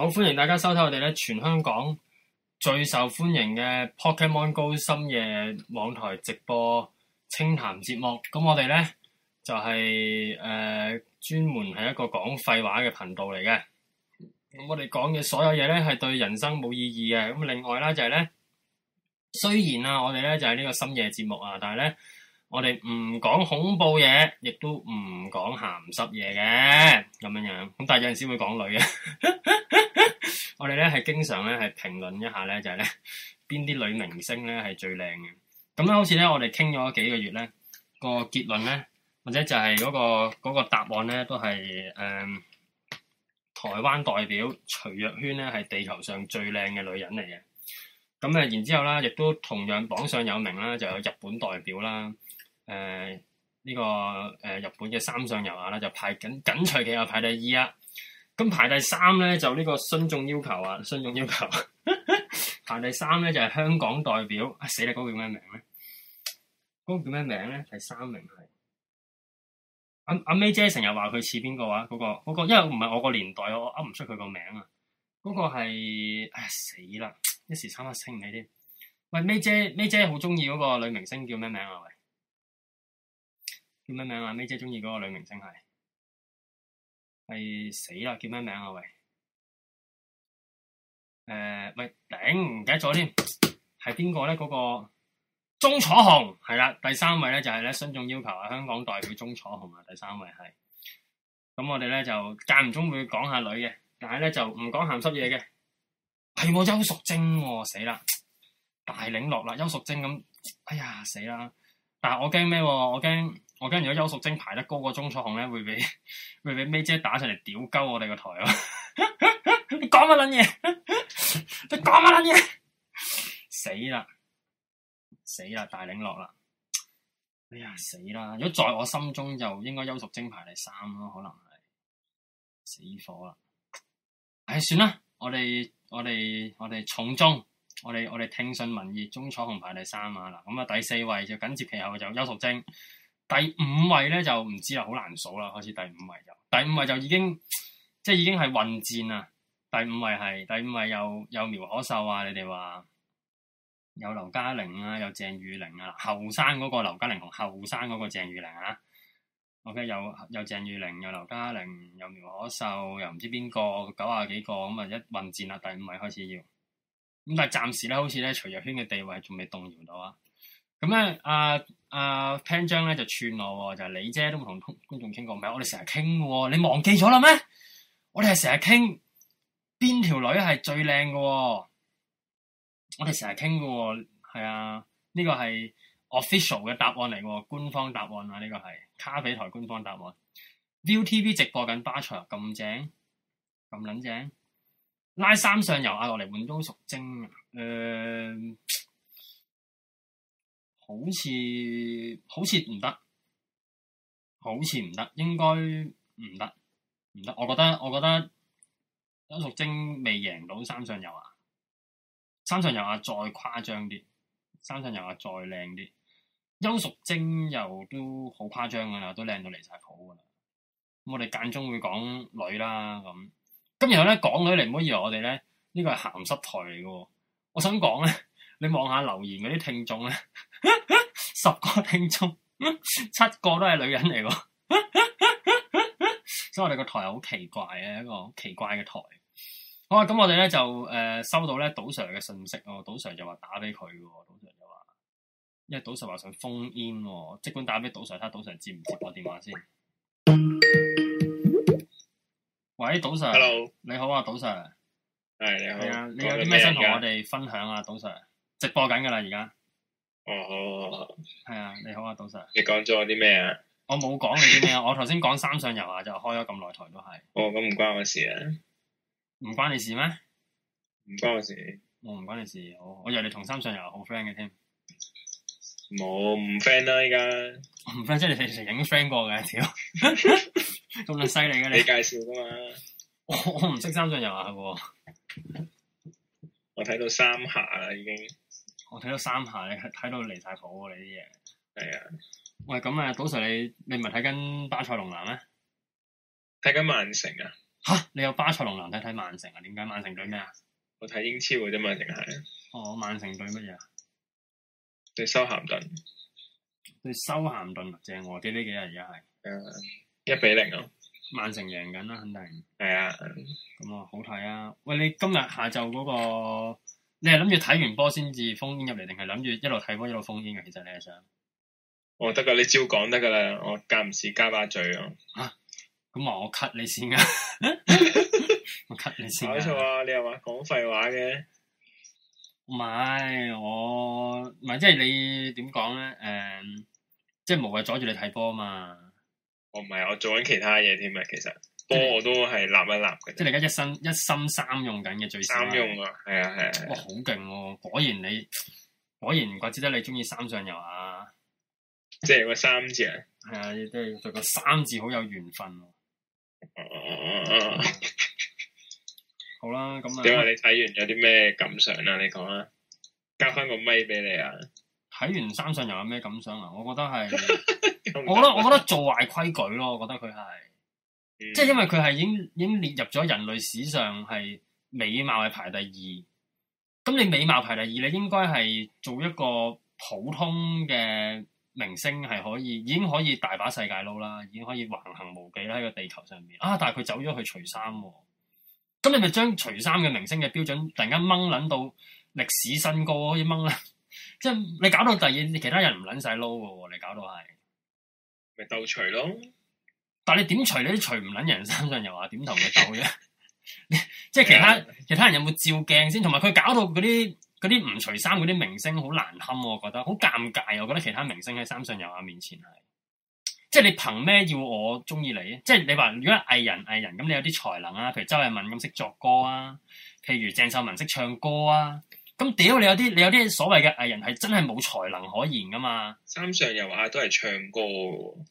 好歡迎大家收睇我哋咧全香港最受歡迎嘅 Pokemon Go 深夜網台直播清談節目，咁我哋咧就係、是、誒、呃、專門係一個講廢話嘅頻道嚟嘅，咁我哋講嘅所有嘢咧係對人生冇意義嘅，咁另外啦就係、是、咧雖然啊我哋咧就係呢個深夜節目啊，但係咧。我哋唔講恐怖嘢，亦都唔講鹹濕嘢嘅咁樣樣，咁但係有陣時會講女嘅， 我哋咧係經常咧係評論一下咧就係咧邊啲女明星咧係最靚嘅，咁咧好似咧我哋傾咗幾個月咧、個結論咧或者就係嗰、嗰個、嗰個答案咧都係誒、嗯、台灣代表徐若瑄咧係地球上最靚嘅女人嚟嘅，咁啊然之後啦，亦都同樣榜上有名啦，就有日本代表啦。誒，呢、呃這個誒、呃、日本嘅三上悠亞啦，就排緊緊隨其後，排第二啊。咁排第三咧，就呢個信眾要求啊，信眾要求呵呵排第三咧就係、是、香港代表、啊、死啦，嗰、那個叫咩名咧？嗰、那個叫咩名咧？係三名係阿阿 May 姐成日話佢似邊個啊？嗰、那個、那個，因為唔係我個年代，我我噏唔出佢、個名啊。嗰個係唉死啦，一時差得清你添。喂，May 姐 May 姐好中意嗰個女明星叫咩名啊？叫咩名啊？May 姐中意嗰個女明星係係死啦！叫咩名啊？喂，誒，咪頂唔記得咗添，係邊個咧？嗰個鍾楚紅係啦，第三位咧就係咧孫仲要求啊，香港代表鍾楚紅啊，第三位係。咁我哋咧就間唔中會講下女嘅，但係咧就唔講鹹濕嘢嘅。係我邱淑貞，死啦！大領落啦，邱淑貞咁，哎呀死啦！但係我驚咩？我驚。我驚如果邱淑貞排得高過鍾楚紅咧，會俾會俾 may 姐打上嚟屌鳩我哋個台咯！ 你講乜撚嘢？你講乜撚嘢？死啦！死啦！大領落啦！哎呀，死啦！如果在我心中就應該邱淑貞排第三咯，可能係死火啦！唉、哎，算啦，我哋我哋我哋從中，我哋我哋聽信民意，鍾楚紅排第三啊！嗱，咁啊第四位就緊接其後就邱淑貞。第五位咧，就唔知啦，好難數啦。開始第五位就，第五位就已經即係已經係混戰啦。第五位係第五位有有苗可秀啊，你哋話有劉嘉玲啊，有鄭裕玲啊，後生嗰個劉嘉玲同後生嗰個鄭裕玲啊。Okay，有有鄭裕玲，有劉嘉玲，有苗可秀，又唔知邊個九十幾個咁啊一混戰啦，第五位開始要。咁但係暫時咧，好似咧徐若瑄嘅地位仲未動搖到啊。咁咧阿。啊阿潘章咧，就串我。哦，就你、是、啫都冇同，同觀眾傾過，唔係我哋成日傾嘅，你忘記咗啦咩？我哋係成日傾邊條女係最靚嘅。哦，我哋成日傾嘅，係啊，呢、這個係 official 嘅答案嚟嘅，官方答案啊，呢、這個係卡比台官方答案。ViuTV 直播緊巴塞，咁正，咁撚正，拉三上游啊，落嚟換都熟精，誒、呃。好似好似唔得，好似唔得，應該唔得，唔得。我覺得我覺得邱淑貞未贏到三上游啊，三上游啊再誇張啲，三上游啊再靚啲，邱淑貞又都好誇張噶啦，都靚到離晒譜噶啦。咁我哋間中會講女啦，咁咁然後咧講女嚟唔可以話我哋咧呢、呢個係鹹濕台嚟噶，我想講咧。你望下留言嗰啲聽眾咧， 十個聽眾，七個都係女人嚟喎， 所以我哋個台係好奇怪嘅一個奇怪嘅台。好啊，咁我哋咧就誒、呃、收到咧賭 Sir 嘅信息咯，賭、哦、Sir 就話打俾佢嘅，賭 Sir 就話，因為賭 Sir 話想 phone in、哦，即管打俾賭 Sir，睇賭 Sir 接唔接我電話先。喂，賭 Sir，Hello. 你好啊，賭 Sir。係你好。係啊，你,多謝 你有啲咩想同我哋分享啊，賭 Sir？直播緊噶啦，而家。哦，係啊，你好啊，賭 Sir。你講咗我啲咩啊？我冇講你啲咩啊，我頭先講三上游啊，就開咗咁耐台都係。哦，咁唔關我事啊？唔關你事咩？唔關我事。我唔關你事。我我以為你同三上游好 friend 嘅添。冇唔 friend 啦，依家。我唔 friend 即係你哋成成影 friend 過嘅，屌咁就犀利嘅你介紹噶嘛？我我唔識三上游啊。我睇到三下啦，已經。我睇咗三下，你睇到離晒譜喎！你啲嘢係啊，喂，咁啊，賭 Sir，你你唔係睇緊巴塞龍南咩？睇緊曼城啊！吓，你有巴塞龍南睇睇曼城啊？點解曼城對咩啊？我睇英超嘅啫，曼城係哦，曼城對乜嘢啊？對修咸頓，對修咸頓啊！正我啲呢幾日而家係，呃，一比零啊，哦！曼城贏緊啦，肯定係啊，咁啊，嗯哦，好睇啊！喂，你今日下晝嗰個？你係諗住睇完波先至 phone in 入嚟，定係諗住一路睇波一路 phone in 嘅？其實你係想？我得噶，你照講得噶啦，我間唔時加把嘴啊。吓，咁話我 cut 你先啊！ 我 cut 你先啊！冇錯啊，你又話講廢話嘅？唔係，我唔係，即係你點講咧？誒、嗯，即係無謂阻住你睇波啊嘛。我唔係，我做緊其他嘢添啊，其實。我我都係立一立嘅，即係你而家一身一心三用緊嘅最三用啊，係啊係啊，哇好勁喎！果然你果然唔怪之得你中意三上油啊，即係個三字啊，係啊，都係對個三字好有緣分。哦，好啦，咁啊，點解你睇完有啲咩感想啊？你講啊，交翻個咪俾你啊！睇完三上油有咩感想啊？我覺得係，我覺得我覺得做壞規矩咯，我覺得佢係。即係因為佢係已經已經列入咗人類史上係美貌係排第二，咁你美貌排第二，你應該係做一個普通嘅明星係可以，已經可以大把世界撈啦，已經可以橫行無忌啦喺個地球上面啊！但係佢走咗去除衫，咁你咪將除衫嘅明星嘅標準突然間掹捻到歷史新高，可以掹啦！即 係你搞到第二，其他人唔捻晒撈噶喎，你搞到係咪鬥除咯？但你點除你都除唔撚人三上悠亞？點同佢鬥啫？ 即係其他 其他人有冇照鏡先？同埋佢搞到嗰啲啲唔除衫嗰啲明星好難堪，我覺得好尷尬。我覺得其他明星喺三上悠亞面前係，即係你憑咩要我中意你？即係你話如果藝人藝人咁，你有啲才能啊？譬如周慧敏咁識作歌啊，譬如鄭秀文識唱歌啊。咁屌、嗯、你有啲你有啲所謂嘅藝人係真係冇才能可言噶嘛？三上又話都係唱歌，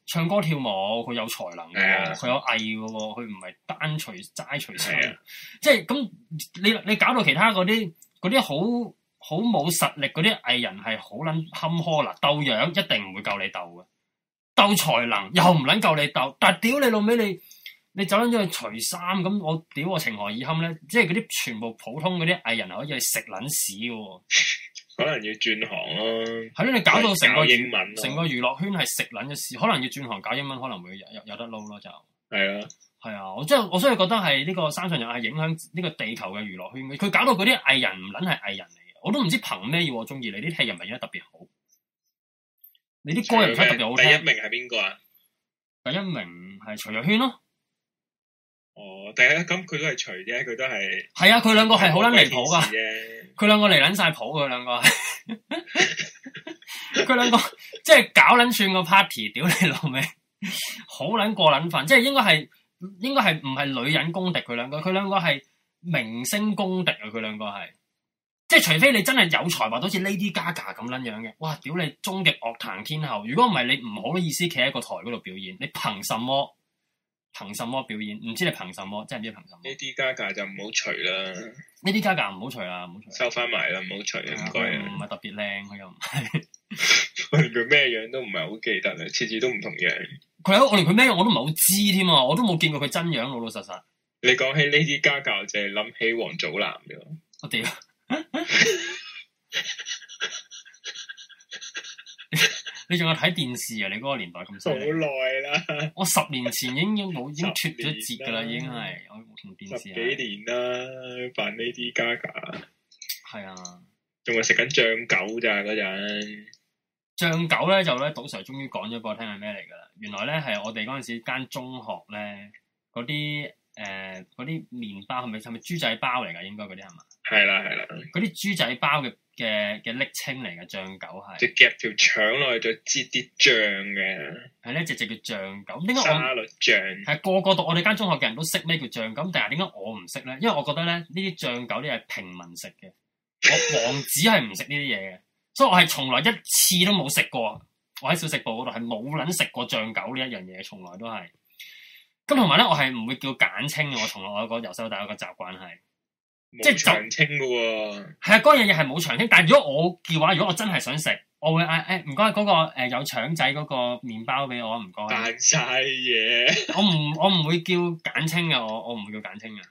唱歌跳舞佢有才能嘅，佢的有藝嘅喎，佢唔係單除齋除聲，隨隨的即係咁、嗯、你你搞到其他嗰啲嗰啲好好冇實力嗰啲藝人係好撚坎坷啦，鬥樣一定唔會夠你鬥嘅，鬥才能又唔撚夠你鬥，但係屌、嗯、你老味你。你走咗去除衫，咁我屌我情何以堪咧？即係嗰啲全部普通嗰啲藝人可以、哦，好似食卵屎噶，可能要轉行咯、啊。係咯，你搞到成個成、啊、個娛樂圈係食卵嘅事，可能要轉行搞英文，可能會有有得撈咯。就係啊，係啊，我真我真係覺得係呢個山上仁啊影響呢個地球嘅娛樂圈。佢搞到嗰啲藝人唔卵係藝人嚟，我都唔知憑咩要我中意你。啲戲又唔係演得特別好，你啲歌又唔使特別好聽。第一名係邊個啊？第一名係徐若瑄咯。哦，第一咁佢都係除啫，佢都係係啊，佢兩個係好捻離譜噶，佢兩個嚟捻晒譜，佢兩個，佢兩個即係搞捻串個 party，屌你老味。好 捻過捻份，即係應該係應該係唔係女人公敵佢兩個，佢兩個係明星公敵啊，佢兩個係，即係除非你真係有才華，好似 Lady Gaga 咁捻樣嘅，哇，屌你終極樂壇天后，如果唔係你唔好意思企喺個台嗰度表演，你憑什麼？憑什麼表演？唔知你憑什麼，真係唔知憑什麼。呢啲家教就唔好除啦，呢啲家教唔好除啦，唔好除。收翻埋啦，唔好除。唔該的。唔係特別靚，佢又唔係 我連佢咩樣都唔係好記得啦，次次都唔同樣。佢我連佢咩我都唔係好知添啊，我都冇見過佢真樣，老老實實。你講起呢啲家教，就諗起王祖藍咯。我屌！你仲有睇電視啊？你嗰個年代咁犀利，好耐啦！我十年前已經冇， 了已經脫咗節噶啦，已經係我冇同電視十幾年啦，扮呢啲 Lady Gaga 係啊，仲係食緊醬狗咋嗰陣？醬狗咧就咧，賭 Sir 終於講咗俾我聽係咩嚟噶啦？原來咧係我哋嗰陣時間中學咧嗰啲誒嗰啲麵包係咪係咪豬仔包嚟㗎？應該嗰啲係嘛？係啦係啦，嗰啲、啊啊啊啊啊、豬仔包嘅。嘅嘅瀝青嚟嘅醬狗係，就夾條腸落去再煎啲醬嘅，係呢一隻隻叫醬狗。點解我沙律醬？係個個讀我哋間中學嘅人都識咩叫醬狗，但係點解我唔識咧？因為我覺得咧呢啲醬狗呢係平民食嘅，我王子係唔食呢啲嘢嘅， 所以我係從來一次都冇食過。我喺小食部嗰度係冇捻食過醬狗呢一樣嘢，從來都係。咁同埋咧，我係唔會叫簡稱。我從來我個由細到大一個習慣係。即係長青嘅喎，係啊，嗰樣嘢係冇長青。但係如果我叫嘅話，如果我真係想食，我會嗌誒，唔該嗰個誒、呃、有腸仔嗰個麵包俾我唔該。大晒嘢，我唔我唔會叫簡稱嘅，我我唔會叫簡稱嘅。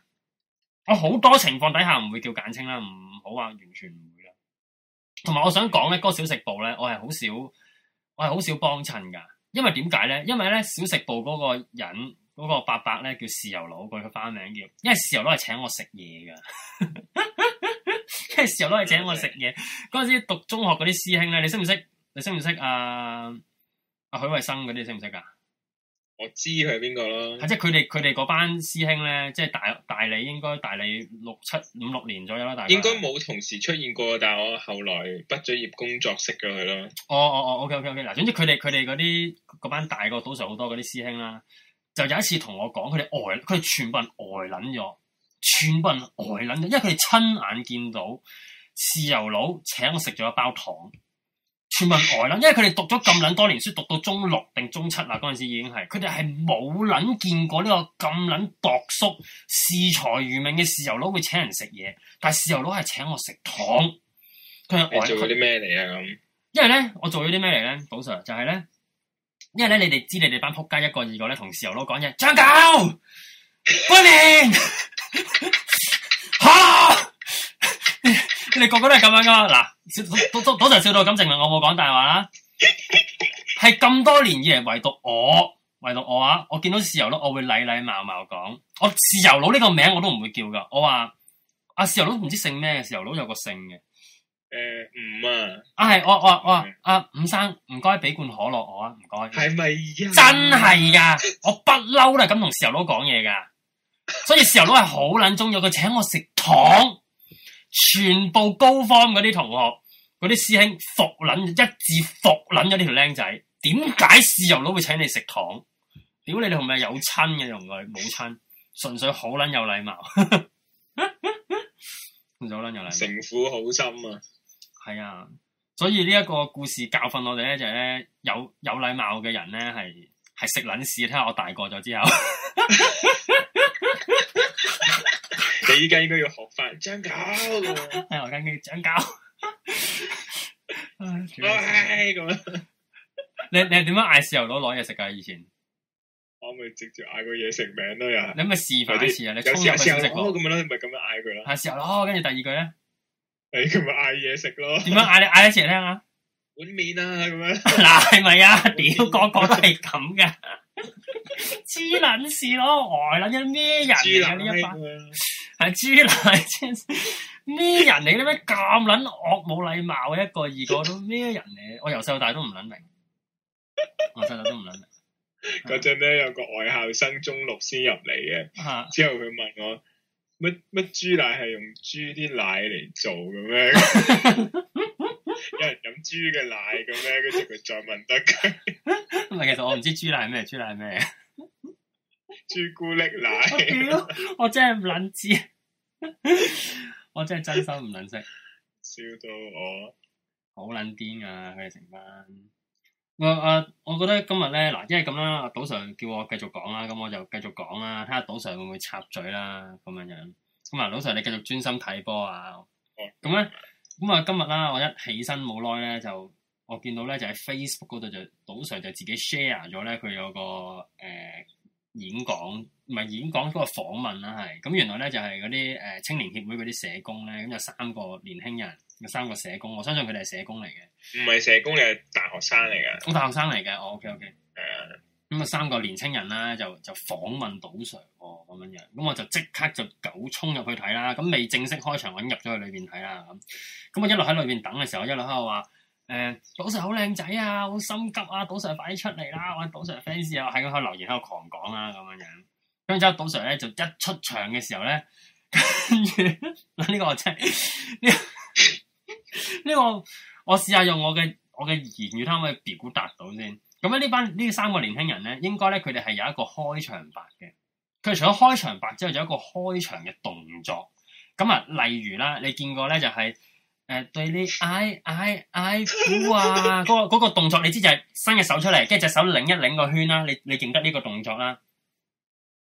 我好多情況底下唔會叫簡稱啦，唔好話完全唔會啦。同埋我想講咧，嗰、那個小食部咧，我係好少，我係好少幫襯噶。因為點解咧？因為咧小食部嗰個人。嗰個伯伯咧叫豉油佬，佢個花名叫，因為豉油佬係請我食嘢㗎， 因為豉油佬係請我食嘢。嗰 陣時讀中學嗰啲師兄咧，你識唔識？你識唔識阿阿許衞生嗰啲識唔識㗎？知知我知佢係邊個咯。係即係佢哋佢哋嗰班師兄咧，即係大大你應該大你六七五六年左右啦。大應該冇同時出現過，但係我後來畢咗業工作識咗佢啦。哦哦哦，OK OK OK，嗱，總之佢哋佢哋嗰啲班大過賭 Sir 好多嗰啲師兄啦。就有一次同我講，佢哋呆，佢哋全部人呆撚咗，全部人呆撚咗，因為佢哋親眼見到豉油佬請我食咗一包糖，全部人呆、呃、撚，因為佢哋讀咗咁撚多年書，讀到中六定中七啦，嗰陣時已經係，佢哋係冇撚見過呢個咁撚度縮視財如命嘅豉油佬會請人食嘢，但係豉油佬係請我食糖。佢又、呃、做咗啲咩嚟啊咁？因為咧，我做咗啲咩嚟咧，補償就係咧。因為咧、 啊， 你哋知你哋班仆街一個二個咧，同豉油佬講嘢，將狗，歡迎，吓，你哋個個都係咁樣噶嗱、啊，早早早就笑到咁，證明我冇講大話啦。係咁多年以嚟，唯獨我，唯獨我啊，我見到豉油佬，我會禮禮貌貌講。我豉油佬呢個名我都唔會叫噶我話阿豉油佬唔知姓咩，豉油佬有個姓嘅。誒，唔、欸、啊，啊係，我我我，阿伍、嗯啊、生唔該俾罐可樂我是是啊，唔該，係咪已經真係噶？我不嬲啦，咁同豉油佬講嘢噶，所以豉油佬係好捻鍾意佢請我食糖，全部高方嗰啲同學，嗰啲師兄服捻，一致服捻咗呢條僆仔。點解豉油佬會請你食糖？屌你哋係咪有親嘅，同佢冇親，純粹好捻有禮貌，好 捻有禮貌，城府好深啊！係啊，所以呢一個故事教訓我哋咧就係、是、咧有有禮貌嘅人咧係係食捻屎，睇下我大個咗之後， 你依家應該要學翻張狗，係我跟住張狗，喂咁樣，你你點樣嗌豉油佬攞嘢食噶？以前我咪直接嗌個嘢食名都有。你咪試翻一次啊！你試下試下食咁樣咯，你咪咁樣嗌佢咯。係豉油佬，跟住第二句咧。你咁咪嗌嘢食咯？點樣嗌？你嗌一次嚟聽下，啊，碗麵啦咁樣。嗱，係咪啊？屌，個個，個都係咁噶，黐捻事咯，呆捻嘅咩人嚟啊？呢一班係黐捻，咩人，啊？你啲咩咁捻惡，冇禮、啊、貌，嘅一個二個，個都咩人嚟，啊？我由細到大都唔捻明，我細 到都唔捻明。嗰陣咧有個外校生中六先入嚟嘅，之後佢問我。乜乜豬奶係用豬啲奶嚟做嘅咩？ 有人飲豬嘅奶嘅咩？跟住佢再問得佢，唔 係 其實我唔知豬奶係咩？豬奶係咩？ 朱古力奶， 我真係唔捻知， 我真係真心唔捻識，笑到我好捻癲啊！佢哋成班。我啊，我覺得今日咧，嗱，因為咁啦，賭 Sir 叫我繼續講啦，咁我就繼續講啦，睇下賭 Sir 會唔會插嘴啦，咁樣樣。咁啊，賭 Sir 你繼續專心睇波啊。哦、嗯。咁咧，咁啊，今日啦，我一起身冇耐咧，就我見到咧，就喺 Facebook 嗰度就賭 Sir 就自己 share 咗咧，佢有個誒、呃、演講，唔係演講嗰個訪問啦，係。咁、嗯、原來咧就係嗰啲誒青年協會嗰啲社工咧，咁就三個年輕人。三個社工，我相信佢哋係社工嚟嘅，唔係社工，係、嗯、大學生嚟嘅，咁大學生嚟嘅，我、哦、OK OK，係咁啊三個年青人啦，就就訪問賭 Sir 咁、哦、樣樣，咁我就即刻就狗衝入去睇啦，咁未正式開場，我入咗去裏邊睇啦，咁咁我一路喺裏邊等嘅時候，一路喺度話，誒，賭、哎、Sir 好靚仔啊，好心急啊，賭 Sir 快啲出嚟啦，我賭 Sir 粉絲啊喺嗰度留言喺度狂講啊，咁樣樣，跟住賭 Sir 咧就一出場嘅時候咧，跟住呢個真呢。 呢個我試下用我嘅我嘅言語啦，他可以表達到先。咁咧呢班呢三個年輕人咧，應該咧佢哋係有一個開場白嘅。佢除咗開場白之外，就有一個開場嘅動作。咁啊，例如啦，你見過咧就係、是、誒、呃、對你嗌嗌嗌呼啊，嗰、那個嗰、那個動作你手手捧一捧一，你知就係伸隻手出嚟，跟住隻手擰一擰個圈啦。你你認得呢個動作啦？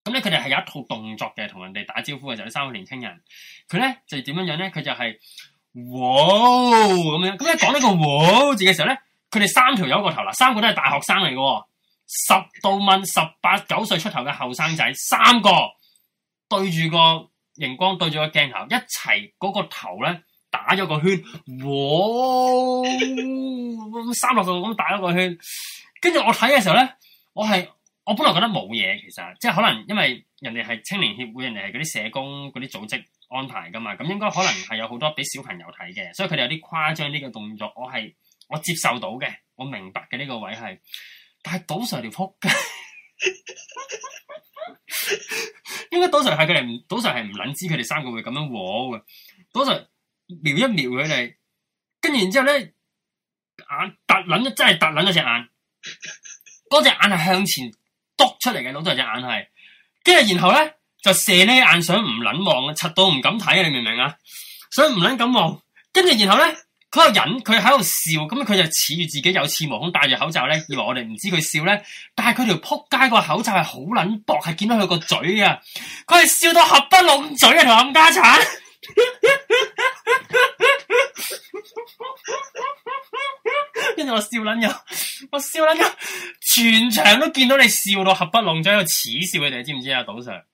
咁咧佢哋係有一套動作嘅，同人哋打招呼嘅就呢、是、三個年輕人。佢咧就點、是、樣樣咧？佢就係、是。哇！咁樣咁一講，呢個哇字嘅時候咧，佢哋三條友個頭啦，三個都係大學生嚟嘅，十到萬十八九歲出頭嘅後生仔，三個對住個熒光，對住個鏡頭，一齊嗰個頭咧打咗個圈，哇！三六個咁打咗個圈，跟住我睇嘅時候咧，我係我本來覺得冇嘢，其實即係可能因為人哋係青年協會，人哋係嗰啲社工嗰啲組織。安排噶嘛？咁應該可能係有好多俾小朋友睇嘅，所以佢哋有啲誇張呢個動作，我係我接受到嘅，我明白嘅呢個位係，但係賭 Sir 條撲街， 應該賭 Sir 係佢哋唔，賭 Sir 係唔撚知佢哋三個會咁樣往嘅，賭 Sir 瞄一瞄佢哋，跟住然之後咧眼突撚，真係突撚咗一隻眼，嗰隻眼係向前篤出嚟嘅，賭 Sir 隻眼係，跟住然後咧。就射呢眼想唔捻望啊，柒到唔敢睇啊，你明唔明啊？所以唔捻敢望，跟住然後咧，佢又忍，佢喺度笑，咁佢就恃住自己有似毛孔，戴住口罩咧，以為我哋唔知佢笑咧。但係佢條撲街個口罩係好捻薄，係見到佢個嘴啊！佢係笑到合不攏嘴啊！條冚家鏟，跟 住我笑捻咗，我笑捻咗，全場都見到你笑到合不攏嘴，喺度恥笑佢哋，知唔知啊？賭 Sir？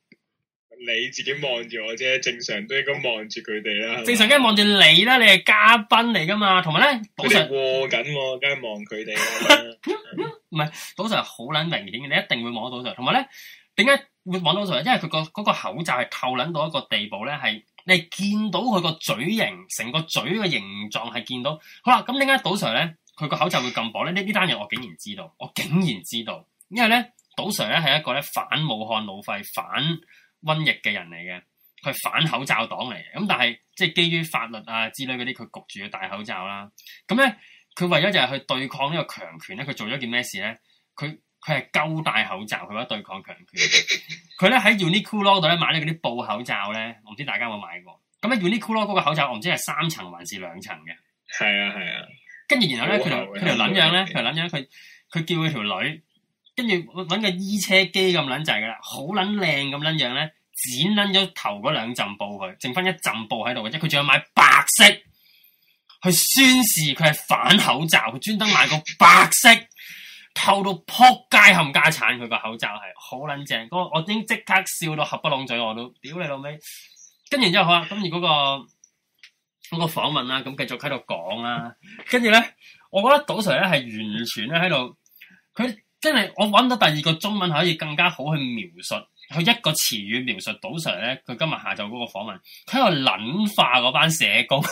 你自己望住我啫，正常都應該望住佢哋啦。正常應該望住你啦，你係嘉賓嚟㗎嘛？同埋咧，賭 Sir 和緊，梗係望佢哋啦。唔係賭 Sir 好捻明顯嘅，你一定會望到賭 Sir。同埋咧，點解會望到賭 Sir？因為佢個個口罩係扣捻到一個地步咧，係你見到佢個嘴型，成個嘴嘅形狀係見到。好啦，咁點解賭 Sir 咧佢個口罩會咁薄咧？呢呢單嘢我竟然知道，我竟然知道，因為咧賭 Sir 咧係一個咧反武漢老廢反，瘟疫嘅人嚟嘅，佢反口罩黨嚟嘅，咁但係即係基於法律啊之類嗰啲，佢焗住要戴口罩啦。咁咧，佢唯一就係去對抗個強呢個強權咧，佢做咗件咩事咧？佢佢係夠戴口罩，佢話對抗強權。佢咧喺 Uniqlo 嗰度咧買咗嗰啲布口罩咧，我唔知大家有冇買過。咁咧 Uniqlo 嗰個口罩，我唔知係三層還是兩層嘅。係啊係啊。跟住、啊、然後咧，佢就佢就諗樣咧，佢就諗樣，佢佢叫佢條女，跟住揾個衣車機咁卵滯噶啦，好卵靚咁卵樣咧，剪捻咗頭嗰兩陣布佢，剩翻一陣布喺度嘅啫。佢仲要買白色，去宣示佢係反口罩，佢專登買個白色，透到扑街冚家鏟。佢個口罩係好卵正，我已經即刻笑到合不攏嘴我都，屌你老味。跟住之後好啊，跟住嗰、那個嗰、那個那個訪問啦、啊，咁繼續喺度講啦、啊。跟住咧，我覺得賭 Sir 咧係完全咧喺度，佢。即係我揾到第二個中文可以更加好去描述，去一個詞語描述賭 Sir 咧，佢今日下晝嗰個訪問，佢喺度撚化嗰班社工，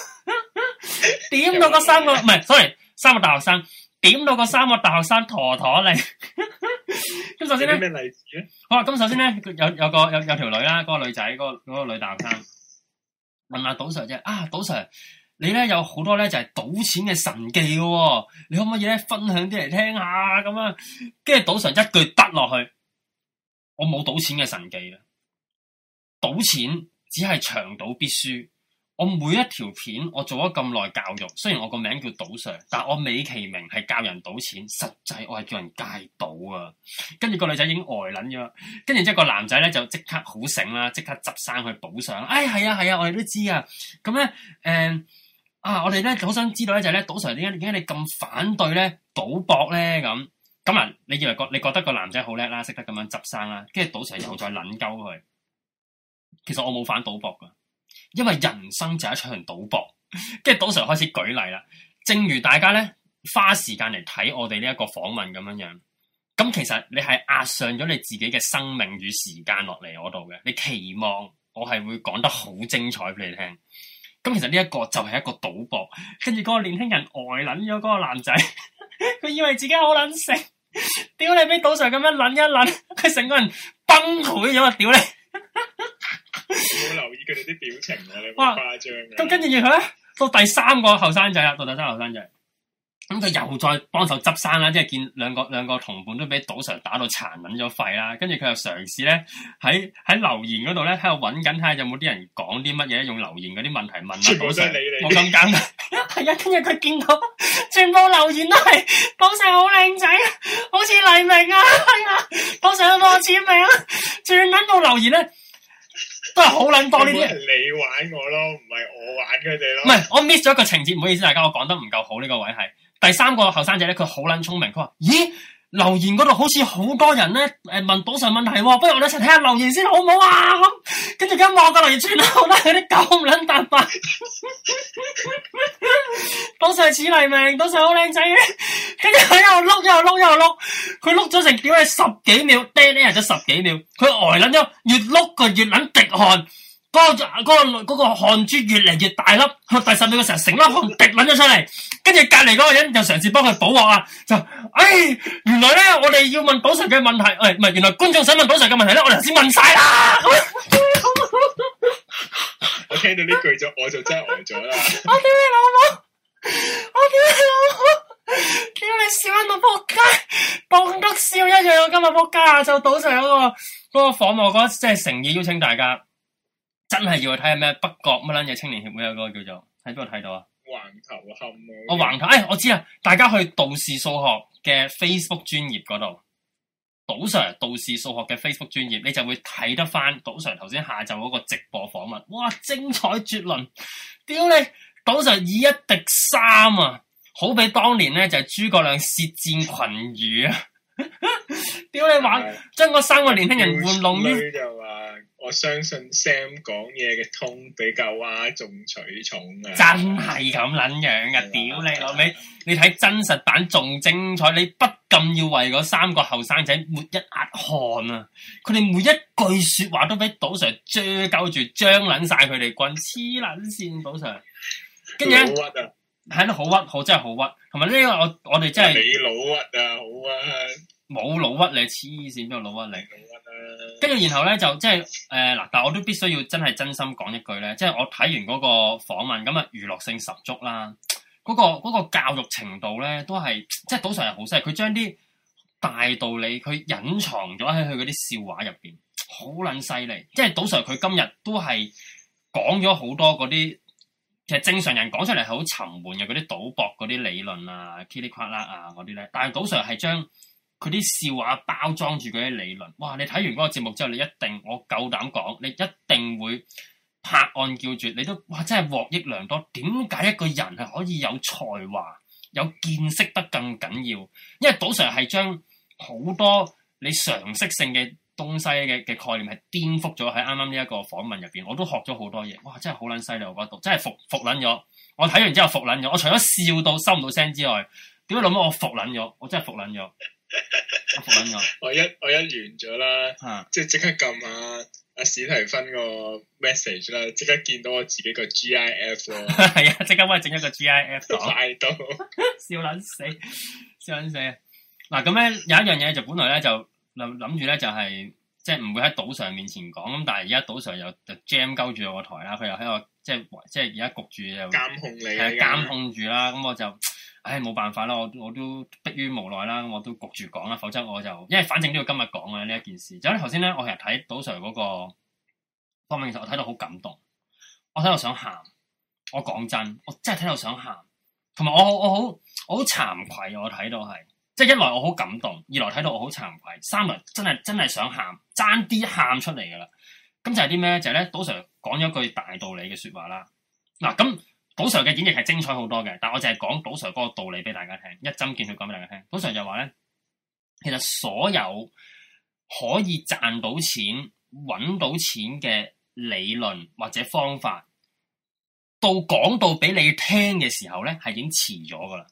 點到個三個唔係 ，sorry，三個大學生，點到三個 點到三個大學生陀陀嚟。咁 首先咧，好啦，咁首先咧，有有個有有條女啦，嗰、那個女仔，嗰、那個、那個女大學生，問下賭 Sir 啫，啊，賭 Sir。你咧有好多咧就係、是、賭錢嘅神技嘅、哦，你可唔可以咧分享啲嚟聽下咁啊？跟住賭 Sir 一句得落去，我冇賭錢嘅神技啊！賭錢只係長賭必輸，我每一條片我做咗咁耐教育，雖然我個名叫賭 Sir，但我美其名係教人賭錢，實際我係叫人戒賭啊！跟住個女仔已經呆撚咗，跟住即後個男仔咧就即刻好醒啦，即刻執生去賭 Sir。哎，係啊係啊，我哋都知啊，咁咧誒。嗯啊！我哋咧好想知道咧就係咧賭 Sir 點解點解你咁反對咧賭博咧咁咁啊？你以為個，你覺得個男仔好叻啦，識得咁樣執生啦，跟住賭 Sir 又再捻鳩佢。其實我冇反賭博噶，因為人生就係一場賭博。跟住賭 Sir 開始舉例啦，正如大家咧花時間嚟睇我哋呢一個訪問咁樣樣。咁其實你係押上咗你自己嘅生命與時間落嚟嗰度嘅，你期望我係會講得好精彩俾你聽。咁其實呢一個就係一個賭博，跟住嗰個年輕人呆撚咗嗰個男仔，佢 以為自己好撚成，屌你俾賭 Sir 咁樣撚一撚，佢成個人崩潰咗啊！屌你，冇留意佢哋啲表情啊！你咁誇張嘅，啊，咁跟住住佢咧，到第三個後生仔啊，到第三後生仔。咁佢又再幫手執生啦，即係見兩個兩個同伴都俾賭 Sir 打到殘忍咗肺啦，跟住佢又嘗試咧喺喺留言嗰度咧喺度揾緊，睇下有冇啲人講啲乜嘢，用留言嗰啲問題問賭 Sir。全你哋，我咁講。係啊，跟住佢見到全部留言都係賭 Sir 好靚仔，好似黎明啊，啊、哎，賭 Sir 好似明。啊。 全撚到留言咧都係好卵多呢啲。你玩我咯，唔係我玩佢哋咯。唔係，我 miss 咗一個情節，唔好意思，大家我講得唔夠好呢、這個位係。第三個後生仔咧，佢好撚聰明，佢話：咦，留言嗰度好似好多人咧，誒，問賭 Sir 問題，不如我哋一齊睇下留言先好唔好啊？咁，跟住今日望個留言，全係好多嗰啲狗唔撚大白，賭 Sir 似黎明，賭 Sir 好靚仔嘅，佢喺度碌，又碌，又碌，佢碌咗成屌係十幾秒，爹爹係咗十幾秒，佢呆撚咗，越碌佢越撚滴汗。嗰、那個、那個汗珠越嚟越大粒，佢第十秒嘅時候成粒汗滴撚咗出嚟，跟住隔籬嗰個人又嘗試幫佢補鑊啊，就誒、哎，原來咧我哋要問賭 Sir 嘅問題，誒唔係，原來觀眾想問賭 Sir 嘅問題咧，我哋頭先問晒啦。哎、我聽到呢句咗，我就真係呆咗啦。我屌你老母！我屌你老母！屌你笑到仆街，當得笑一樣今日仆街啊！就賭 Sir 嗰個嗰、那個訪問，我覺得真係誠意邀請大家。真係要去睇下咩？北角乜捻嘢青年協會有、啊那個叫做喺邊度睇到啊？環球啊！我環球，哎，我知啊！大家去杜氏數學嘅 Facebook 專頁嗰度，賭 Sir 杜氏數學嘅 Facebook 專頁，你就會睇得翻賭 Sir 頭先下晝嗰個直播訪問，哇，精彩絕倫！屌你，賭 Sir 以一敵三啊！好比當年咧就係、是、諸葛亮舌戰群儒啊！屌你玩，將嗰三個年輕人玩弄於。是我相信 Sam 講嘢嘅通比較嘩、啊、眾取寵啊！真係咁撚樣的你啊！屌你老味！你睇真實版仲精彩，你不禁要為嗰三個後生仔抹一額汗啊！佢哋每一句說話都俾賭 Sir 追鳩住，張捻晒佢哋棍，黐捻線賭 Sir。跟住好屈啊！係得好屈，好真係好屈。同埋呢個我我哋真係你老屈啊，好屈。冇老屈你，黐線邊度老屈你？跟住然後咧就即係誒嗱，但係我都必須要真係真心講一句咧，即係我睇完嗰個訪問，咁啊娛樂性十足啦，嗰、嗰個、嗰個教育程度咧都係即係賭 Sir 係好犀利，佢將啲大道理佢隱藏咗喺佢嗰啲笑話入邊，好捻犀利。即係賭 Sir 佢今日都係講咗好多嗰啲，其實正常人講出嚟係好沉悶嘅嗰啲賭博嗰啲理論啊，噼里啪啦啊嗰啲咧，但係賭 Sir 係將。佢啲笑話包裝住佢啲理論，哇！你睇完嗰個節目之後，你一定我夠膽講，你一定會拍案叫絕，你都哇！真係獲益良多。點解一個人係可以有才華、有見識得更緊要？因為賭 Sir 係將好多你常識性嘅東西嘅嘅概念係顛覆咗喺啱啱呢一個訪問入邊，我都學咗好多嘢。哇！真係好撚犀利，我覺得真係服服撚咗。我睇完之後服撚咗。我除咗笑到收唔到聲之外，點解諗到我服撚咗？我真係服撚咗。我一我一完咗啦，即係即刻撳啊，阿、啊、史提芬個 message 啦，即刻見到我自己個 GIF 咯。係 啊，即刻幫我整一個 GIF 度，到笑撚死，笑撚死啊！嗱咁咧有一樣嘢就本來咧就諗諗住咧就係、是、即係唔會喺賭 Sir 面前講咁，但係而家賭 Sir 又就 Jam 鳩住我個台啦，佢又喺個即係即係而家焗住又監控你，係監現在 控住啦，咁我就。唉，冇辦法啦，我我都迫於無奈啦，我都焗住講啦，否則我就，因為反正都要今日講嘅呢一件事。就咧頭先咧，我其實睇賭 Sir 嗰個 phone-in 時，我睇到好感動，我睇到想喊，我講真，我真係睇到想喊，同埋我我好我好，我好慚愧，啊，我睇到係，即係一來我好感動，二來睇到我好慚愧，三來真係真係想喊，爭啲喊出嚟噶啦。咁就係啲咩？就係咧，賭 Sir 講咗一句大道理嘅説話啦。嗱，啊，咁。賭 Sir 嘅演繹係精彩好多嘅，但係我淨係講賭 Sir 嗰個道理俾大家聽，一針見血講俾大家聽。賭 Sir 就話咧，其實所有可以賺到錢、搵到錢嘅理論或者方法，到講到俾你聽嘅時候咧，係已經遲咗噶啦。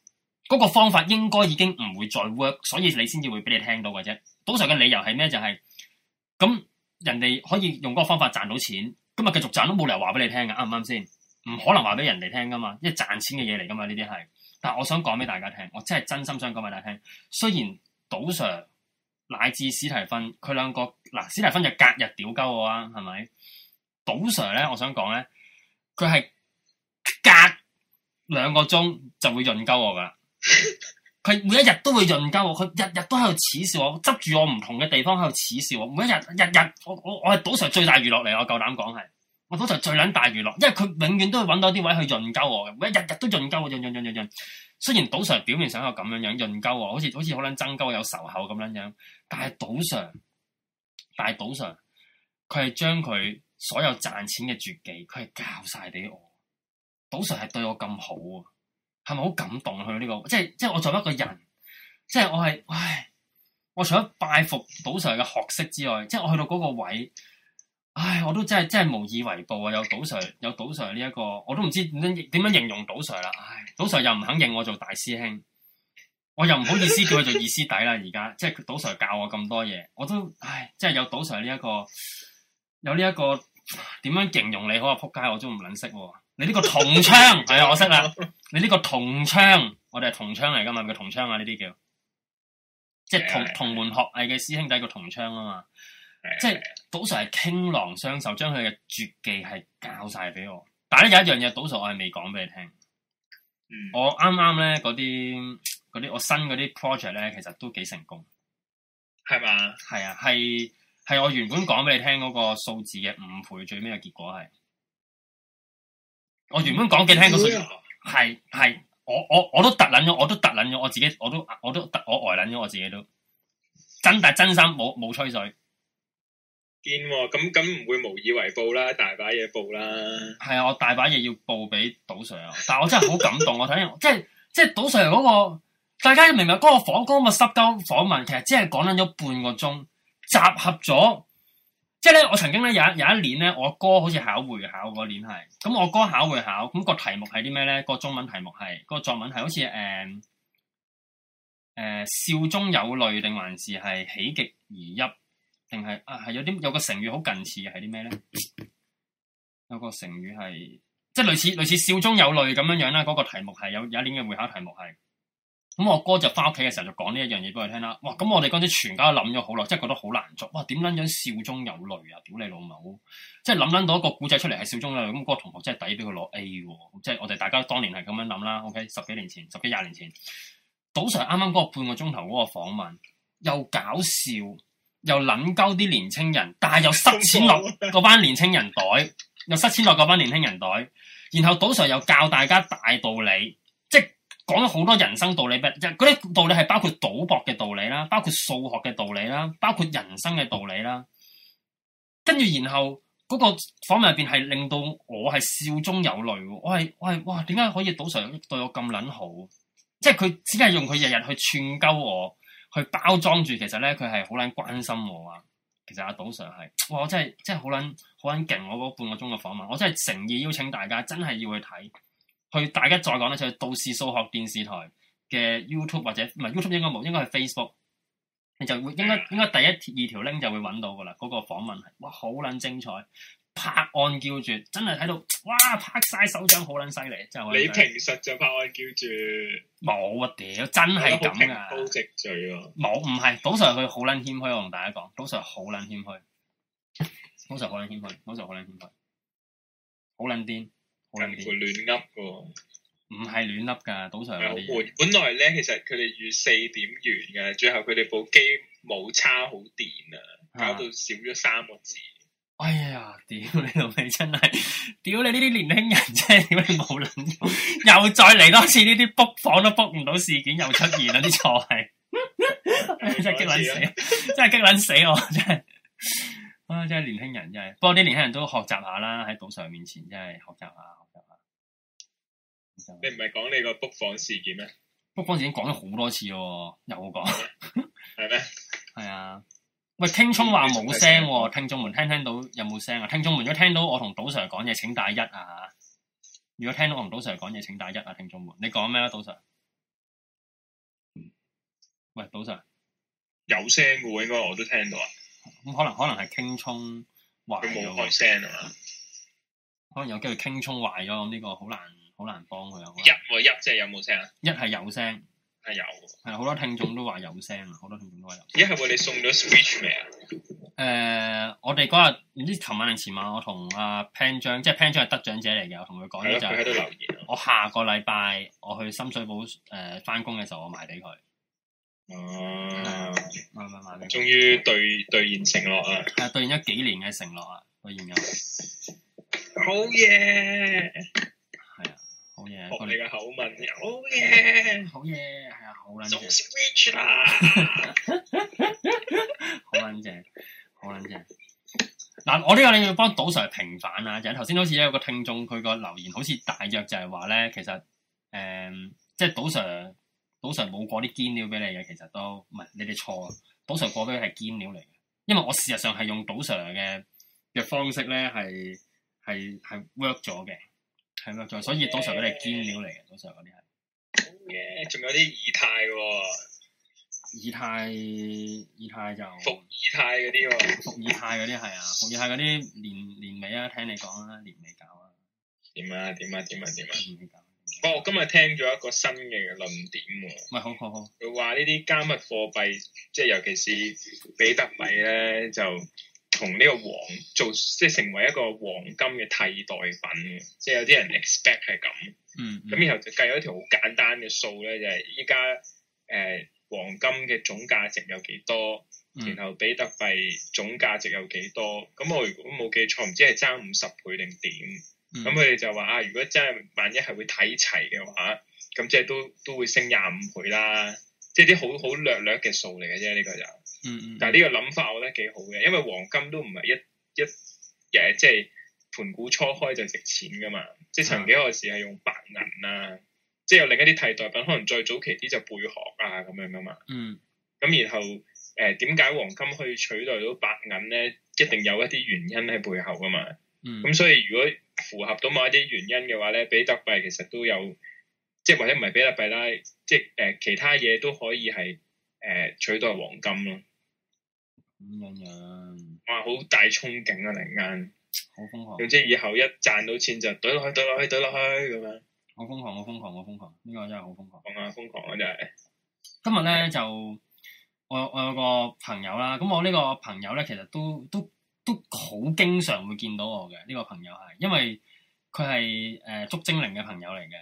嗰、那個方法應該已經唔會再 work，所以你先至會俾你聽到嘅啫。賭 Sir 嘅理由係咩？就係、是、咁人哋可以用嗰個方法賺到錢，今日繼續賺都冇理由話俾你聽噶，啱唔啱先？唔可能話俾人哋聽噶嘛，即係賺錢嘅嘢嚟噶嘛呢啲係。但係我想講俾大家聽，我真係真心想講俾大家聽。雖然賭 Sir 乃至史提芬佢兩個嗱，史提芬就隔日屌鳩我啊，係咪？賭 Sir 咧，我想講咧，佢係隔兩個鐘就會潤鳩我噶啦，佢每一日都會潤鳩我，佢日日都喺度恥笑我，執住我唔同嘅地方喺度恥笑我，每一日日日，我我我係賭 Sir 最大娛樂嚟，我夠膽講係。賭場最捻大娛樂，因為佢永遠都會揾到啲位去潤鳩我嘅，每日日都潤鳩，潤潤潤潤潤。雖然賭場表面上有咁樣樣潤鳩我，好似好似好捻爭鳩有仇口咁樣樣，但係賭場，但係賭場佢係將佢所有賺錢嘅絕技，佢係教晒俾我。賭場係對我咁好是是啊，係咪好感動？佢呢個即係即係我作為一個人，即係我係，唉，我除咗拜服賭場嘅學識之外，即係我去到嗰個位。唉，我都真係真係無以為報啊！有賭 Sir，有賭 Sir 呢、這、一個，我都唔知點點樣，樣形容賭 Sir 啦。唉，賭 Sir 又唔肯認我做大師兄，我又唔好意思叫佢做二師弟啦。而家即係賭 Sir 教我咁多嘢，我都唉，即係有賭 Sir 呢、這、一個，有呢、這、一個點樣形容你好啊？撲街，我都唔捻識喎、啊。你呢個同窗係啊，我識啦。你呢個同窗，我哋係同窗嚟噶嘛？佢同窗啊？呢啲叫即係同同門學藝嘅師兄弟叫同窗啊嘛？即係賭 Sir 係傾囊相授，將佢嘅絕技係教晒俾我。但係有一樣嘢賭 Sir 我係未講俾你聽、嗯。我啱啱咧嗰啲嗰啲我新嗰啲 project 咧，其實都幾成功，係嘛吧？係啊，係係我原本講俾你聽嗰個數字嘅五倍，最尾嘅結果係我原本講俾你聽個數，係係、嗯、我我我都突捻咗，我都突捻咗，我自己我都我都我呆捻咗，我自己都真但係真心冇冇吹水。見咁咁唔會無以為報啦，大把嘢報啦。係啊，我大把嘢要報俾賭 Sir 啊，但係我真係好感動， 我睇，即係即係賭 Sir 嗰、那個，大家要明白嗰、那個訪，嗰、那個濕鳩訪問，其實只係講緊咗半個鐘，集合咗，即係咧，我曾經咧有有一年咧，我哥好似考會考嗰年係，咁我哥考會考，咁、那個題目係啲咩咧？那個中文題目係，那個作文係好似誒誒，笑中有淚定還是係喜極而泣？定係啊，係有啲有個成語好近似嘅，係啲咩咧？有個成語係即係類似類似笑中有淚咁樣樣啦。嗰個題目係有有一年嘅會考題目係咁，我哥就翻屋企嘅時候就講呢一樣嘢俾佢聽啦。哇！咁我哋嗰啲全家諗咗好耐，即係覺得好難做。哇！點捻樣笑中有淚啊？屌你老母！即係諗捻到一個古仔出嚟係笑中有淚，咁嗰個同學真係抵俾佢攞 A 喎。即係我哋大家當年係咁樣諗啦。OK，十幾年前，十幾廿年前，早上啱啱嗰個半個鐘頭嗰個訪問又搞笑。又捻鳩啲年青人，但係又塞錢落嗰班年青人袋，又塞錢落嗰班年青人袋，然後賭 Sir 又教大家大道理，即係講咗好多人生道理俾，即嗰啲道理係包括賭博嘅道理啦，包括數學嘅道理啦，包括人生嘅道理啦。跟住然後嗰個訪問入邊係令到我係笑中有淚，我係我係哇，點解可以賭 Sir 對我咁捻好？即係佢只係用佢日日去串鳩我。去包裝住，其實咧佢係好撚關心我啊！其實阿賭 Sir 係，哇！我真係真係好撚好撚勁，我嗰半個鐘嘅訪問，我真係誠意邀請大家，真係要去睇，去大家再講咧，就去道士數學電視台嘅 YouTube 或者唔係 YouTube 應該冇，應該係 Facebook，你就會應該應該第一二條 link 就會揾到㗎啦，嗰個訪問係，哇！好撚精彩。拍案叫絕，真係睇到哇！拍晒手掌，好撚犀利！真係你平時就拍案叫絕，冇啊屌！真係咁啊！高直嘴啊！冇唔係，賭 Sir 佢好撚謙虛，我同大家講，賭 Sir 好撚謙虛，賭 Sir 好撚謙虛，賭 Sir 好撚謙虛，好撚癲，近乎亂噏噶，唔係亂噏噶，賭 Sir。本本來咧，其實佢哋預四點完嘅，最後佢哋部機冇叉好電啊，搞到少咗三個字。啊哎呀，屌你老味真係，屌你呢啲年輕人真係點解冇卵又再嚟多次呢啲 book 房都 book 唔到事件又出現啦，啲錯係真係激撚死，真係激撚死，我真係啊真係年輕人真係，不過啲年輕人都學習下啦，喺賭 Sir 面前真係學習下學習下。習下習下你唔係講你個 book 房事件咩？book 房事件講咗好多次咯，又講係咩？係啊。 喂，聽冲話冇聲，聽眾們聽唔聽到有冇聲啊？聽眾們如果聽到我同賭 Sir 講嘢，請打一啊！如果聽到我同賭 Sir 講嘢，請打一啊！聽眾們，你講咩啊？賭 Sir、嗯，喂，賭 Sir 有聲嘅喎，應該我都聽到啊！咁可能可能係聽冲壞咗啊！可能,可能傾壞有機會聽冲壞咗，咁呢個難難好難好難幫佢啊！一，就是、有有一即係有冇聲啊？一係有聲。係、啊、有，係好多聽眾都話有聲啊！好多聽眾都話有。咦、欸？係喎，你送咗 speech 未啊？誒、呃，我哋嗰日唔知琴晚定前晚，我同阿、啊、p 潘章，即係潘章係得獎者嚟嘅，我同佢講咗就喺、是、度留言。我下個禮拜我去深水埗誒翻工嘅時候，我賣俾佢。哦、嗯、嗯、賣賣賣。終於兌兌現承諾啊！係兌現咗幾年嘅承諾啊！兌現咗。好嘢！Oh yeah! 好嘢，學你嘅口吻。好嘢，好嘢，係啊，好撚正。做 switch 啦，好撚正，好撚正。嗱，我呢個你要幫賭 Sir 平反啊！就係頭先好似有個聽眾佢個留言，好似大約就係話咧，其實誒，即係賭 Sir，賭 Sir 冇過啲堅料俾你嘅，其實都唔係你哋錯，賭 Sir 過啲係堅料嚟嘅，因為我事實上係用賭 Sir 嘅嘅方式咧，係係係 work 咗嘅。係咪啊？所以當時嗰啲係堅料嚟嘅，當時嗰啲係。好嘅，仲有啲以太喎。以太，哦，以太就伏以太嗰啲喎，伏以太嗰啲係啊，伏以太嗰啲年年尾啊，聽你講啊，年尾搞啊。點啊？點啊？點啊？點啊？不過。我今日聽咗一個新嘅論點喎，哦。唔係好好好。佢話呢啲加密貨幣，即、就、係、是、尤其是比特幣咧，就。同呢個黃做，即係成為一個黃金嘅替代品，即係有啲人 expect 係咁、嗯。嗯，咁然後就計咗條好簡單嘅數咧，就係依家誒黃金嘅總價值有幾多，然後比特幣總價值有幾多。咁、嗯、我如果冇記錯，唔知係爭五十倍定點。咁佢哋就話啊，如果真係萬一係會睇齊嘅話，咁即係都都會升廿五倍啦。即係啲好好略略嘅數嚟嘅啫，呢、呢個就。嗯，嗯，但係呢個諗法我覺得幾好嘅，因為黃金都唔係一一嘢，即係、就是、盤古初開就值錢噶嘛。即係曾幾何時係用白銀啊，即係有另一啲替代品，可能再早期啲就貝殼啊咁樣噶嘛。嗯，咁然後誒點解黃金可以取代到白銀咧？一定有一啲原因喺背後噶嘛。咁、嗯、所以如果符合到某一啲原因嘅話咧，比特幣其實都有，即係或者唔係比特幣啦，即係誒、呃、其他嘢都可以係誒、呃、取代到黃金咯。咁樣樣，嗯嗯、哇！好大憧憬啊，嚟緊，好瘋狂，即係以後一賺到錢就懟落去，懟落去，懟落去咁樣。好瘋狂，好瘋狂，好瘋狂，呢個真係好瘋狂。講下瘋狂啊。真係。今日咧就我我有個朋友啦，咁我呢個朋友咧其實都都都好經常會見到我嘅。呢個朋友係因為佢係誒捉精靈嘅朋友嚟嘅，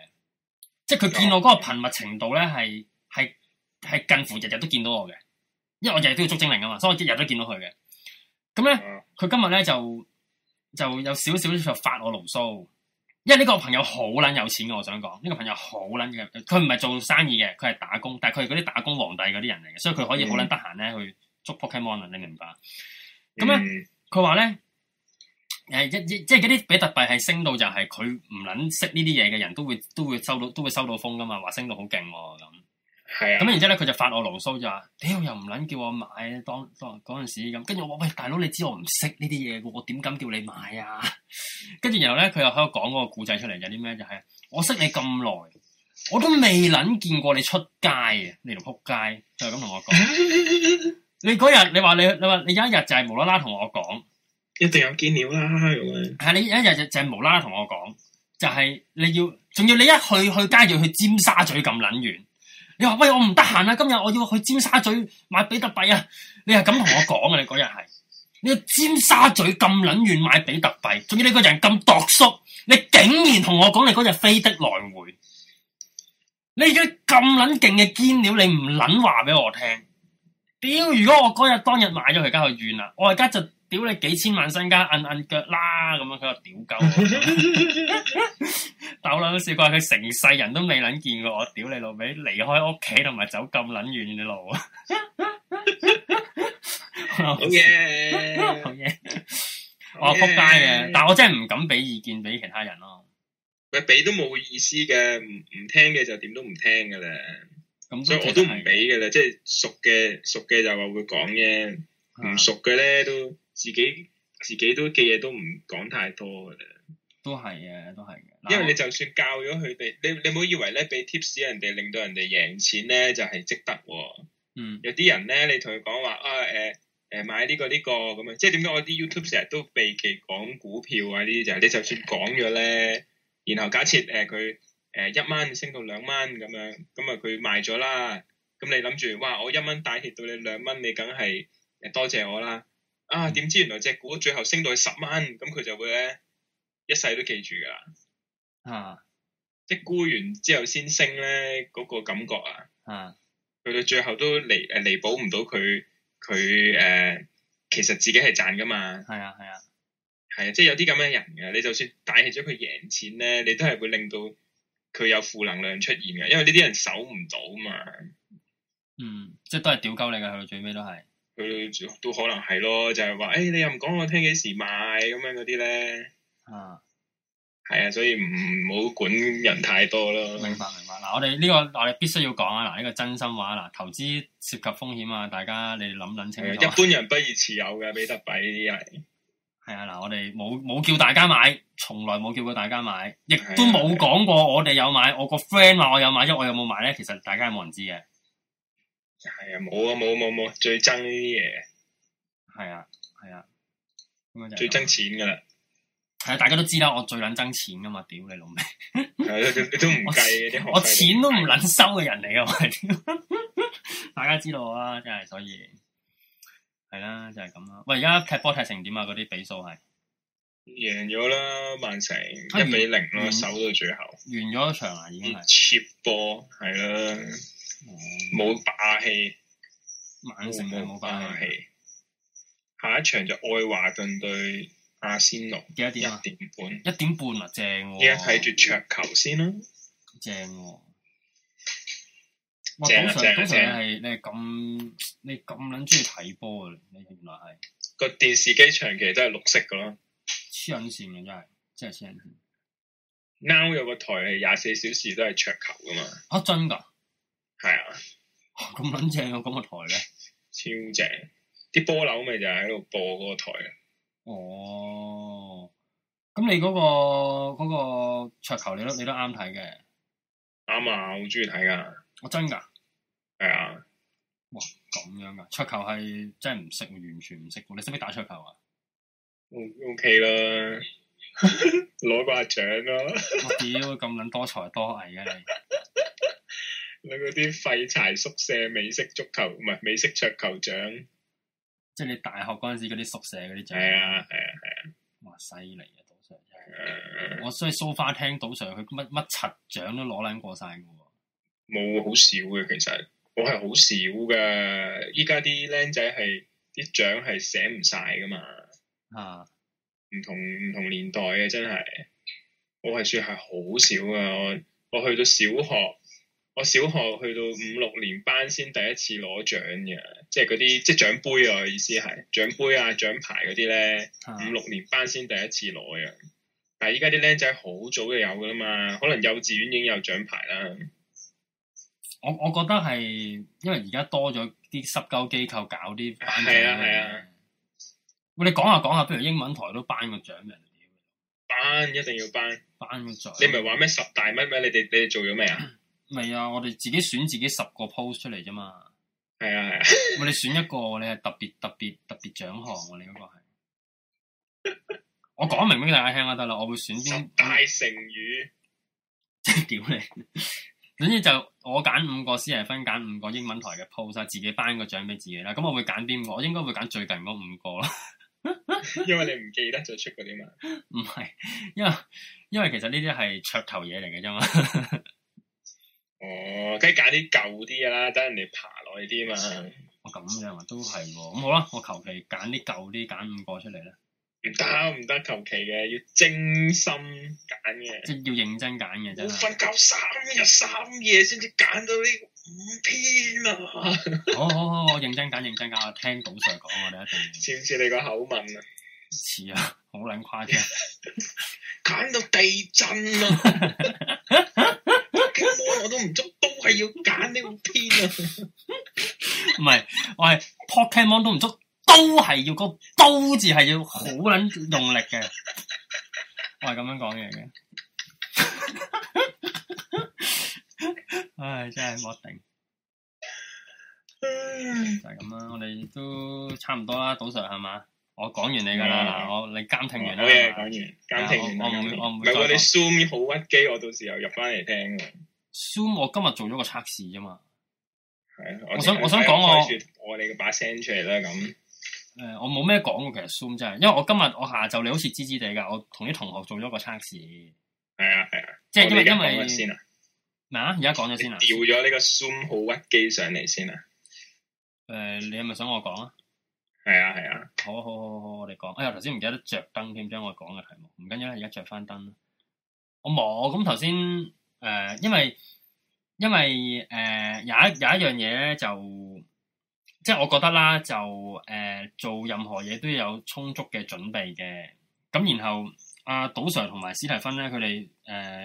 即係佢見我嗰個頻密程度咧係係係近乎日，日日都見到我嘅。因為我日日都要捉精靈啊嘛，所以我日日都見到佢嘅。咁咧，佢今日咧就就有少少就發我牢騷，因為呢個朋友好捻有錢嘅，我想講呢個朋友好捻嘅。佢唔係做生意嘅，佢係打工，但係佢係嗰啲打工皇帝嗰啲人嚟嘅，所以佢可以好捻得閒咧去捉 Pokemon 啊！你明唔明白？咁咧、嗯，佢話咧，誒，一即係嗰啲比特幣係升到就係佢唔捻識呢啲嘢嘅人都會都會收到都會收到風噶嘛，話升到好勁喎咁。咁是、啊、然之後咧，佢就發我牢騷就話，屌又唔捻叫我買，當當嗰陣時咁。跟住我話，喂、哎、大佬，你知我唔識呢啲嘢，我點敢叫你買啊？跟住然後咧，佢又喺度講嗰個古仔出嚟，有啲咩就係、是、我識你咁耐，我都未捻見過你出街啊，你同仆街就咁同我講。 你嗰日你話你你話你有一日就係無啦啦同我講，一定有見料啦咁啊！係你有一日就就係無啦啦同我講，就係、是、你要，仲要你一去去街要去尖沙咀咁捻遠。」你話，喂，我唔得閒啊，今日我要去尖沙咀買比特幣啊！你係咁同我講啊，你嗰日係你尖沙咀咁撚遠買比特幣，仲要你個人咁度縮，你竟然同我講你嗰日飛的來回，你咁撚勁嘅堅料，你唔撚話俾我聽？屌！如果我嗰日當日買咗，佢，而家去遠啦，我而家就。屌你幾千萬身家，揞揞腳啦咁樣，佢話屌鳩。但我諗試過佢成世人都未捻見過我，屌你老味，離開屋企同埋走咁捻遠嘅路。啊 好嘢，好嘢。好好我扑街嘅，但係我真係唔敢俾意見俾其他人咯。佢俾都冇意思嘅，唔唔聽嘅就點都唔聽嘅啦。咁所以我都唔俾嘅啦，即係熟嘅熟嘅就話會講嘅，唔熟嘅咧都。自己自己都嘅嘢都唔講太多嘅咧、啊，都係嘅、啊，都係嘅。因為你就算教咗佢哋，你你唔好以為咧俾貼士人哋令到人哋贏錢咧就係、是、值得喎、哦。嗯。有啲人咧，你同佢講話啊誒誒、呃呃呃、買呢、這個呢、這個咁樣，即係點解我啲 YouTube 成日都避忌講股票啊呢啲就係，你就算講咗咧， 然後假設誒佢誒一蚊升到兩蚊咁樣，咁啊佢賣咗啦，咁、嗯、你諗住哇我一蚊帶跌到你兩蚊，你梗係誒多謝我啦。啊！點知原來隻股最後升到去十蚊，咁佢就會咧一世都記住噶啦。啊！即沽完之後先升咧，嗰、那個感覺啊。啊！去到最後都彌誒彌、啊、補唔到佢，佢誒、呃、其實自己係賺噶嘛。係啊，係啊。係啊，即係有啲咁嘅人嘅，你就算帶起咗佢贏錢咧，你都係會令到佢有負能量出現嘅，因為呢啲人守唔到嘛。嗯，即係都係屌鳩你嘅，去到最尾都係。佢都可能係咯，就係話誒，你又唔講我聽幾時買咁樣嗰啲咧？啊，係啊，所以唔好管人太多咯。明白，明白。嗱、這個，我哋呢個我哋必須要講啊！嗱，呢個真心話嗱，投資涉及風險啊，大家你諗諗清、啊嗯、一般人不宜持有嘅比特幣啲係，係啊嗱，我哋冇冇叫大家買，從來冇叫過大家買，亦都冇講過我哋有買。我個 friend 話我有買咗，因為我有冇買咧？其實大家係冇人知嘅。係啊，冇啊，冇冇冇，最憎呢啲嘢。係啊，係啊，咁樣就最憎錢噶啦。係啊，大家都知啦，我最捻憎錢噶嘛，屌你老味。係都唔計嘅啲我錢都唔捻收嘅人嚟噶嘛， 大家知道啊，真係所以係啦、啊，就係咁啦。喂，而家踢波踢成點啊？嗰啲比數係贏咗啦，曼城一比零咯，守完到最後完咗場啊，已經係切波係啦。冇霸氣，晚上冇霸氣。下一場就愛華頓對阿仙奴，而家點一點半，一點半啊，正喎！而家睇住桌球先啦，正喎。正正係你咁，你咁捻中意睇波啊？你原來係個電視機長期都係綠色噶咯？黐緊線嘅真係真係黐！Now 有個台係廿四小時都係桌球噶嘛？啊，真噶！係啊，咁撚正啊！咁個台咧 超正，啲波樓咪就係喺度播嗰個台啊！哦，咁你嗰、嗰個、嗰個桌球你都你都啱睇嘅。啱啊，好中意睇噶。我真噶。係啊。哇，咁樣噶桌球係真係唔識，完全唔識。你識唔識打桌球啊？O K 啦，攞個獎咯。我 屌，咁捻多才多藝嘅你。 你嗰啲廢柴宿舍美式足球唔係美式桌球獎，即係你大學嗰陣時嗰啲宿舍嗰啲獎。係啊係啊係啊，哇犀利啊！賭 Sir 真係，我所以蘇花廳賭 Sir 佢乜乜柒獎都攞撚過晒噶喎。冇好少嘅其實，我係好少噶。依家啲僆仔係啲獎係寫唔晒噶嘛。啊，唔同唔同年代嘅真係，我係算係好少噶。我我去到小學。我小學去到五六年班先第一次攞獎嘅，即係嗰啲即係獎杯啊！意思係獎杯啊、獎牌嗰啲咧，啊、五六年班先第一次攞嘅。但係依家啲僆仔好早就有㗎啦嘛，可能幼稚園已經有獎牌啦。我我覺得係因為而家多咗啲濕鳩機構搞啲頒獎嘅嘢。我、啊啊啊、你講下講下，譬如英文台都頒個獎人哋，頒一定要頒。頒個獎嘴你唔係話咩十大乜咩？你哋你哋做咗咩啊？ 唔係啊，我哋自己選自己十個 pose 出嚟啫嘛。係啊，係、啊。我哋選一個，你係特別特別特別獎項喎，你嗰個係。 我講明俾大家聽啊，得啦，我會選啲大成語。即係 屌你尼！總 之就我揀五個私人分揀五個英文台嘅 pose，自己頒個獎俾自己啦。咁我會揀邊個？我應該會揀最近嗰五個啦 。因為你唔記得最出嗰啲嘛？唔係，因為因為其實呢啲係噱頭嘢嚟嘅啫嘛。 哦，梗係揀啲舊啲噶啦，等人哋爬耐啲嘛。哦，咁樣啊，都係喎、哦。咁、嗯、好啦，我求其揀啲舊啲，揀五個出嚟啦。唔得唔得，求其嘅，要精心揀嘅。即係要認真揀嘅，真瞓覺三日三夜先至揀到呢五篇啊！ 好好好，我認真揀，認真揀，我聽賭 Sir 講，我哋一定。似唔似你個口吻啊？似啊，好撚誇張。揀 到地震啊！ 我都唔捉，都係要揀呢個片啊！唔係，我係 Pokemon 都唔捉，都係要、個刀字係要好撚用力嘅，我係咁樣講嘢嘅。唉，真係冇得頂，就係咁啦。我哋都差唔多啦，賭 Sir 係嘛？我講完你噶啦，嗱、嗯，我、嗯、你監聽完啦，講完監聽完我唔，我唔會。唔係我哋 zoom 好屈機，我到時又入翻嚟聽。Zoom 我今日做咗個測試啫嘛，係啊、呃，我想我想講我我哋個把聲出嚟啦咁，誒，我冇咩講嘅，其實 Zoom 真係，因為我今日我下晝你好似滋滋地噶，我同啲同學做咗個測試，係啊係啊，即係因為因為，咩啊、哦？而家講咗先啊，調咗呢個 Zoom 好屈機上嚟先啊，誒、呃、你係咪想我講啊？係啊係啊，好好好好，我哋講，哎呀頭先唔記得着燈添，將我講嘅題目，唔緊要啦，而家着翻燈啦，我冇，咁頭先。誒、呃，因為因為誒，有一有一樣嘢咧，就即係我覺得啦，就誒、呃、做任何嘢都要有充足嘅準備嘅。咁然後阿賭、啊、sir 同埋史提芬咧，佢哋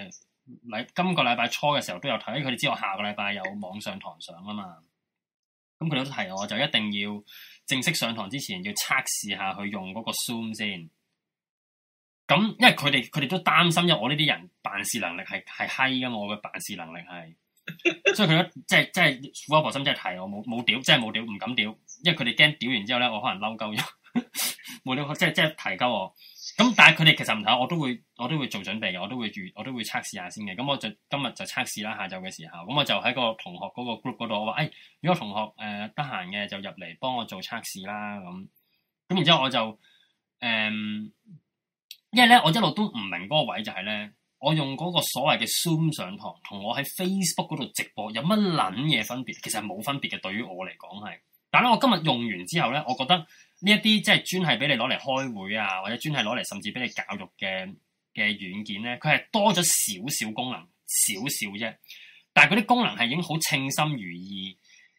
誒禮今個禮拜初嘅時候都有睇，佢哋知道我下個禮拜有網上堂上啊嘛。咁佢哋都提我，就一定要正式上堂之前要測試下去用嗰個 Zoom 先。咁，因為佢哋佢哋都擔心，因為我呢啲人辦事能力係係閪噶嘛，我嘅辦事能力係， 所以佢都即係即係苦口婆心，即係提我冇冇屌，即係冇屌，唔敢屌，因為佢哋驚屌完之後咧，我可能嬲鳩咗，冇 料，即係即係提鳩我。咁但係佢哋其實唔提我都會我都會做準備嘅，我都會預我都會測試下先嘅。咁我就今日就測試啦，下晝嘅時候，咁我就喺個同學嗰個 group 嗰度，我話誒、哎，如果同學誒得閒嘅就入嚟幫我做測試啦，咁咁然之後我就誒。嗯因為咧，我一路都唔明嗰個位就係咧，我用嗰個所謂嘅 Zoom 上堂，同我喺 Facebook 嗰度直播有乜撚嘢分別？其實係冇分別嘅，對於我嚟講係。但係咧，我今日用完之後咧，我覺得呢一啲即係專係俾你攞嚟開會啊，或者專係攞嚟甚至俾你教育嘅嘅軟件咧，佢係多咗少少功能，少少啫。但係嗰啲功能係已經好稱心如意，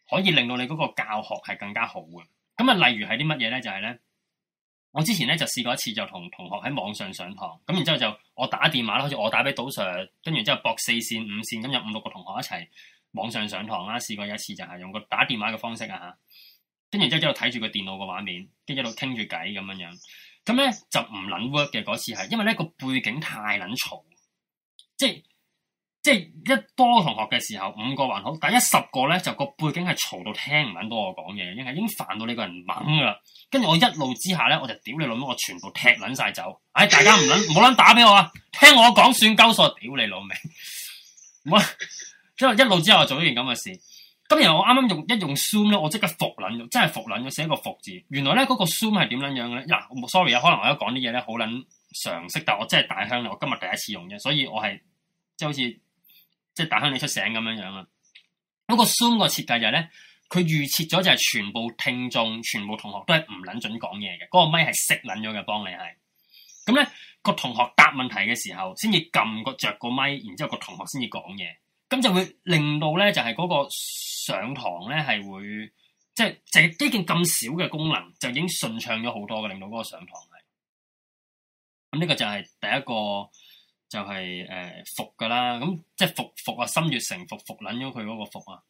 可以令到你嗰個教學係更加好嘅。咁啊，例如係啲乜嘢咧？就係咧。我之前咧就試過一次，就同同學喺網上上堂，咁然之後就我打電話啦，好似我打俾賭 Sir，跟住之後博四線五線，咁有五六個同學一齊網上上堂啦，試過一次就係、是、用個打電話嘅方式啊吓，跟住之後一路睇住個電腦個畫面，跟住一路傾住偈咁樣樣，咁咧就唔捻 work 嘅嗰次係，因為咧個背景太捻嘈，即係。即係一多同學嘅時候，五個還好，但係一十個咧就個背景係嘈到聽唔捻到我講嘢，因已經係已經煩到你個人懵噶啦。跟住我一怒之下咧，我就屌你老母，我全部踢捻晒走。唉、哎，大家唔捻，冇捻 打俾我啊！聽我講算鳩數，屌你老味！我即係一路之下做咗件咁嘅事。今日我啱啱用一用 Zoom 咧，我即刻服捻，真係服捻咗，寫一個服字。原來咧嗰、那個 Zoom 係點捻樣嘅咧？呀、啊、，sorry 啊，可能我而家講啲嘢咧好捻常識，但我真係大香。我今日第一次用啫，所以我係即係好似。即係打翻你出醒咁樣樣啊！嗰、那個 Zoom 個設計就係咧，佢預設咗就係全部聽眾、全部同學都係唔捻準講嘢嘅，嗰、那個咪係熄捻咗嘅。幫你係咁咧，個同學答問題嘅時候，先至撳個着個咪，然之後個同學先至講嘢，咁就會令到咧就係、是、嗰個上堂咧係會，即係就呢、是、件咁少嘅功能就已經順暢咗好多嘅，令到嗰個上堂係。咁呢個就係第一個。就係誒服噶啦，咁、嗯、即係服服啊！心悅誠服，服捻咗佢嗰個服啊！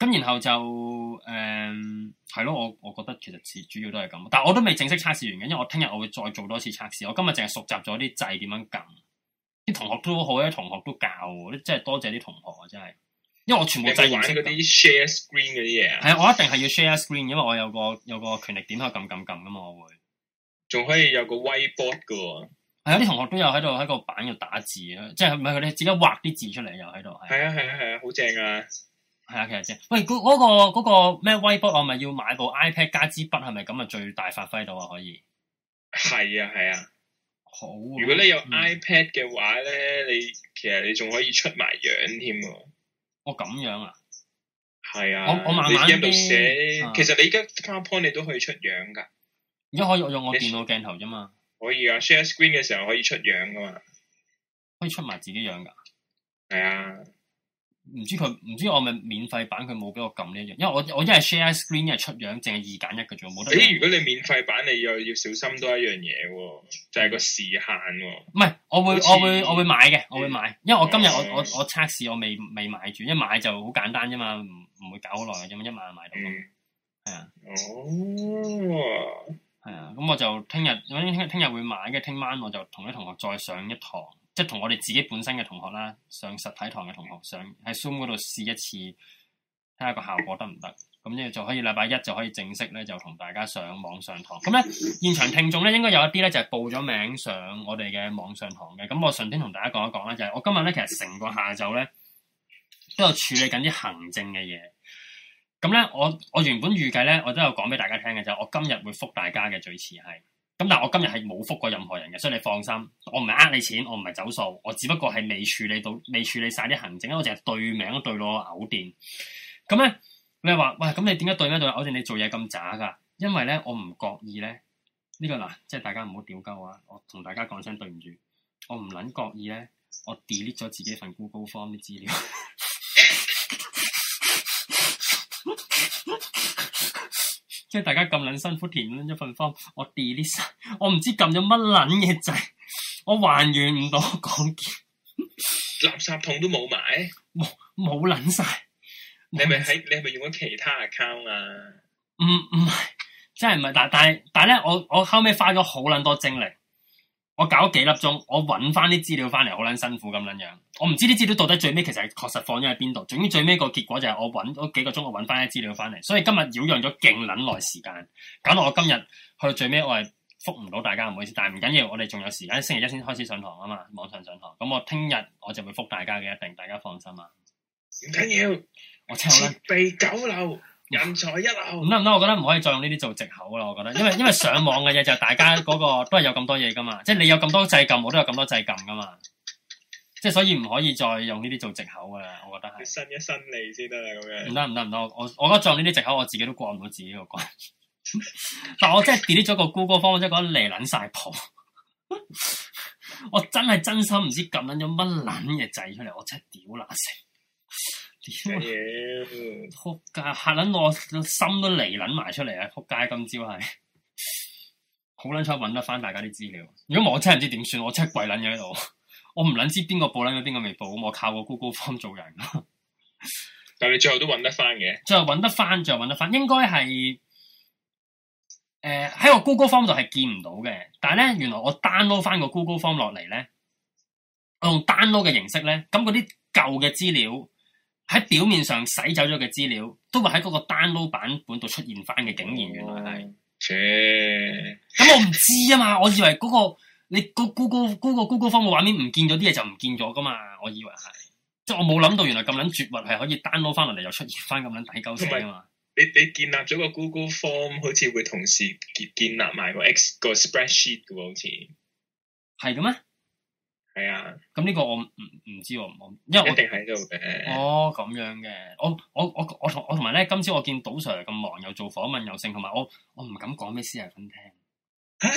咁然後就誒係咯，我我覺得其實主主要都係咁，但係我都未正式測試完嘅，因為我聽日我會再做多次測試。我今日淨係熟習咗啲掣點樣撳。啲同學都好，啲同學都教，即係多謝啲同學啊，真係。因為我全部制顏色。你玩嗰啲 share screen 嗰啲嘢。係啊，我一定係要 share screen，因為我有個有個權力點可以撳撳撳噶嘛，我會。仲可以有個 whiteboard 噶。有啲同學都有喺度喺個板度打字啊，即係唔係佢哋自己畫啲字出嚟又喺度。係啊係啊係啊，好正啊！係啊，其實正。喂，嗰嗰個嗰個咩 whiteboard，我咪要買部 iPad 加支筆，係咪咁啊？最大發揮到啊，可以。係啊係啊，好！如果你有 iPad 嘅話咧，你其實你仲可以出埋樣添喎。哦，咁樣啊？係啊，我我慢慢喺度寫。其實你而家 PowerPoint 你都可以出樣噶，而家可以用我電腦鏡頭啫嘛。可以啊，share screen 嘅時候可以出樣噶嘛，可以出埋自己樣噶。係啊，唔知佢唔知我咪免費版佢冇俾我撳呢樣，因為我我一係 share screen 一係出樣，淨係二揀一嘅啫，冇得。誒，如果你免費版，你又要，要小心多一樣嘢，就係、是、個時限喎。唔係、嗯啊，我會我會我會買嘅，我會買，因為我今日我、嗯、我我測試我未未買住，一買就好簡單啫嘛，唔唔會搞好耐嘅啫嘛，一買就買到。係、嗯、啊。哦。係咁、嗯、我就聽日，我諗聽日會買嘅。聽晚我就同啲同學再上一堂，即係同我哋自己本身嘅同學啦，上實體堂嘅同學上喺 Zoom 嗰度試一次，睇下個效果得唔得？咁、嗯、咧就可以禮拜一就可以正式咧就同大家上網上堂。咁、嗯、咧現場聽眾咧應該有一啲咧就係、是、報咗名上我哋嘅網上堂嘅。咁、嗯、我順便同大家講一講啦，就係、是、我今日咧其實成個下晝咧都喺度處理緊啲行政嘅嘢。咁咧，我我原本預計咧，我都有講俾大家聽嘅就係，我今日會覆大家嘅最遲係。咁但係我今日係冇覆過任何人嘅，所以你放心，我唔係呃你錢，我唔係走數，我只不過係未處理到，未處理晒啲行政，我淨係對名對到我嘔電。咁咧，你話喂，咁你點解對名對我偶？我話你做嘢咁渣㗎，因為咧我唔覺意咧，呢、這個嗱，即係大家唔好屌鳩我，我同大家講聲對唔住，我唔撚覺意咧，我 delete 咗自，自己份 Google Form 啲資料。 即係大家咁卵辛苦填一份 form，我 delete 晒，我唔知撳咗乜卵嘢掣，我還原唔到，講嘢，垃圾桶都冇埋，冇冇卵晒，你係咪喺？你係咪用緊其他 account 啊？唔唔係，即係唔係，但但係但係咧，我我後尾花咗好卵多精力。我搞咗幾粒鐘，我揾翻啲資料翻嚟，好捻辛苦咁捻樣。我唔知啲資料到底最尾其實係確實放咗喺邊度。總之最尾個結果就係我揾咗幾個鐘，我揾翻啲資料翻嚟。所以今日擾攘咗勁捻耐時間，搞到我今日去到最尾，我係覆唔到大家，唔好意思。但係唔緊要，我哋仲有時間，星期一先開始上堂啊嘛，網上上堂。咁我聽日我就會覆大家嘅，一定大家放心啊。唔緊要，我真係準備九樓。人才一流。唔得唔得，我覺得唔可以再用呢啲做藉口啦。我覺得，因為因為上網嘅嘢就係大家嗰、嗰個 都係有咁多嘢噶嘛，即係你有咁多掣撳，我都有咁多掣撳噶嘛。即係所以唔可以再用呢啲做藉口噶啦。我覺得係。伸一伸脷先得啊，咁樣。唔得唔得唔得，我我覺得再用呢啲藉口，我自己都過唔到自己個關。我 但我真係 delete 咗個 Google 方，即係覺得嚟撚晒譜。我真係真心唔知撳撚咗乜撚嘢掣出嚟，我真係屌爛死。仆街，吓撚是我心都離撚埋出嚟啊！仆街今朝係好撚彩揾得翻大家啲資料。如果我真係唔知點算，我真跪撚咗喺度。我唔撚知邊個報撚咗邊個未報，咁我靠個 Google Form 做人。 但係你最後都揾得翻嘅，最後揾得翻，最後揾得翻，應該係誒喺、呃、個 Google Form 度係見唔到嘅。但係咧，原來我 download 翻個 Google Form 落嚟咧，我用 download 嘅形式咧，咁嗰啲舊嘅資料。喺表面上洗走咗嘅資料，都會喺嗰個 download 版本度出現翻嘅，竟然原來係，咁、哦呃、我唔知啊嘛、， 那個、Go 嘛，我以為嗰個你個 Google Google Google Form 嘅畫面唔見咗啲嘢就唔見咗噶嘛，我以為係，即係我冇諗到原來咁撚絕密係可以 download 翻落嚟又出現翻咁撚抵鳩聲啊嘛，你你建立咗個 Google Form 好似會同時建建立埋個 x 個 spreadsheet 嘅，好似係嘅咩？係啊，咁呢、嗯這個我唔唔知我，因為我哋喺度嘅。哦，咁樣嘅，我我我我同我同埋咧，今朝我見賭 Sir 咁忙，又做訪問，又剩，同埋我我唔敢講俾私儀粉聽，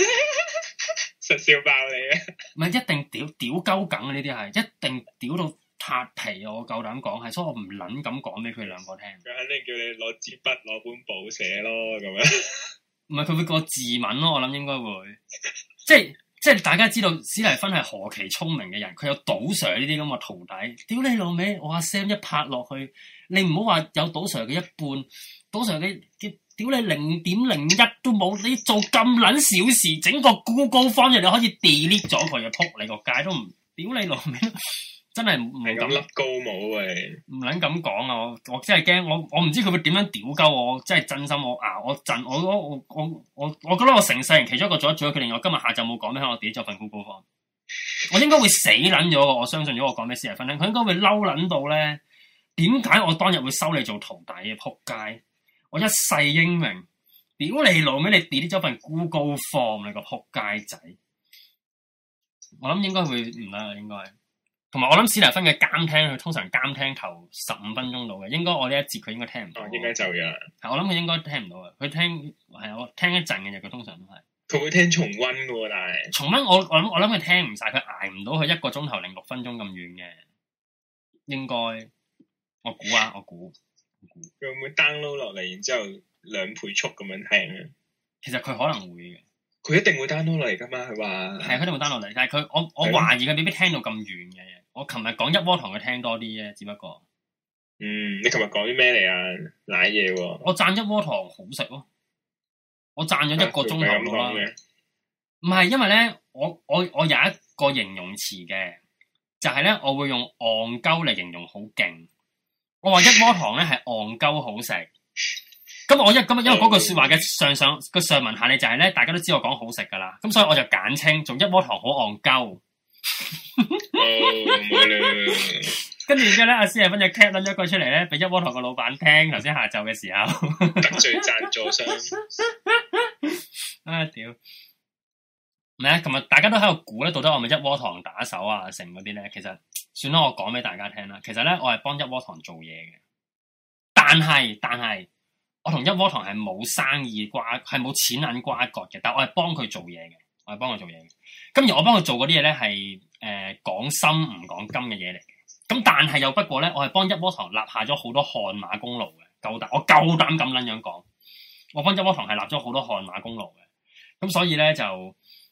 實、 嗯、笑爆你啊！唔係一定屌屌鳩梗啊，呢啲係一定屌到撻皮啊！我夠膽講係，所以我唔撚敢講俾佢兩個聽。佢、嗯、肯定叫你攞支筆攞本簿寫咯，咁樣。唔係佢會過字文咯，我諗應該會，即係。即係大家知道史蒂芬係何其聰明嘅人，佢有賭 Sir 呢啲咁嘅徒弟，屌你老味，我阿 Sam 一拍落去，你唔好話有賭 Sir 嘅一半，賭 Sir 嘅屌你零點零一都冇，你做咁撚小事，整個 Google 方，人哋開始 delete 咗佢嘅，撲你個街都唔，屌你老味。 真係唔敢甩高帽喂！唔捻咁講啊！敢敢敢我我真係驚我我唔知佢會點樣屌鳩我！我我我真係真心我啊！我震我我我我我覺得我成世人其中一個左一左，佢另外今日下晝冇講咩，我自己做份 Google Form 我應該會死捻咗我相信咗我講咩先嚟分呢？佢應該會嬲捻到咧？點解我當日會收你做徒弟？撲街！我一世英明，屌你老尾！你跌咗份 Google Form，你個撲街仔！我諗、ja, 應該會唔捻、啊，應該。同埋我諗史達芬嘅監聽佢通常監聽頭十五分鐘到嘅，應該我呢一節佢應該聽唔到。哦，應該就嘅。我諗佢應該聽唔到嘅。佢聽係我聽一陣嘅，咋佢通常都係。佢會聽重溫噶但係重溫我我諗我諗佢聽唔晒，佢捱唔到佢一個鐘頭零六分鐘咁遠嘅。應該我估啊，我估。佢會唔會 download 落嚟，然之後兩倍速咁樣聽呢？其實佢可能會嘅，佢一定會 download 落嚟噶嘛？佢話係佢一定會 download 落嚟，但係佢我我懷疑佢未必聽到咁遠嘅。我琴日講一窩糖佢聽多啲啫，只不過，嗯，你琴日講啲咩嚟啊？瀨嘢喎，我讚一窩糖好食咯，我讚咗一個鐘頭到啦。唔係因為咧，我我我有一個形容詞嘅，就係、是、咧，我會用戇鳩嚟形容好勁。我話一窩糖咧係戇鳩好食。咁 我一咁因為嗰句說話嘅上上個上文下理，就係咧，大家都知我講好食噶啦。咁所以我就簡稱，做一窩糖好戇鳩。跟住之後咧，阿信係分隻 cat 拎咗個出嚟咧，俾一窩堂個老闆聽。頭先下晝嘅時候得罪贊助商 啊，屌咩？琴日大家都喺度估咧，到底我係咪一窩堂打手啊？成嗰啲咧，其實算啦，我講俾大家聽啦。其實咧，我係幫一窩堂做嘢嘅，但係但係我同一窩堂係冇生意瓜，係冇錢銀瓜葛嘅，但係我係幫佢做嘢嘅。我係幫佢做嘢嘅，今日我幫佢做嗰啲嘢咧，係誒講心唔講金嘅嘢嚟。咁但係又不過咧，我係幫一窩堂立下咗好多汗馬功勞嘅，夠膽我夠膽咁捻樣講，我幫一窩堂係立咗好多汗馬功勞嘅，咁所以咧就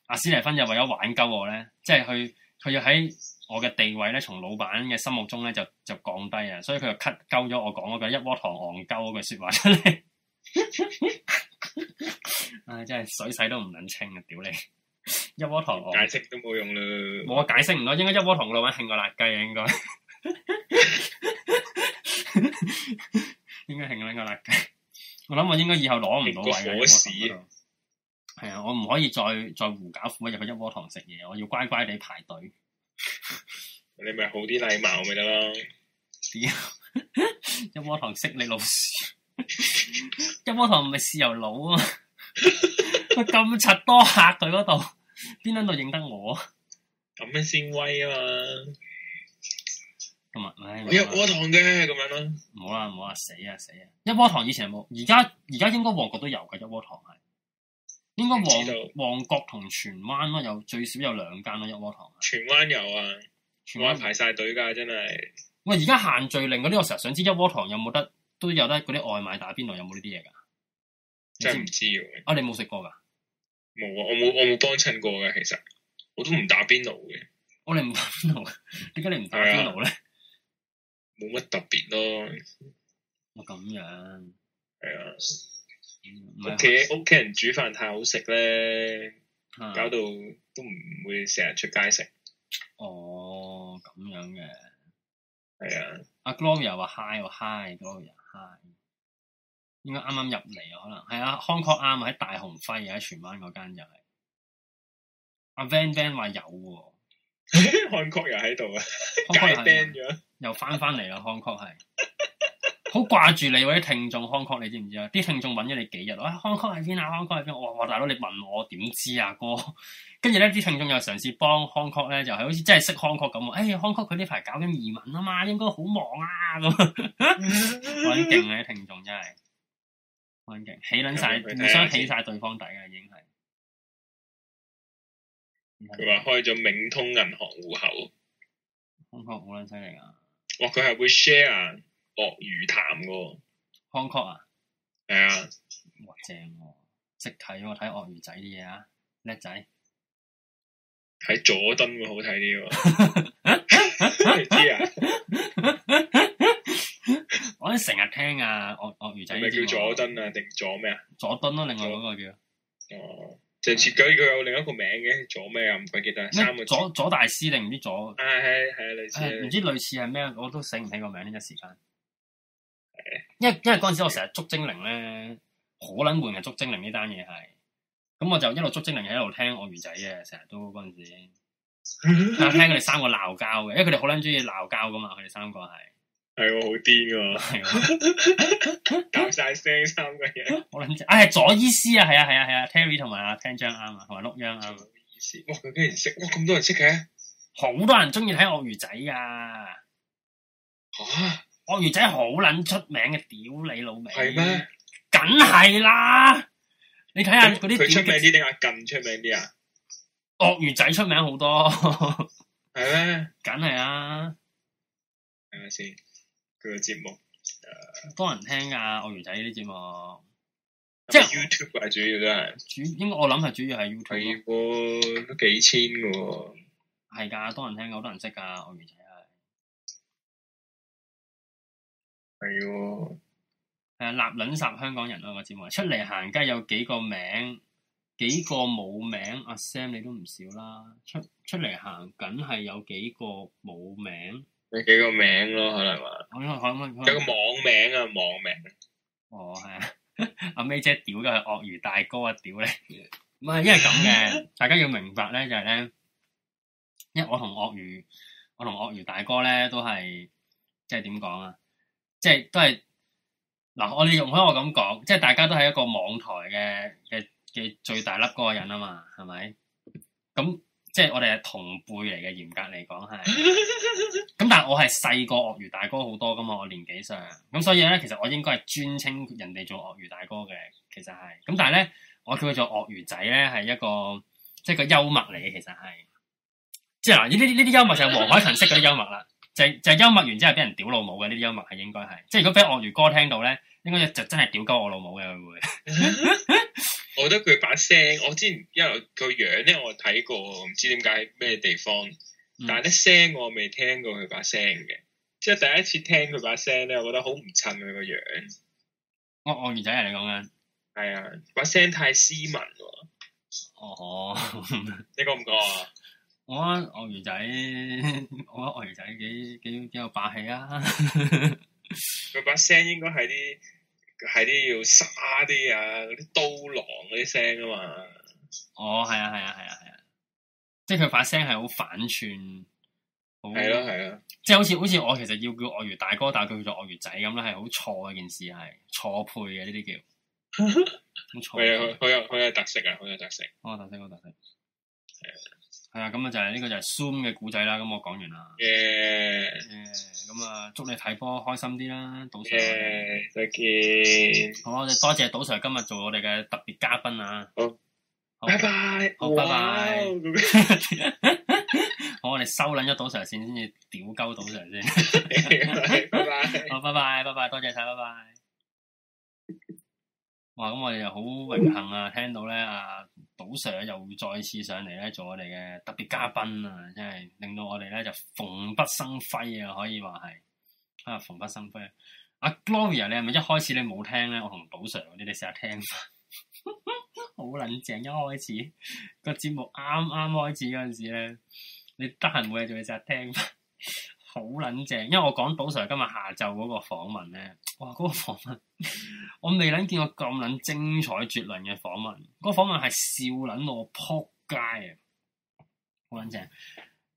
阿史蒂芬就為咗挽救我咧，即係佢佢要喺我嘅地位咧，從老闆嘅心目中咧就就降低啊，所以佢就 cut 鳩咗我講嗰句一窩堂戇鳩嗰句說話出嚟，唉，真係水洗都唔捻清啊，屌你！一窩糖，解釋都冇用啦。我解釋唔到，應該一窩糖個老溫慶個辣雞啊，應該。應該慶呢個辣雞。我諗我應該以後攞唔到啊。老師，係啊，我唔可以再再胡攪虎威入去一窩糖食嘢，我要乖乖地排隊。你咪好啲禮貌咪得咯。一窩糖識你老屎，一窩糖唔係豉油佬啊嘛，咁柒多客佢嗰度。邊撚度認得我？咁樣先威啊嘛！今日唉，一窩堂嘅咁樣咯。唔好啊，唔好啊，死啊死啊！一窩堂以前有冇，而家而家應該旺角都有噶一窩堂係。應該旺旺角同荃灣咯，有最少有兩間咯一窩堂。荃灣有啊，荃灣排晒隊噶，真係。喂，而家限聚令嗰啲，我成日想知一窩堂有冇得都有得嗰啲外賣打邊爐有冇呢啲嘢噶？真唔知喎。啊，你冇食過噶？啊冇啊，我冇我冇幫襯過嘅，其實我都唔打邊爐嘅。我哋唔打邊爐，點 解你唔打邊爐咧？冇乜、啊、特別咯。哦，咁樣係啊。屋企屋企人煮飯太好食咧，啊、搞到都唔會成日出街食。哦，咁樣嘅係啊。阿 Gloria 話 Hi，我 Hi，Gloria Hi。應該啱啱入嚟啊，可能係啊，康確啱喺大雄輝啊，喺荃灣嗰間又係阿 Van Van 話有喎，康確又喺度啊，架癲咗又翻翻嚟啦，康確係好掛住你嗰啲聽眾，康確你知唔知啊？啲聽眾揾咗你幾日咯，啊康確喺邊啊，康確喺邊？我話大佬你問我點知啊哥？跟住咧啲聽眾又嘗試幫康確咧，就係、是、好似真係識康確咁啊！誒、哎，康確佢呢排搞緊移民啊嘛，應該好忙啊咁，穩定啊聽眾真係。起撚曬互相起晒對方底啊！已經係佢話開咗冥通銀行戶口 Hong Kong 好撚犀利啊！哇、哦！佢係會 share 鱷魚潭噶，Hong Kong 啊，係啊，正喎，啊，識睇喎，睇鱷魚仔啲嘢啊，叻仔，睇佐敦會好睇啲喎。 知啊！我哋成日聽啊，鱷鱷魚仔。叫佐敦啊，定佐咩啊？佐敦咯，另一個叫哦，其實佢佢有另一個名嘅佐咩啊？唔鬼記得。三個字？佐佐大師定唔知佐？係係啊，類似，唔知類似係咩？我都醒唔起個名呢，一時間。因為因為嗰陣時我成日捉精靈咧，好捻悶嘅捉精靈呢單嘢係，咁我就一路捉精靈，一路聽鱷魚仔嘅，成日都嗰陣時。 我聽佢哋三個鬧交嘅，因為佢哋好捻中意鬧交噶嘛，佢哋三個係係好癲噶，搞晒聲三個嘢。我捻，啊，左伊斯啊，係啊，係啊，係啊，Terry 同埋阿聽張啱啊，同埋碌央啱。伊斯、啊 ok 啊，哇，咁多人識，哇，咁多人識嘅，好多人中意睇鱷魚仔啊！吓，鱷魚仔好捻出名嘅，屌你老味，係咩嗎？梗係啦，那你睇下嗰啲佢出名啲定係更出名啲啊？鱷魚仔出名好多 嗎，誒、啊，梗係啦，係咪先？佢個節目，多人聽噶，鱷魚仔啲節目，即係 YouTube 啊，主要都係，主應該我諗係主要係 YouTube，係喎，都幾千噶喎，係噶，多人聽，好多人識噶，鱷魚仔係，係喎，係啊，立卵殺香港人啊個節目，出嚟行街有幾個名。幾個冇名，阿 Sam 你都唔少啦，出出嚟行梗係有幾個冇名，有幾個名咯可能話，有個網名啊網名，哦係啊，阿 May 姐屌嘅係鱷魚大哥啊屌你，唔係因為咁嘅，大家要明白咧就係咧，因為我同鱷魚，我同鱷魚大哥咧都係即係點講啊，即係都係嗱我哋用開我咁講，即係大家都係一個網台嘅嘅。嘅最大粒嗰個人啊嘛，係咪？咁即係我哋係同輩嚟嘅，嚴格嚟講係。咁但係我係細過鱷魚大哥好多噶嘛，我年紀上。咁所以咧，其實我應該係尊稱人哋做鱷魚大哥嘅。其實係。咁但係咧，我叫佢做鱷魚仔咧，係一個即係個幽默嚟嘅，其實係。即係嗱，呢呢呢啲幽默就係黃海群式嗰啲幽默啦。就係、就係、幽默完之後，俾人屌老母嘅呢啲幽默係應該係。即係如果俾鱷魚哥聽到咧，應該就真係屌鳩我老母嘅佢會，會。 我覺得佢把聲，我之前因為個樣咧，我睇過，唔知點解咩地方，但係啲聲我未聽過佢把聲嘅，即係第一次聽佢把聲咧，我覺得好唔襯佢個樣。哦，鱷魚仔係你講嘅？係啊，把聲太斯文喎。哦，呵呵你覺唔覺啊？我鱷、哦、魚仔，我覺得鱷魚仔幾幾幾有霸氣啊！佢 把聲應該係啲。係啲要沙啲啊，嗰啲刀郎嗰啲聲啊嘛。哦，係啊，係啊，係啊，係啊，即係佢把聲係好反串，係咯，係啊，啊即係好似好似我其實要叫鱷魚大哥，但係佢叫做鱷魚仔咁啦，係好錯嘅件事，係錯配嘅呢啲叫。好錯。係啊，好有好有特色啊，好有特色。哦，特色，好特色。係啊。係啊，咁啊就係呢個就係 Zoom 嘅古仔啦。咁我講完啦。誒，咁啊，祝你睇波開心啲啦，賭 Sir。誒，thank you。好，我哋多謝賭 Sir 今日做我哋嘅特別嘉賓啊。好，拜拜。好，拜拜。好，我哋、oh. oh, wow. 收捻咗賭 Sir 先，先至屌鳩賭 Sir 先。拜拜。好，拜拜，拜拜，多謝晒，拜拜。哇，咁我哋又好榮幸啊，聽到咧啊。賭 Sir 又會再次上嚟咧，做我哋嘅特別嘉賓啊！真係令到我哋咧就蓬蓽生輝啊，可以話係啊蓬蓽生輝啊！阿 Gloria，你係咪一開始你冇聽咧？我同賭 Sir，你哋成日聽好 撚正一開始 個節目啱啱開始嗰陣時咧，你得閒冇嘢做，嘢，成日聽好卵正，因為我講寶 Sir 今日下晝嗰個訪問咧，哇，嗰、那個訪問 我未諗見過咁卵精彩絕倫嘅訪問，嗰、那個訪問係笑卵到我扑街啊！好卵正，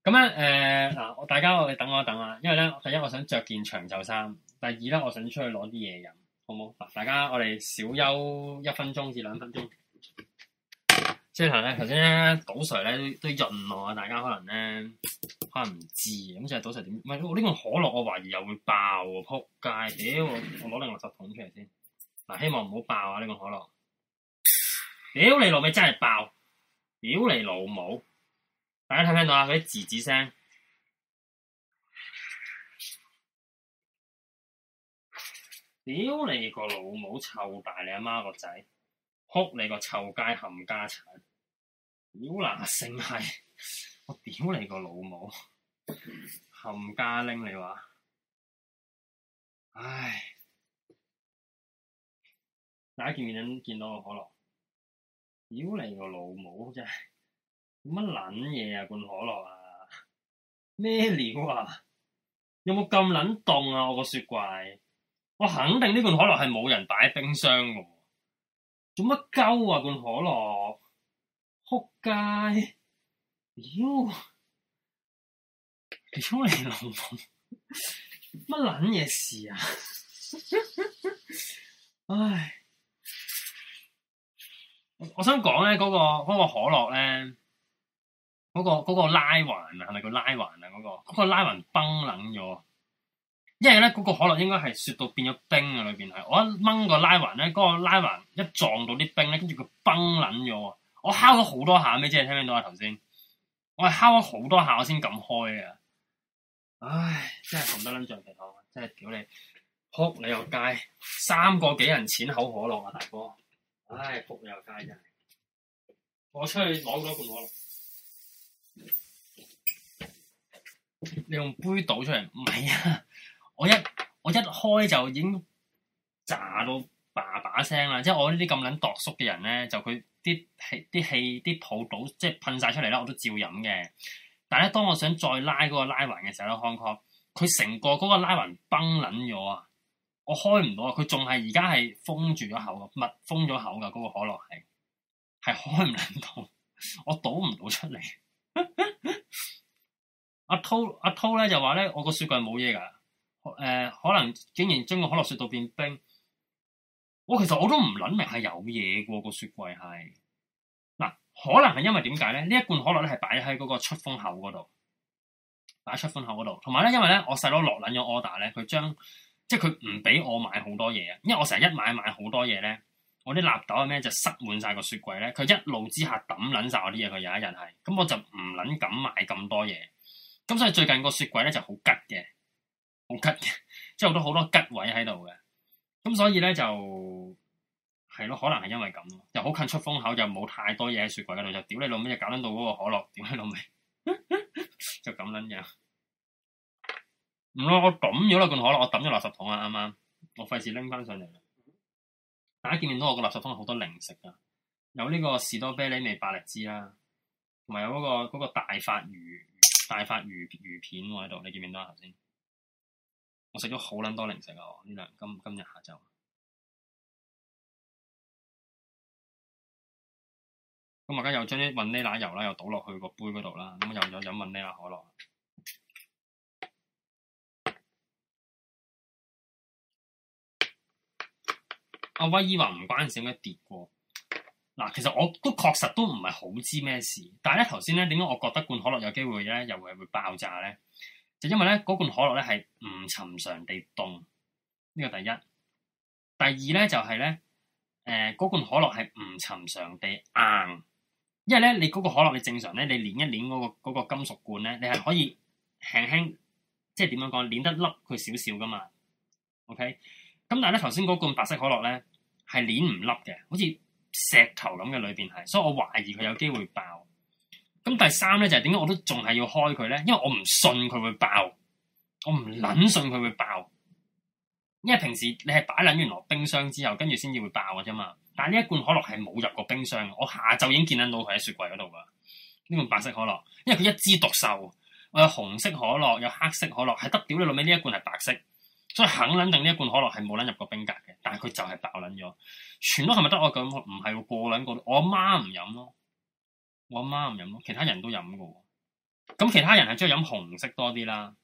咁樣誒嗱，我、呃、大家我等我一等啊，因為咧，第一我想着件長袖衫，第二咧我想出去攞啲嘢飲，好唔好？大家我哋少休一分鐘至兩分鐘。即係咧，頭先咧，賭 Sir 咧都都潤我，大家可能咧，可能唔知咁就係賭 Sir 點？唔係，我呢罐可樂我懷疑又會爆啊！仆街，屌我，攞另外隻桶出嚟先。嗱、啊，希望唔好爆啊！呢、呢個可樂。屌 你老味真係爆！屌 你老母！大家聽唔聽到啊？嗰啲滋滋聲。屌 你個老母臭大你阿媽個仔！哭你個臭街冚家鏟！妖嗱，成係我屌你個老母冚家拎你話？唉！大家見唔見，見到個可樂，屌你個老母真係，乜撚嘢啊罐可樂啊？咩料啊？有冇咁撚凍啊？我個雪櫃，我肯定呢罐可樂係冇人擺冰箱嘅。做乜鳩啊罐可樂？扑街！妖、哎，你衝嚟諗乜撚嘢事啊？ 唉，我，我想講咧嗰個、嗰個可樂咧，嗰、嗰個、嗰個拉環啊，係咪叫拉環啊？嗰、嗰個、嗰個拉環崩冷咗。因為咧，嗰個可樂應該係雪到變咗冰啊！裏邊係我一掹個拉環咧，嗰個拉環一撞到啲冰咧，跟住佢崩撚咗喎！我敲咗好多下咩啫？聽唔聽到啊頭先？我係敲咗好多下，我先咁開啊。唉，真係冚得撚象極好，真係屌你！仆你又街，三個幾人錢口可樂啊大哥！唉，仆你又街真係。我出去攞咗罐可樂。你用杯倒出嚟？唔係啊！我一我一開就已經炸到爸爸聲啦，即係我呢啲咁撚度縮嘅人咧，就佢啲氣啲氣啲泡倒即係噴晒出嚟啦，我都照飲嘅。但係咧，當我想再拉嗰個拉環嘅時候咧，Coke 佢成個嗰個拉環崩撚咗啊！我開唔到啊！佢仲係而家係封住咗口㗎，密封咗口㗎嗰、嗰個可樂係，係開唔到，我倒唔到出嚟。阿 濤、啊，阿濤咧就話咧，我個雪櫃冇嘢㗎。誒、呃，可能竟然將個可樂雪到變冰，我其實我都唔捻明係有嘢個、嗰個雪櫃係，嗱，可能係因為點解咧？呢一罐可樂咧係擺喺嗰個出風口嗰度，擺喺出風口嗰度，同埋咧因為咧我細佬落捻咗 order 咧，佢將即係佢唔俾我買好多嘢啊，因為我成日一買買好多嘢咧，我啲納豆啊咩就塞滿晒個雪櫃咧，佢一怒之下抌捻晒我啲嘢，佢有一日係，咁我就唔捻敢買咁多嘢，咁所以最近個雪櫃咧就好吉嘅。吉即係好多好多吉位喺度嘅，咁所以咧就係咯，可能係因為咁又好近出風口，又冇太多嘢喺雪櫃嗰度，就屌你老味，就搞撚到嗰個可樂，屌你老味， 就咁捻樣唔咯？我抌咗啦罐可樂，我抌咗垃圾桶啊！啱啱我費事拎翻上嚟，大家見唔見到我個垃圾桶好多零食噶？有呢個士多啤梨味百力滋啦，同埋有嗰、嗰個、嗰個大發魚大發魚魚片喎喺度，你見唔見到頭先？我食咗好撚多零食啊！呢兩今今日下晝咁啊，而家又將啲雲呢拿油啦，又倒落去個杯嗰度啦。咁又飲飲雲呢拿可樂。阿威姨話唔關事，有咩跌過？嗱，其實我都確實都唔係好知咩事。但係咧，頭先咧，點解我覺得罐可樂有機會咧，又會會爆炸咧？就因為咧，嗰罐可樂咧係唔尋常地凍，呢個第一。第二咧就係、是、咧，誒、呃、嗰罐可樂係唔尋常地硬，因為咧，你嗰個可樂你正常咧，你捏一捏嗰、那個那個金屬罐咧，你係可以輕輕，即係點樣講，捏得凹佢少少噶嘛。OK，咁但係咧，頭先嗰罐白色可樂咧係捏唔凹嘅，好似石頭咁嘅裏邊係，所以我懷疑佢有機會爆。咁第三咧就係點解我都仲係要開佢咧？因為我唔信佢會爆，我唔撚信佢會爆。因為平時你係擺撚完落冰箱之後，跟住先至會爆嘅啫嘛。但係呢一罐可樂係冇入過冰箱，我下晝已經見撚到佢喺雪櫃嗰度㗎。呢罐白色可樂，因為佢一枝獨秀。我有紅色可樂，有黑色可樂，係得屌你老味，呢一罐係白色，所以肯撚定呢一罐可樂係冇撚入過冰格嘅。但係佢就係爆撚咗，全都係咪得我咁？唔係喎，過撚過，我阿媽唔飲咯。我阿媽唔飲，其他人都飲嘅喎。咁其他人係中意飲紅色多啲啦。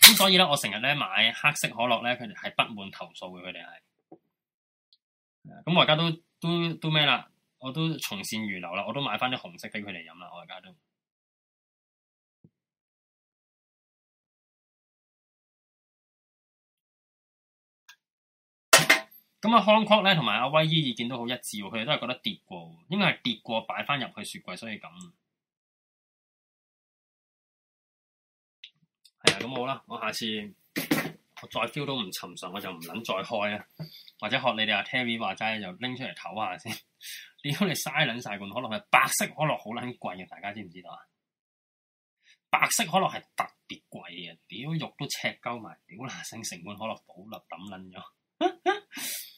咁所以咧，我成日咧買黑色可樂咧，佢哋係不滿投訴嘅，佢哋係。咁我而家都都都咩啦？我都從善如流啦，我都買翻啲紅色俾佢哋飲啦，我而家都。咁啊，康確咧同埋阿威姨意見都好一致喎，佢哋都係覺得跌過，應該係跌過擺翻入去雪櫃，所以咁。係啊，咁好啦，我下次我再 feel 都唔尋常，我就唔撚再開啦。或者學你哋阿 Terry 話齋，就拎出嚟唞下先。點 解你嘥撚晒罐可樂嘅？白色可樂好撚貴嘅，大家知唔知道啊？白色可樂係特別貴嘅，屌肉都赤鳩埋，屌嗱成成罐可樂倒立抌撚咗。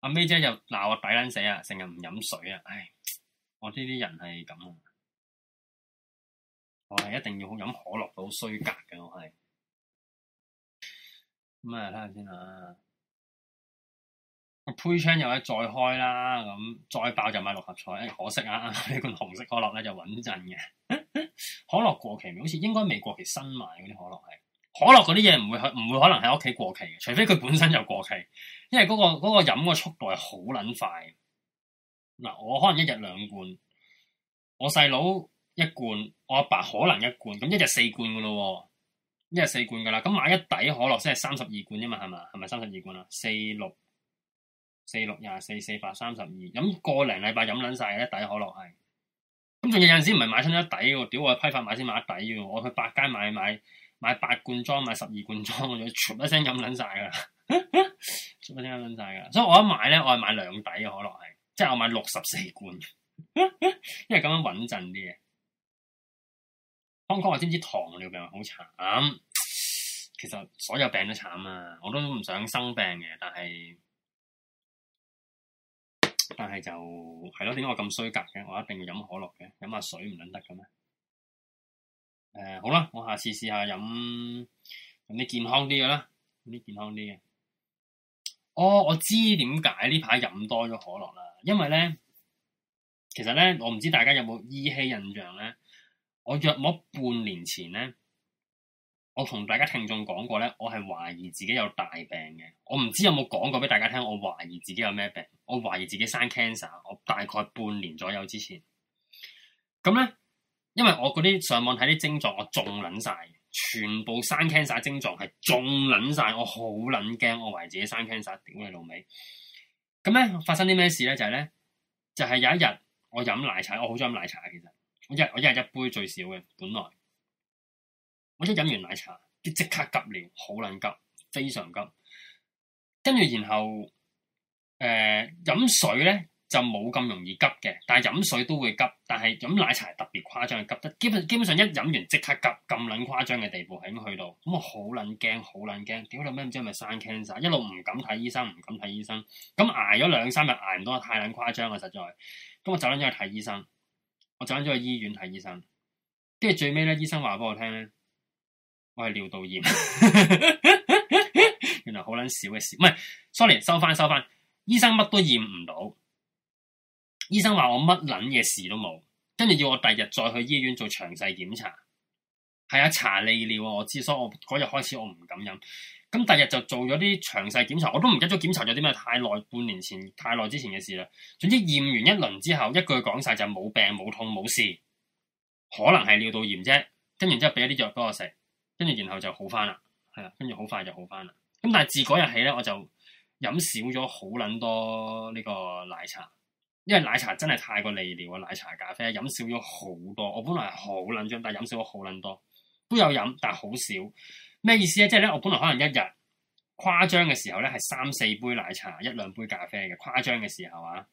阿 May 姐就鬧我抵捻死啊！成日唔飲水啊！唉，我呢啲人係咁啊，我係一定要好飲可樂好衰格嘅，我係咁啊，睇下先啦。個 Push 槍又可以再開啦，咁再爆就買六合彩，可惜啊，呢 罐紅色可樂咧就穩陣嘅。 可樂過期未？好似應該未過期，新買嗰啲可樂係。可樂嗰啲嘢唔會唔會可能喺屋企過期嘅，除非佢本身就過期，因為嗰個嗰個飲個速度係好撚快嗱，我可能一日兩罐，我細佬一罐，我阿爸可能一罐，咁一日四罐噶咯，一日四罐噶啦。咁買一底可樂先係三十二罐啫嘛，係嘛？係咪三十二罐啊？四六四六廿四四百三十二，飲個零禮拜飲撚晒一底可樂係。咁仲有有陣時唔係買親一底嘅，屌我批發買先買一底嘅，我去百佳買買。買買買八罐裝，買十二罐裝，我仲要全一聲飲撚曬噶啦， 全一聲飲撚曬噶，所以我一買咧，我係買兩底嘅可樂，係即係我買六十四罐， 因為咁樣穩陣啲嘅。剛剛我先知糖尿病好慘。其實所有病都慘啊！我都唔想生病嘅，但係但係就係咯，點解我咁衰格嘅？我一定要飲可樂嘅，飲下水唔撚得嘅咩？誒、嗯，好啦，我下次試下飲飲啲健康啲嘅啦，啲健康啲嘅。哦，我知點解呢排飲多咗可樂啦，因為咧，其實咧，我唔知大家有冇依稀印象咧，我約莫半年前咧，我同大家聽眾講過咧，我係懷疑自己有大病嘅。我唔知有冇講過俾大家聽，我懷疑自己有咩病？我懷疑自己生 cancer。我大概半年左右之前，咁咧。因為我嗰啲上網睇啲症狀，我仲撚晒，全部生 cancer 症狀，係仲撚晒。我好撚驚，我懷疑自己生 cancer，屌你老味！咁咧發生啲咩事咧？就係、是、咧，就係、是、有一日我飲奶茶，我好中意飲奶茶，其實我一我一日一杯最少嘅，本來我一飲完奶茶，即即刻急尿，好撚急，非常急，跟住然後誒、呃、飲水咧，就冇咁容易急嘅，但係飲水都會急，但係飲奶茶特別誇張嘅，急得基本基本上一飲完即刻急，咁撚誇張嘅地步，喺咁去到咁我好撚驚，好撚驚，屌你咩，唔知係咪生 cancer，一路唔敢睇醫生，唔敢睇醫生，咁挨咗兩三日，挨唔到太撚誇張啊，實在咁我走撚咗去睇醫生，我走撚咗去醫院睇醫生，跟住最尾咧，醫生話俾我聽咧，我係尿道炎， 原來好撚少嘅事，唔係 sorry 收翻收翻，醫生乜都驗唔到。醫生話我乜撚嘢事都冇，跟住要我第日再去醫院做詳細檢查。係啊，查尿啊！我知，所以我嗰日開始我唔敢飲。咁第日就做咗啲詳細檢查，我都唔記得咗檢查咗啲咩，太耐，半年前，太耐之前嘅事啦。總之驗完一輪之後，一句講晒就冇病冇痛冇事，可能係尿道炎啫。跟住之後俾一啲藥幫我食，跟住然後就好翻啦。係啊，跟住好快就好翻啦。咁但係自嗰日起咧，我就飲少咗好撚多呢個奶茶。因為奶茶真係太過利尿啊，奶茶、咖啡啊，飲少咗好多。我本來係好捻張，但係飲少咗好捻多，都有飲，但係好少。咩意思咧？即係咧，我本來可能一日誇張嘅時候咧，係三四杯奶茶、一兩杯咖啡嘅誇張嘅時候啊。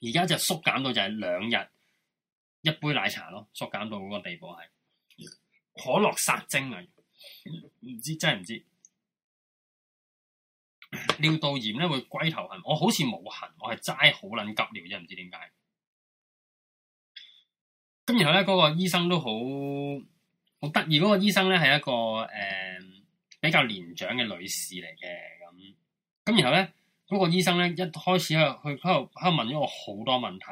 而家就縮減到就係兩日一杯奶茶咯，縮減到嗰個地步係可樂殺精啊！唔知真係唔知。尿道炎咧會龜頭痕，我好似冇痕，我係齋好撚急尿啫，唔知點解。咁然後咧，嗰、那個醫生都好，好得意。嗰、那個醫生咧係一個誒、呃、比較年長嘅女士嚟嘅，咁咁然後咧，嗰、那個醫生咧一開始去去喺度喺度問咗我好多問題，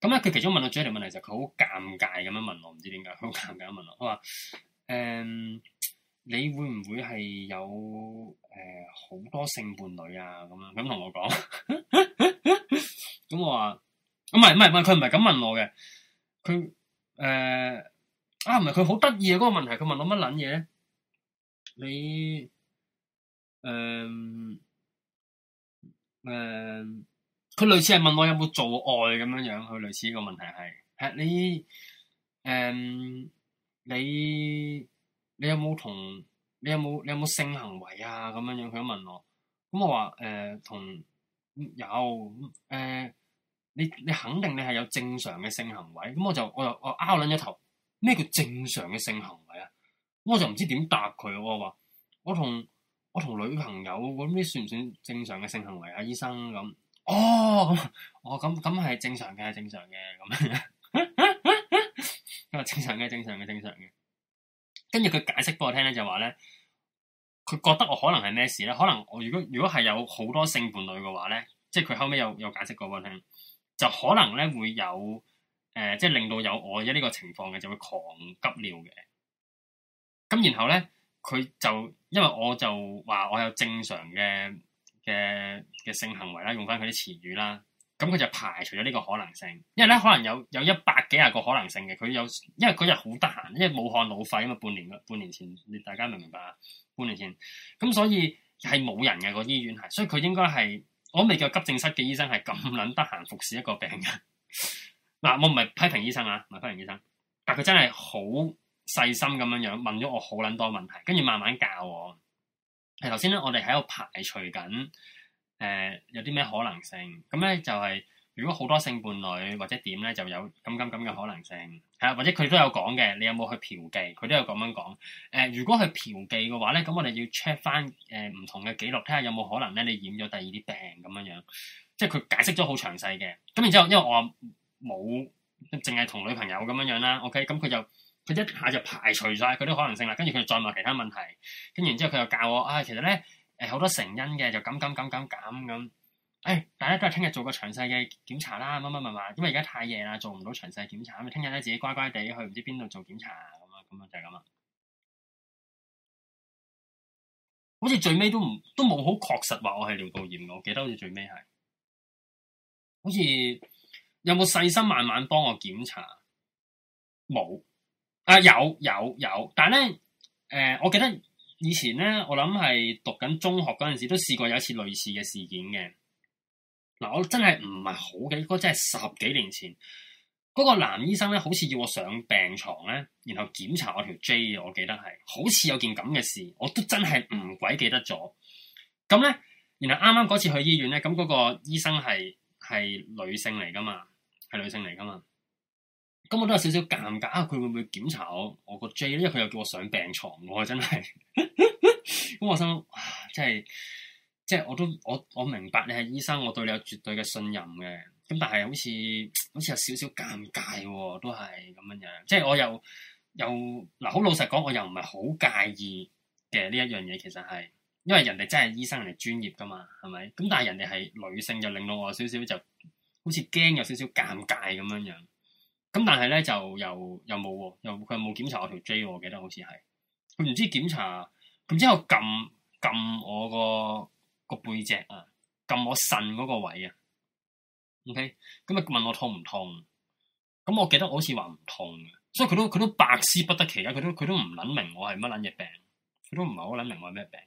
咁咧佢其中問到最一條問題就佢、是、好尷尬咁樣問我，唔知點解好尷尬咁問我佢話，誒。呃你會唔會係有誒好、呃、多性伴侶啊？咁樣咁同我講，咁 我話唔係唔係唔係，佢唔係咁問我嘅，佢誒、呃、啊唔係佢好得意嘅嗰個問題，佢問我乜撚嘢？你誒誒，佢、呃呃、類似係問我有冇做愛咁樣樣，佢類似呢個問題係誒你誒你。呃你你有冇同？你有冇？你有冇性行為啊？咁樣樣佢都問我，咁我話誒、呃，同有，誒、呃，你你肯定你係有正常嘅性行為，咁我就我就我拗捻一頭，咩叫正常嘅性行為啊？咁我就唔知點答佢，我話我同我同女朋友咁啲算唔算正常嘅性行為啊？醫生咁，哦，哦咁咁係正常嘅， 正常嘅咁樣，因為正常嘅，正常嘅，正常嘅。跟住佢解釋俾我聽咧，就話咧佢覺得我可能係咩事咧？可能我如果如果係有好多性伴侶嘅話咧，即係佢後尾有有解釋過俾我聽，就可能咧會有誒、呃，即係令到有我依呢個情況嘅就會狂急尿嘅。咁然後咧佢就因為我就話我有正常嘅嘅嘅性行為啦，用翻佢啲詞語啦。咁佢就排除咗呢個可能性，因為咧可能有有一百幾廿個可能性嘅，佢有，因為日好得閒，因為武漢老肺啊嘛，半年半年前，你大家明唔明白啊？半年前，咁所以係冇人嘅、嗰個醫院係，所以佢應該係，我未叫急症室嘅醫生係咁撚得閒服侍一個病人。嗱， 我唔係批評醫生啊，唔係批評醫生，但佢真係好細心咁樣樣問咗我好撚多問題，跟住慢慢教我。係頭先咧，我哋喺度排除緊。誒、呃，有啲咩可能性？咁咧就係、是、如果好多性伴侶或者點咧，就有咁咁咁嘅可能性。係啊，或者佢都有講嘅。你有冇去嫖妓？佢都有咁樣講。誒、呃，如果去嫖妓嘅話咧，咁我哋要 check 翻誒唔同嘅記錄，睇下有冇可能咧你染咗第二啲病咁樣樣。即係佢解釋咗好詳細嘅。咁然之後，因為我冇淨係同女朋友咁樣樣啦。OK，咁佢就佢一下就排除晒佢啲可能性啦。跟住佢再問其他問題，跟住然之後佢又教我啊，其實咧。係好多成因嘅，就咁咁咁咁咁咁。誒、哎，大家都係聽日做個詳細嘅檢查啦，乜乜乜嘛。因為而家太夜啦，做唔到詳細檢查，咪聽日咧自己乖乖地去唔知邊度做檢查咁啊，咁啊就係咁啦。好似最尾都唔都冇好確實話我係尿道炎。我記得好似最尾係，好似有冇細心慢慢幫我檢查？冇啊，有有有，但係咧，誒、呃，我記得。以前咧，我諗係讀緊中學嗰陣時都試過有一次類似嘅事件嘅嗱。我真係唔係好記，嗰真係十幾年前嗰、嗰個男醫生咧，好似要我上病床咧，然後檢查我條 J。我記得係好似有件咁嘅事，我都真係唔鬼記得咗。咁咧，然後啱啱嗰次去醫院咧，咁、嗰、嗰個醫生係係女性嚟噶嘛，係女性嚟噶嘛。咁我都有少少尷尬，啊，佢會唔會檢查我我個 J？因為佢又叫我上病床喎，啊，真係。咁我心諗，即係即係我都我我明白你係醫生，我對你有絕對嘅信任嘅。咁但係好似好似有少少尷尬，都係咁樣樣。即係我又又嗱，好，啊，老實講，我又唔係好介意嘅呢一樣嘢。其實係因為人哋真係醫生，人哋專業噶嘛，係咪？咁但係人哋係女性，就令到我少少就好似驚有少少尷尬咁樣樣。咁但係咧就又又冇喎，又佢又冇檢查我條 J 喎，我記得好似係佢唔知檢查，然之後撳撳我個個背脊啊，撳我腎嗰個位啊，OK，咁啊問我痛唔痛？咁我記得我好似話唔痛嘅，所以佢都佢都百思不得其解，佢都佢都唔諗明我係乜撚嘢病，佢都唔係好諗明我係咩病。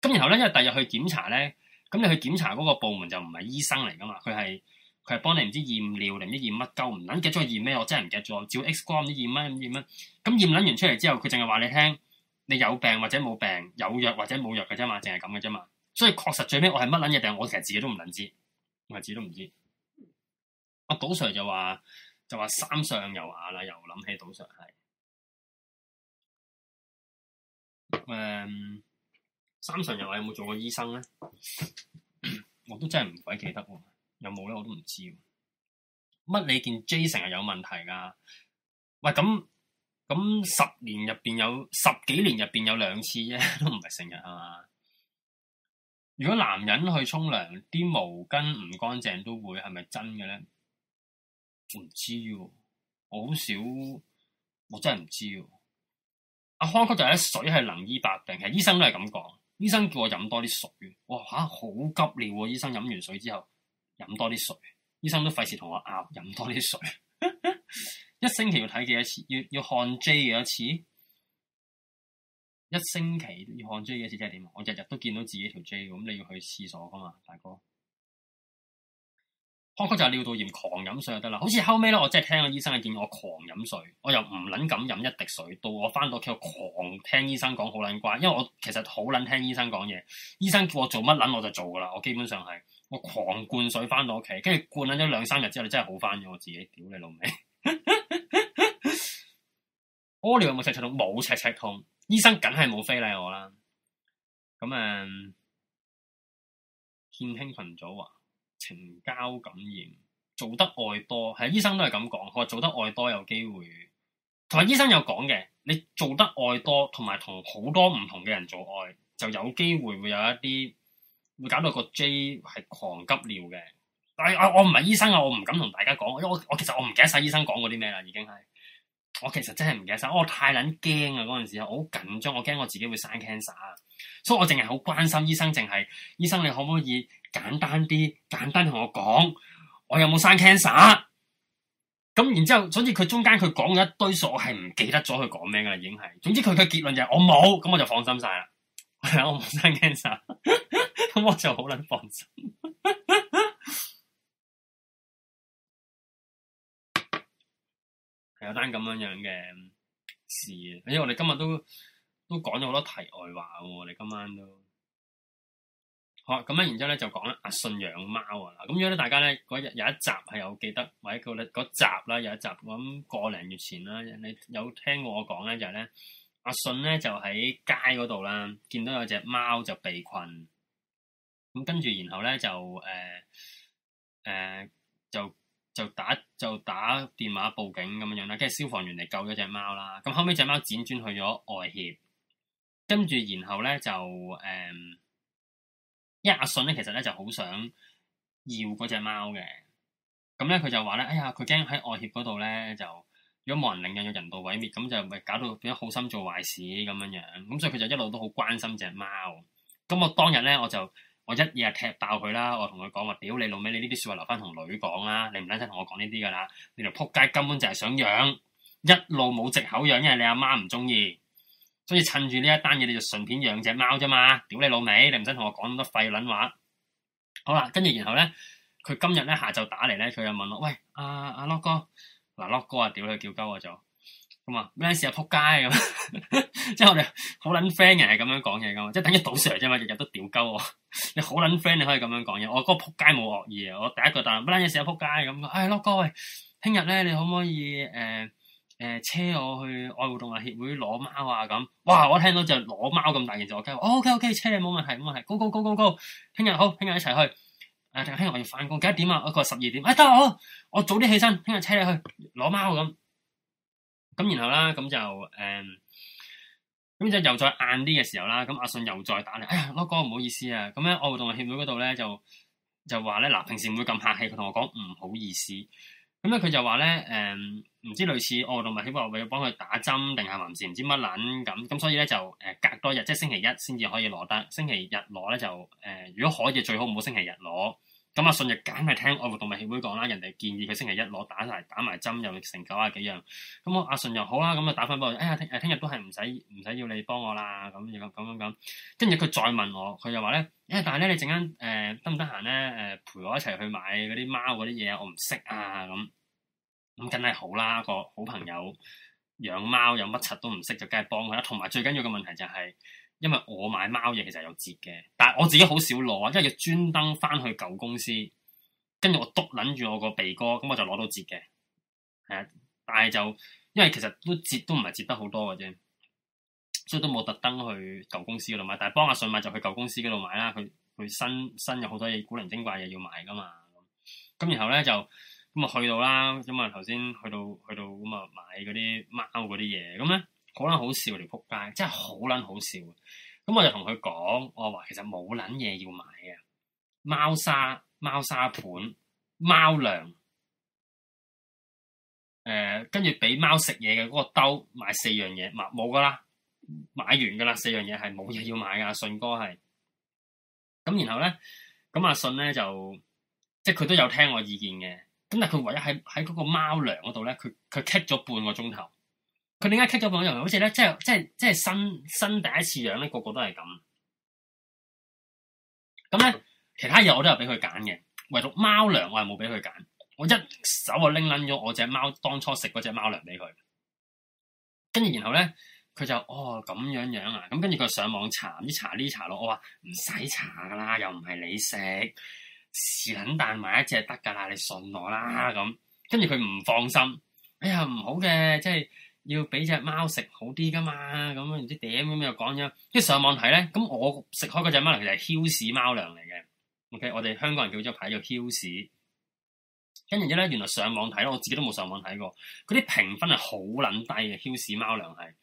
咁然後咧，因為第日去檢查咧，咁你去檢查嗰個部門就唔係醫生嚟噶嘛，佢係。佢係幫你唔知驗尿，定唔知驗乜鳩，唔捻記得咗驗咩，我真係唔記得咗。照 X 光唔知驗咩，唔知驗咩。咁驗捻完出嚟之後，佢淨係話你聽，你有病或者冇病，有藥或者冇藥嘅啫嘛，淨係咁嘅啫嘛。所以確實最尾我係乜捻嘢病，我其實自己都唔捻知，我自己都唔知。阿、啊、賭 Sir 就話就話三上悠亞啦，又諗起賭 Sir 係，誒、um，三上悠亞有冇做過醫生咧？ 我都真係唔鬼記得喎。有冇咧？我都唔知。乜你見 J 成日有問題噶？喂，咁咁十年入邊有十幾年入邊有兩次啫，都唔係成日係嘛。如果男人去沖涼，啲毛巾唔乾淨都會，係咪真嘅咧？唔知喎、啊，我好少，我真係唔知、啊。阿康哥就係、是、水係能醫百病，其實醫生都係咁講。醫生叫我飲多啲水，哇吓、啊、好急尿、啊。醫生飲完水之後。飲多啲水，醫生都費事同我拗。飲多啲水， 一星期要睇幾多次？要要看 J 幾多次？一星期要看 J 幾多次？即係點啊？我日日都見到自己條 J 嘅，咁你要去廁所噶嘛，大哥？看佢就尿道炎，狂飲水就得啦。好似後尾咧，我真係聽個醫生嘅建議我狂飲水，我又唔捻敢飲一滴水。到我翻到屋企，我狂聽醫生講好捻乖，因為我其實好捻聽醫生講嘢。醫生叫我做乜捻，我就做噶啦。我基本上係。我狂灌水翻到屋企，跟住灌咗兩三日之後，你真係好翻咗我自己。屌你老味，屙 尿有冇赤赤痛？冇赤赤痛，醫生梗係冇非禮我啦。咁誒、欠、嗯、薪群組話情交感染，做得愛多，係醫生都係咁講。佢話做得愛多有機會，同埋醫生有講嘅，你做得愛多，多同埋同好多唔同嘅人做愛，就有機會會有一啲。會搞到個 J 係狂急尿嘅，但、哎、係我我唔係醫生啊，我唔敢同大家講，因為我我其實我唔記得晒醫生講過啲咩啦，已經係我其實真係唔記得晒，我太捻驚啊嗰陣時候，我好緊張，我驚我自己會生 cancer，所以我淨係好關心醫生，淨係醫生你可唔可以簡單啲，簡單同我講，我有冇生 cancer？咁然之後，總之佢中間佢講嘅一堆數，我係唔記得咗佢講咩㗎啦，已經係，總之佢嘅結論就係、是、我冇，咁我就放心晒啦。 我冇心驚，咁我就好撚放心。係有單咁樣樣嘅事，因、哎、且我哋今日都都講咗好多題外話喎。我哋今晚都好咁樣，然之後咧就講啦。阿信養貓啊，咁樣咧大家咧嗰日有一集係有記得，或者叫啲嗰集啦，有一集我諗過零月前啦，你有聽過我講咧就咧、是？阿信咧就喺街嗰度啦，見到有隻貓就被困，咁跟住然後咧就誒誒、呃呃、就就打就打電話報警咁樣樣啦，跟住消防員嚟救咗隻貓啦，咁後尾隻貓輾轉，轉去咗外協，跟住然後咧就誒、呃，因為阿信咧其實咧就好想要嗰隻貓嘅，咁咧佢就話咧，哎呀，佢驚喺外協嗰度咧就。如果冇人領養，有人道毀滅，咁就咪搞到變咗好心做壞事咁樣樣，咁所以佢就一路都好關心隻貓。咁我當日咧，我就我一夜踢爆佢啦。我同佢講話，屌你老味，你呢啲説話留翻同女講啦，你唔使想同我講呢啲噶啦。你條撲街根本就係想養，一路冇藉口養，因為你阿媽唔中意，所以趁住呢一單嘢你就順便養隻貓啫嘛。屌你老味，你唔使同我講咁多廢撚話。好啦，跟住然後咧，佢今日咧下晝打嚟咧，佢又問我，喂，阿阿樂哥。啊啊啊啊啊啊啊啊嗱，Lock 哥啊，屌佢叫鳩我，咁啊，咩事又仆街咁，咁啊，即係我哋好撚 friend 人係咁樣講嘢，即係等於賭 Sir 啫嘛，即係日日都屌鳩我，喎，你好撚 friend 你可以咁樣講嘢，我個仆街冇惡意啊，我第一個答案，咩事又仆街咁，咁啊，Lock 哥，喂，聽日呢，你可唔可以，誒誒車我去愛護動物協會攞貓啊，咁哇，我聽到就攞貓咁大件事，我梗係 ok, OK 車冇問題冇問題，go go go go go，聽日好，聽日一齊去。啊！聽日我要翻工，幾多點啊？我過十二點。哎、啊、得我，我早啲起身，聽日車你去攞貓咁。咁、啊、然後啦，咁就誒，咁、嗯、就又再晏啲嘅時候啦。咁、啊、阿信又再打嚟，哎呀，老哥唔好意思啊。咁、啊、咧，我同動物協會嗰度咧就就話咧嗱，平時唔會咁客氣，佢同我講唔好意思。咁咧，佢就話咧誒。唔知類似愛護動物協會，我要幫佢打針定係唔知唔知乜撚咁咁，所以咧就誒隔多日，即係星期一先至可以攞得。星期日攞咧就誒、呃，如果可以最好唔好星期日攞。咁阿信就梗係聽愛護動物協會講啦，人哋建議佢星期一攞打埋打埋針，又成九啊幾樣。咁我阿信又好啦，咁啊打翻俾我。哎呀，聽誒聽日都係唔使唔使要你幫我啦，咁樣咁樣咁。跟住佢再問我，佢又話咧，誒、哎、但係咧你陣間誒得唔得閒咧誒陪我一齊去買嗰啲貓嗰啲嘢，我唔識啊咁。咁梗係好啦，那個好朋友養貓有乜柒都唔識，就梗係幫佢啦。同埋最緊要嘅問題就係、是，因為我買貓嘢其實有折嘅，但係我自己好少攞，因為要專登翻去舊公司，跟住我篤捻住我個鼻哥，咁我就攞到折嘅，係啊。但係就因為其實都折都唔係折得好多嘅啫，所以都冇特登去舊公司嗰度買。但係幫阿信買就去舊公司嗰度買啦。佢佢新新有好多嘢古靈精怪嘢要買噶嘛。咁然後咧就。咁啊去到啦，咁啊頭先去到去到咁啊買嗰啲貓嗰啲嘢，咁咧好撚好笑條扑街，真係好撚好笑。咁我就同佢講，我話其實冇撚嘢要買嘅，貓砂、貓砂盤、貓糧，誒、呃，跟住俾貓食嘢嘅嗰個兜，買四樣嘢，冇冇噶啦，買完噶啦，四樣嘢係冇嘢要買嘅。信阿信哥係，咁然後咧，咁阿信咧就即係佢都有聽我意見嘅。咁但係佢唯一喺喺嗰個貓糧嗰度咧，佢佢 cut 咗半個鐘頭。佢點解 cut 咗半個鐘頭？好似咧，即係即係即係新新第一次養咧，個個都係咁。咁咧，其他嘢我都有俾佢揀嘅，唯獨貓糧我係冇俾佢揀。我一手就拎撚咗我隻貓當初食嗰隻貓糧俾佢。跟住然後咧，佢就哦咁樣樣啊。咁跟住佢上網查呢查呢查囉，我話唔使查㗎啦，又唔係你食。是捻但買一隻得噶啦，你信我啦咁。跟住佢唔放心，哎呀唔好嘅，即係要俾隻貓食好啲噶嘛。咁唔知點咁又講咗，跟住上網睇咧，咁我食開嗰隻貓其實係 h 屎 l l 貓糧嚟嘅。OK，我哋香港人叫咗牌叫 h 屎。跟住之咧，原來上網睇，我自己都冇上網睇過，嗰啲評分係好捻低嘅 h 屎 l l 市貓糧係。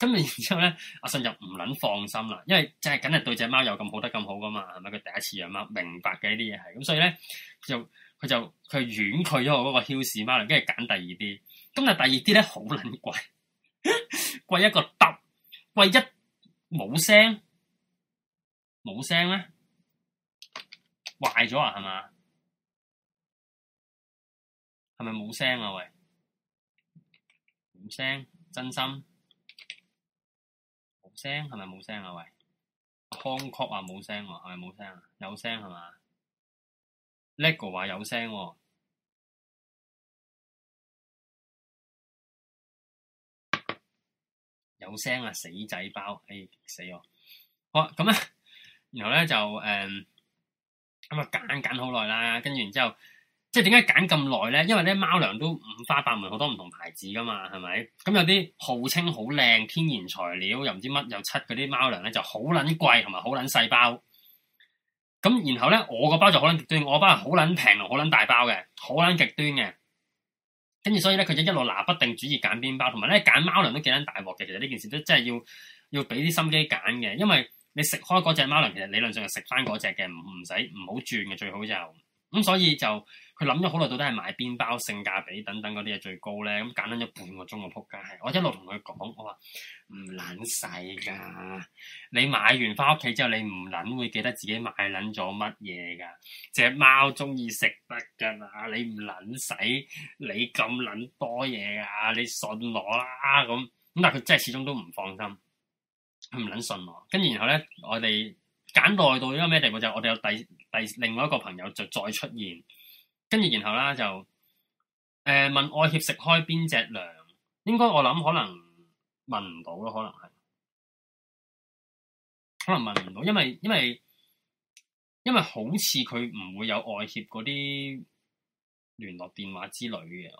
咁然之後咧，阿信就唔撚放心啦，因為即係緊係對隻貓有咁好得咁好噶嘛，係咪？佢第一次養貓，明白嘅呢啲嘢係，咁所以咧，就佢就佢婉拒咗嗰個 Hills 貓糧，跟住揀第二啲。咁 啊，第二啲咧好撚貴，貴一個揼，o 貴一冇聲，冇聲咧，壞咗啊？係嘛？係咪冇聲啊？喂，冇聲，真心。聲，係咪冇聲啊？喂，康曲話冇聲，啊，係咪冇聲啊？有聲係嘛？Lego 話有聲，啊，有聲啊！死仔包，哎死喎！好咁啦，然後咧就誒咁啊，揀揀好耐啦，跟住然之後。即係點解揀咁耐咧？因為咧貓糧都五花八門，好多唔同牌子噶嘛，係咪？咁有啲號稱好靚天然材料，又唔知乜，又出嗰啲貓糧咧就好捻貴，同埋好捻細包。咁然後咧，我個包就好捻極端，我包係好捻平同好捻大包嘅，好捻極端嘅。跟住所以咧，佢就一路拿不定主意揀邊包，同埋咧揀貓糧都幾捻大鑊嘅。其實呢件事都真係要要俾啲心機揀嘅，因為你食開嗰隻貓糧，其實理論上係食翻嗰隻嘅，唔唔使唔好轉嘅，最好就咁，所以就。佢諗咗好耐，到底係買邊包性價比等等嗰啲嘢最高咧？咁揀緊咗半個鐘個仆街。我一路同佢講，我話唔撚使㗎。你買完返屋企之後，你唔撚會記得自己買撚咗乜嘢㗎？隻貓鍾意食得㗎嘛？你唔撚使你咁撚多嘢㗎？你信我啦咁咁，但係佢真係始終都唔放心，佢唔撚信我。跟住然後咧，我哋揀耐到一個咩地步就係我哋有第第另外一個朋友就再出現。跟住，然後啦，就誒、呃、問外協食開邊隻糧？應該我諗可能問唔到咯，可能係，可能問唔到，因為因為因為好似佢唔會有外協嗰啲聯絡電話之類嘅，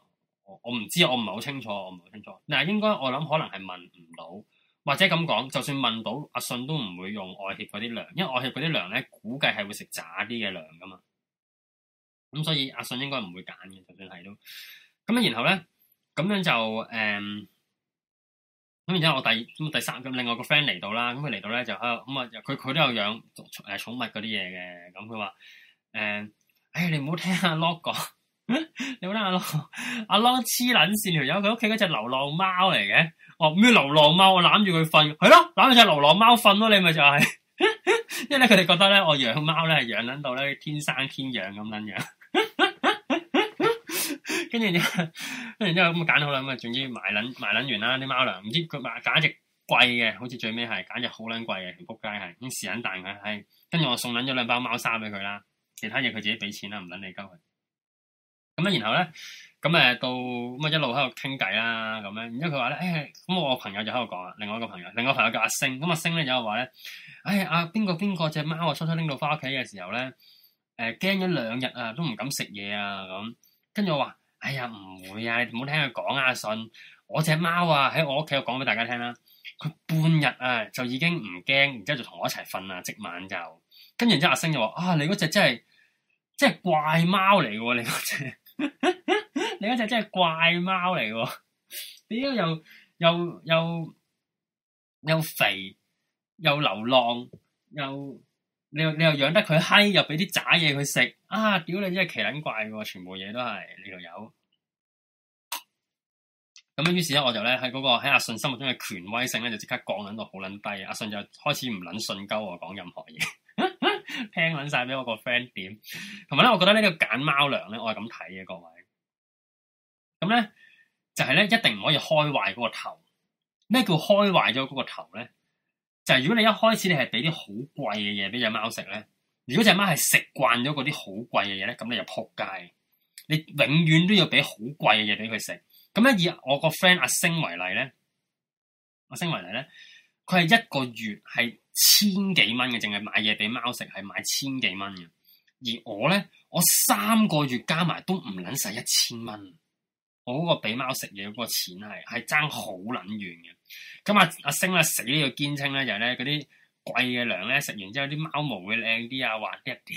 我我唔知，我唔係好清楚，我唔係好清楚。但係，應該我諗可能係問唔到，或者咁講，就算問到阿信都唔會用外協嗰啲糧，因為外協嗰啲糧咧，估計係會食渣啲嘅糧㗎嘛。咁、嗯、所以阿信應該唔會揀嘅，就算係都。咁然後咧，咁樣就誒，咁、嗯、然之後我第咁第三咁另外個 friend 嚟到啦，咁佢嚟到咧就喺度咁啊，佢、嗯、佢都有養誒寵、呃、寵物嗰啲嘢嘅，咁佢話誒，哎你唔好聽阿 lock 講，你唔好聽阿、啊、阿 lock、ok、黐撚線，條友佢屋企嗰隻流浪貓嚟嘅，哦，咩流浪貓？我攬住佢瞓，係咯，攬住隻流浪貓瞓咯，你咪就係、是， 因為咧佢哋覺得咧我養貓咧係養撚到咧天生天養咁撚樣。跟 住，跟住之後咁啊揀好啦，咁啊總之埋卵埋卵完啦啲貓糧，唔知佢賣揀隻貴嘅，好似最尾係揀隻好卵貴嘅，仆街係咁時很彈佢係跟住我送卵咗兩包貓砂俾佢啦，其他嘢佢自己俾錢啦，唔卵你交佢咁咧。然後咧咁誒，到咁啊一路喺度傾偈啦，咁樣然之後佢話咧，誒、哎、咁我朋友就喺度講啊，另外一個朋友，另外一個朋友叫阿星，咁阿星咧就話咧，誒阿邊個邊個隻貓我初初拎到翻屋企嘅時候咧。誒，驚咗兩日啊，都唔敢食嘢啊咁。跟住我話，哎呀，唔會啊，你唔好聽佢講啊，阿信。我隻貓啊，喺我屋企，我講俾大家聽啦。佢半日啊，就已經唔驚，然之後就同我一齊瞓啦，即晚就。跟住然之後阿星就話，啊，你嗰隻真係，真係怪貓嚟嘅喎，你嗰隻， 你嗰隻真係怪貓嚟嘅。屌，又又又又，又肥，又流浪，又。你又你又養得佢嗨，又俾啲渣嘢佢食啊！屌你真係奇卵怪喎，全部嘢都係呢度有。咁、這、啊、個，於 是咧我就咧喺嗰個喺阿信心目中嘅權威性咧就即刻降撚到好卵低。阿信就開始唔卵信鳩我講任何嘢， 聽撚晒俾我個 friend 點。同埋咧，我覺得個貓呢個揀貓糧咧，我係咁睇嘅各位。咁咧就係、是、咧，一定唔可以開壞嗰個頭。咩叫開壞咗嗰個頭咧？就係如果你一開始你係俾啲好貴嘅嘢俾隻貓食咧，如果隻貓係食慣咗嗰啲好貴嘅嘢咧，咁你就撲街。你永遠都要俾好貴嘅嘢俾佢食。咁咧以我個 friend 阿星為例咧，阿星為例咧，佢係一個月係千幾蚊嘅，淨係買嘢俾貓食係買千幾蚊嘅。而我咧，我三個月加埋都唔捻使一千蚊。我嗰個俾貓食嘢嗰個錢係係爭好捻遠嘅。咁阿阿星啊死要、這個、堅稱咧，就係咧嗰啲貴嘅糧咧食完之後啲貓毛會靚啲啊，滑啲啊屌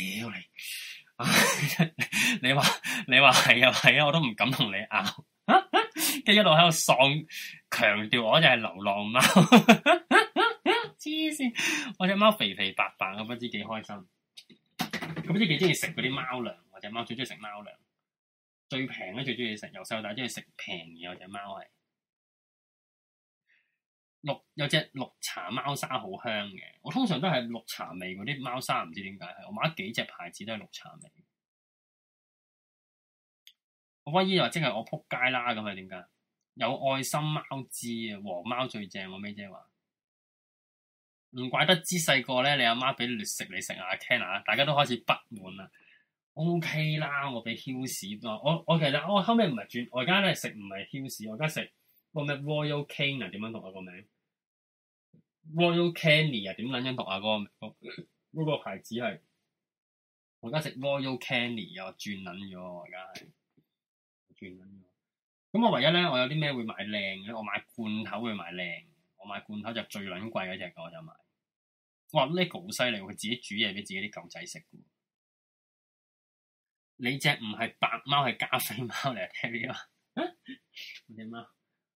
你，你話你話係啊係啊，我都唔敢同你拗，跟住一路喺度喪強調我只係流浪貓，黐線，我隻貓肥肥白白，我不知幾開心，咁、啊、不知幾中意食嗰啲貓糧，我隻貓最中意食貓糧，最平咧最中意食，由細到大中意食平嘢，我隻貓係。綠有隻綠茶貓砂好香嘅，我通常都係綠茶味嗰啲貓砂，唔知點解係我買幾隻牌子都係綠茶味。我威姨又話即係我仆街啦咁啊？點解有愛心貓知，啊？黃貓最正，我咪姐話唔怪得知細個咧，你阿媽俾劣食你食啊！Ken 啊，大家都開始不滿啦。OK 啦，我俾 Hill's 啊！我我其實我後尾唔係轉，我而家咧食唔係 Hill's，我而家食個咩 Royal Canin 點、啊、樣讀啊個名？Royal Canin 啊，點捻樣讀啊？嗰個個牌子係，我而家食 Royal Canin 啊，轉捻咗，我而家係轉捻咗。咁我唯一咧，我有啲咩會買靚咧？我買罐頭會買靚，我買罐頭就最捻貴嗰隻，我就買。哇，呢，這個好犀利，佢自己煮嘢俾自己啲狗仔食嘅。你隻唔係白貓，係加菲貓嚟啊？我隻貓，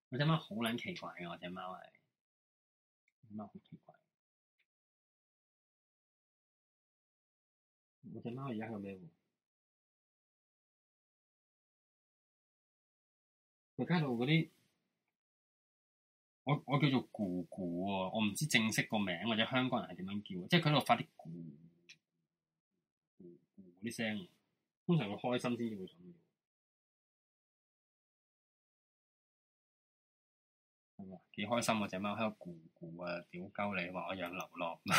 我隻貓好捻奇怪嘅，我隻貓係。貓好奇怪，我隻貓而家好威武，佢街度嗰啲，我我叫做咕咕喎，我唔知正式個名或者香港人係點樣叫，即係佢喺度發啲咕咕咕啲聲，通常佢開心先至會咁。幾開心我隻貓喺度咕咕啊！屌鳩，你話我養流浪貓，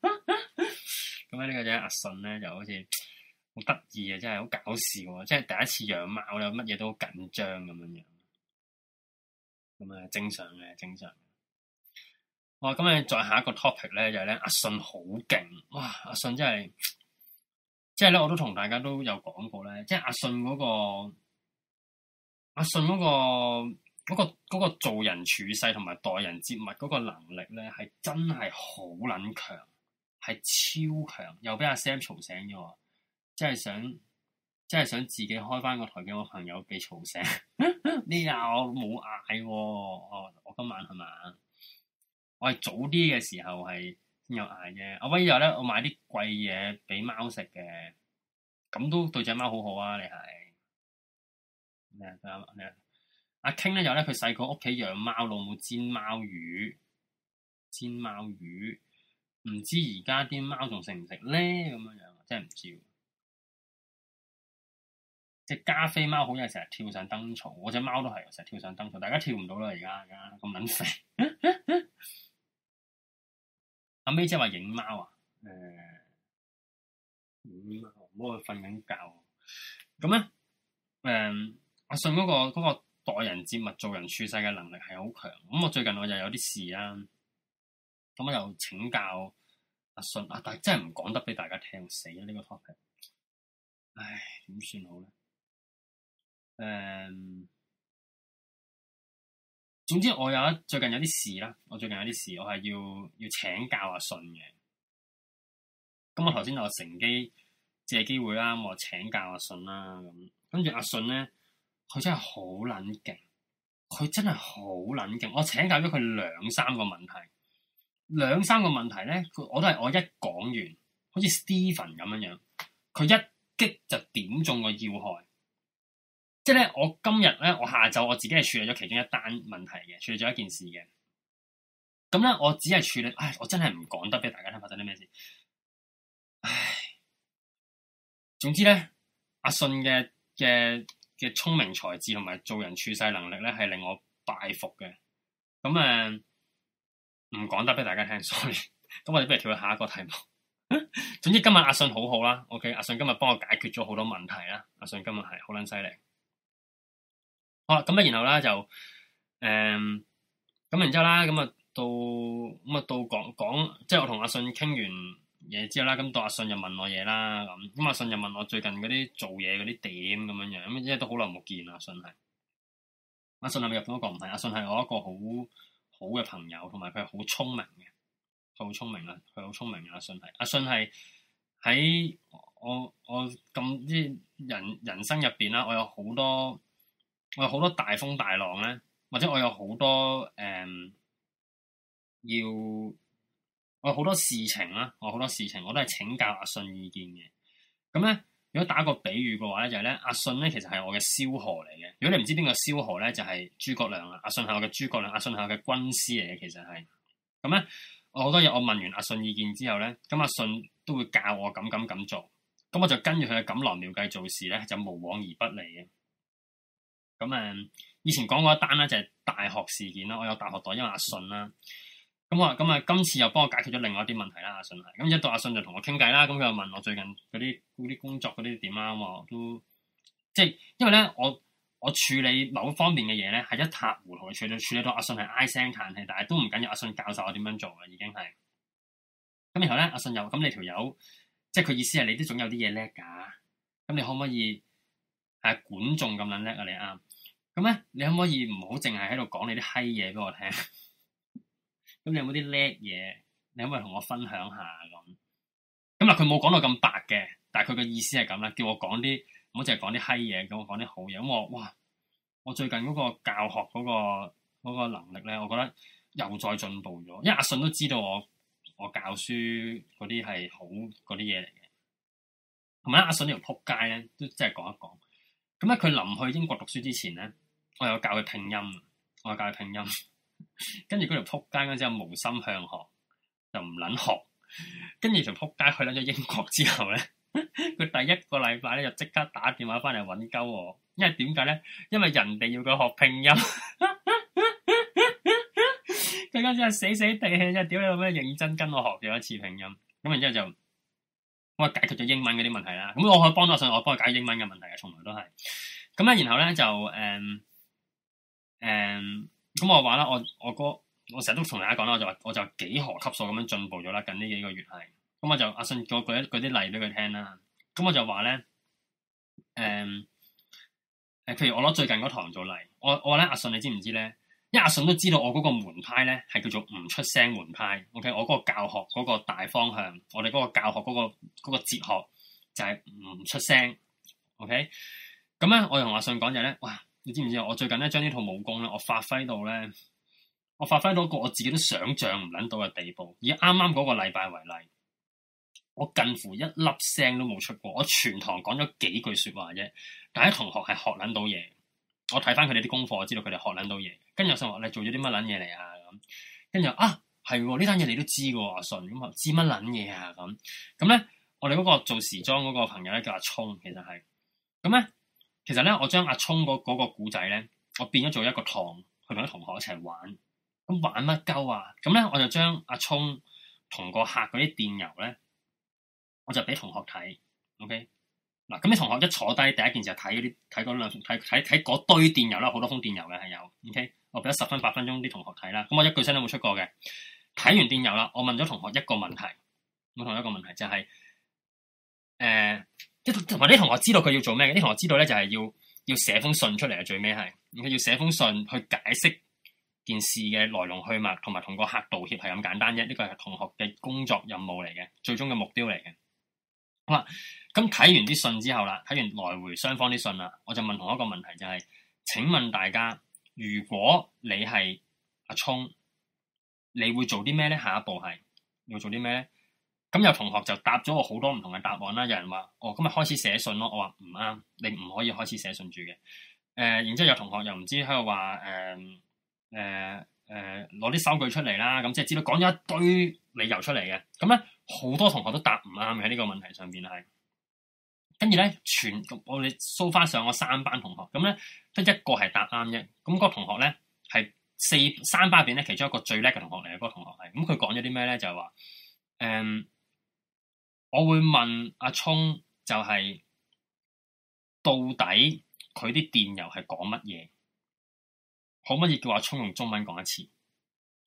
咁咧呢個隻阿信咧就好似好得意啊！真係好搞笑，即係第一次養貓咧，乜嘢都緊張咁樣樣，咁啊正常嘅，正常，正常。哇！今日再下一個 topic 咧，就係咧阿信好勁，哇！阿信真係，即係咧我都同大家都有講過咧，即係阿信嗰個，阿信嗰個。嗰、嗰個嗰個做人處世同埋待人接物嗰個能力咧，係真係好撚強，係超強。又俾阿 Sam 嘈醒咗，即係想，即係想自己開翻個台俾我朋友被嘈醒。呢日我冇嗌喎，我、啊、我，我今晚係嘛？我係早啲嘅時候係先有嗌啫。阿威又咧，我買啲貴嘢俾貓食嘅，咁都對隻貓好好啊！你係咩啊？咩啊？阿傾咧又咧，佢細個屋企養貓，老母煎貓魚，煎貓魚，唔知而家啲貓仲食唔食咧？咁樣樣，真係唔知。隻加菲貓好似係，成日跳上燈槽，我隻貓都係，成日跳上燈槽，大家跳唔到啦，而家而家咁撚肥。阿 May 姐即係話影貓啊？誒，唔好，佢瞓緊覺。咁咧，誒，我信嗰、嗰個。嗰個待人接物、做人處世嘅能力係好強。咁我最近我又有啲事啦，咁我又請教阿信啊，但係真係唔講得俾大家聽，死啊！呢個 topic，唉，點算好咧？誒、um，總之我有一最近有啲事啦，我最近有啲事，我係要要請教阿信嘅。咁我頭先又乘機借機會啦，我請教阿信啦咁，跟住阿信咧。佢真係好冷靜，佢真係好冷靜。我請教咗佢兩三個問題，兩三個問題咧，我都係我一講完，好似 Stephen 咁樣樣，佢一擊就點中個要害。即係咧，我今日咧，我下晝我自己係處理咗其中一單問題嘅，處理咗一件事嘅。咁咧，我只係處理，唉，我真係唔講得俾大家聽發生啲咩事。唉，總之咧，阿信嘅嘅，嘅聰明才智同埋做人處世能力咧，係令我拜服嘅。咁誒唔講得俾大家聽，sorry。咁 我哋不如跳去下一個題目。 總之今日阿信好好啦，OK 阿。阿信今日幫我解決咗好多問題啦，阿信今日係好撚犀利。好啦，咁啊，然後啦就誒咁、呃、然之後啦，咁啊到咁啊到講講，即係我同阿信傾完嘢之後啦，咁到阿信又問我嘢啦，咁、嗯、咁阿信又問我最近嗰啲做嘢嗰啲點咁樣樣，咁因為都好耐冇見啦，阿信係，阿信係咪日本嗰個？唔係，阿信係我一個好好嘅朋友，同埋佢係好聰明嘅，佢好聰明啦，佢好聰明嘅阿信係，阿信係喺我我咁啲人人生入邊啦，我有好多我有好多大風大浪咧，或者我有好多誒、嗯、要。我好多事情啦，我好多事情我都係請教阿信意見嘅。咁咧，如果打個比喻嘅話咧，就係咧，阿信咧其實係我嘅蕭何嚟嘅。如果你唔知邊個蕭何咧，就係諸葛亮啦。阿信係我嘅諸葛亮，阿信係我嘅軍師嚟嘅，其實係。咁咧，我好多嘢，我問完阿信意見之後咧，咁阿信都會教我咁咁咁做。咁我就跟住佢嘅錦囊妙計做事咧，就無往而不利嘅。咁誒，以前講過一單啦，就係大學事件啦。我有大學袋，因為阿信啦。咁啊，咁啊，今次又幫我解決咗另外一啲問題啦，阿、啊、信係。咁一到阿、啊、信就同我傾偈啦，咁、啊、佢、嗯、又問我最近嗰啲啲工作嗰啲點啦。咁、啊、都即係因為咧，我我處理某方面嘅嘢咧係一塌糊塗嘅，處理處理到阿、啊、信係唉聲嘆氣，但係都唔緊要，阿、啊、信教授我點樣做嘅已經係。咁然後咧，阿信又咁、啊、你條友即係佢意思係你都總有啲嘢叻㗎，咁你可唔可以係、啊、管仲咁撚叻啊？你啊咁咧，你可唔可以唔好淨係喺度講你啲閪嘢俾我聽？咁你有冇啲叻嘢？你可唔可以同我分享下咁？咁啊，佢冇講到咁白嘅，但係佢嘅意思係咁啦，叫我講啲唔好淨係講啲閪嘢，叫我講啲好嘢。咁、嗯、我哇，我最近嗰個教學嗰、嗰個、嗰個能力咧，我覺得又再進步咗。因為阿信都知道我我教書嗰啲係好嗰啲嘢嚟嘅，同埋阿信呢條撲街咧都即係講一講。咁咧佢臨去英國讀書之前咧，我有教佢拼音，我有教佢拼音。跟住嗰條撲街嗰隻無心向學，就唔捻學。跟住條撲街去到咗英國之後咧，佢 第一個禮拜咧就即刻打電話翻嚟搵鳩我，因為點解咧？因為人哋要佢學拼音，佢嗰隻死死地，又屌你咁咩，認真跟我學咗一次拼音，咁然之後就我解決咗英文嗰啲問題啦。咁我可以幫到上，我幫佢解決英文嘅問題，從來都係。咁啊，然後咧就誒誒。嗯嗯咁我話啦，我我哥，我成日都同大家講啦，我就話我就幾何級數咁樣進步咗啦，近呢幾個月係，咁我就阿信，我舉，舉一舉啲例俾佢聽啦，咁我就話咧，誒、嗯、誒，譬如我攞最近嗰堂做例，我我話咧，阿信你知唔知咧？因為阿信都知道我嗰個門派咧係叫做唔出聲門派，OK，我嗰個教學嗰個大方向，我哋嗰個教學嗰、嗰個、嗰個哲學就係唔出聲，OK，咁咧我同阿信講就係咧，哇！你知唔知啊？我最近咧將呢套武功咧，我發揮到咧，我發揮到一個我自己都想像唔撚到嘅地步。以啱啱嗰個禮拜為例，我近乎一粒聲都冇出過，我全堂講咗幾句説話啫。但係同學係學撚到嘢，我睇翻佢哋啲功課，我知道佢哋學撚到嘢。跟住我先話：你做咗啲乜撚嘢嚟啊？咁跟住啊，係呢單嘢你都知嘅喎阿信，咁啊，知乜撚嘢啊？咁咁咧，我哋嗰個做時裝嗰個朋友咧叫阿聰，其實係咁咧。其實咧，我將阿聰嗰嗰個古仔咧，我變咗做一個堂去同啲同學一齊玩。咁玩乜鳩啊？咁咧，我就將阿聰同個客嗰啲電郵咧，我就俾同學睇。OK 嗱，咁啲同學一坐低，第一件事就睇嗰啲，睇嗰兩，睇睇睇嗰堆電郵啦，好多封電郵嘅，係有。OK，我俾咗十分八分鐘啲同學睇啦。咁我一句聲都冇出過嘅。睇完電郵啦，我問咗同學一個問題。我同一個問題就係、是，誒、呃。同埋啲同學知道佢要做咩嘅，啲同學知道咧就係要要寫封信出嚟啊！最尾係佢要寫封信去解釋件事嘅來龍去脈，同埋同個客道歉係咁簡單啫，呢個係同學嘅工作任務嚟嘅，最終嘅目標嚟嘅。好啦，咁睇完啲信之後啦，睇完來回雙方啲信啦，我就問同一個問題，就係，請問大家，如果你係阿聰，你會做啲咩咧？下一步係要做啲咩咧？咁有同學就答咗我好多唔同嘅答案啦。有人話，哦，今日開始寫信咯。我話唔啱，你唔可以開始寫信住嘅。誒、呃，然之後有同學又唔知，係話誒誒誒，攞、呃、啲、呃呃、收據出嚟啦。咁即係知道講咗一堆理由出嚟嘅。咁咧好多同學都答唔啱喺呢個問題上邊係。跟住咧，全我哋蘇返上我三班同學，咁咧得一個係答啱嘅。咁、那、嗰個同學咧係四三班入邊咧，其中一個最叻嘅同學嚟嘅。嗰、那個同學係咁，佢講咗啲咩咧？就係話誒。嗯我會問阿聰、就是，就係到底佢啲電郵係講乜嘢？可唔可以叫阿聰用中文講一次？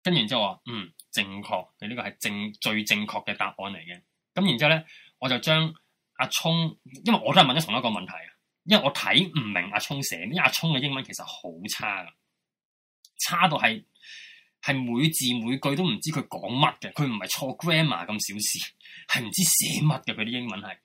跟住之後話，嗯，正確嘅呢、這個係正最正確嘅答案嚟嘅。咁然之後咧，我就將阿聰，因為我都係問咗同一個問題啊，因為我睇唔明阿聰寫，因為阿聰嘅英文其實好差噶，差到係。係每字每句都唔知佢講乜嘅，佢唔係錯 grammar 咁小事，係唔知寫乜嘅佢啲英文係。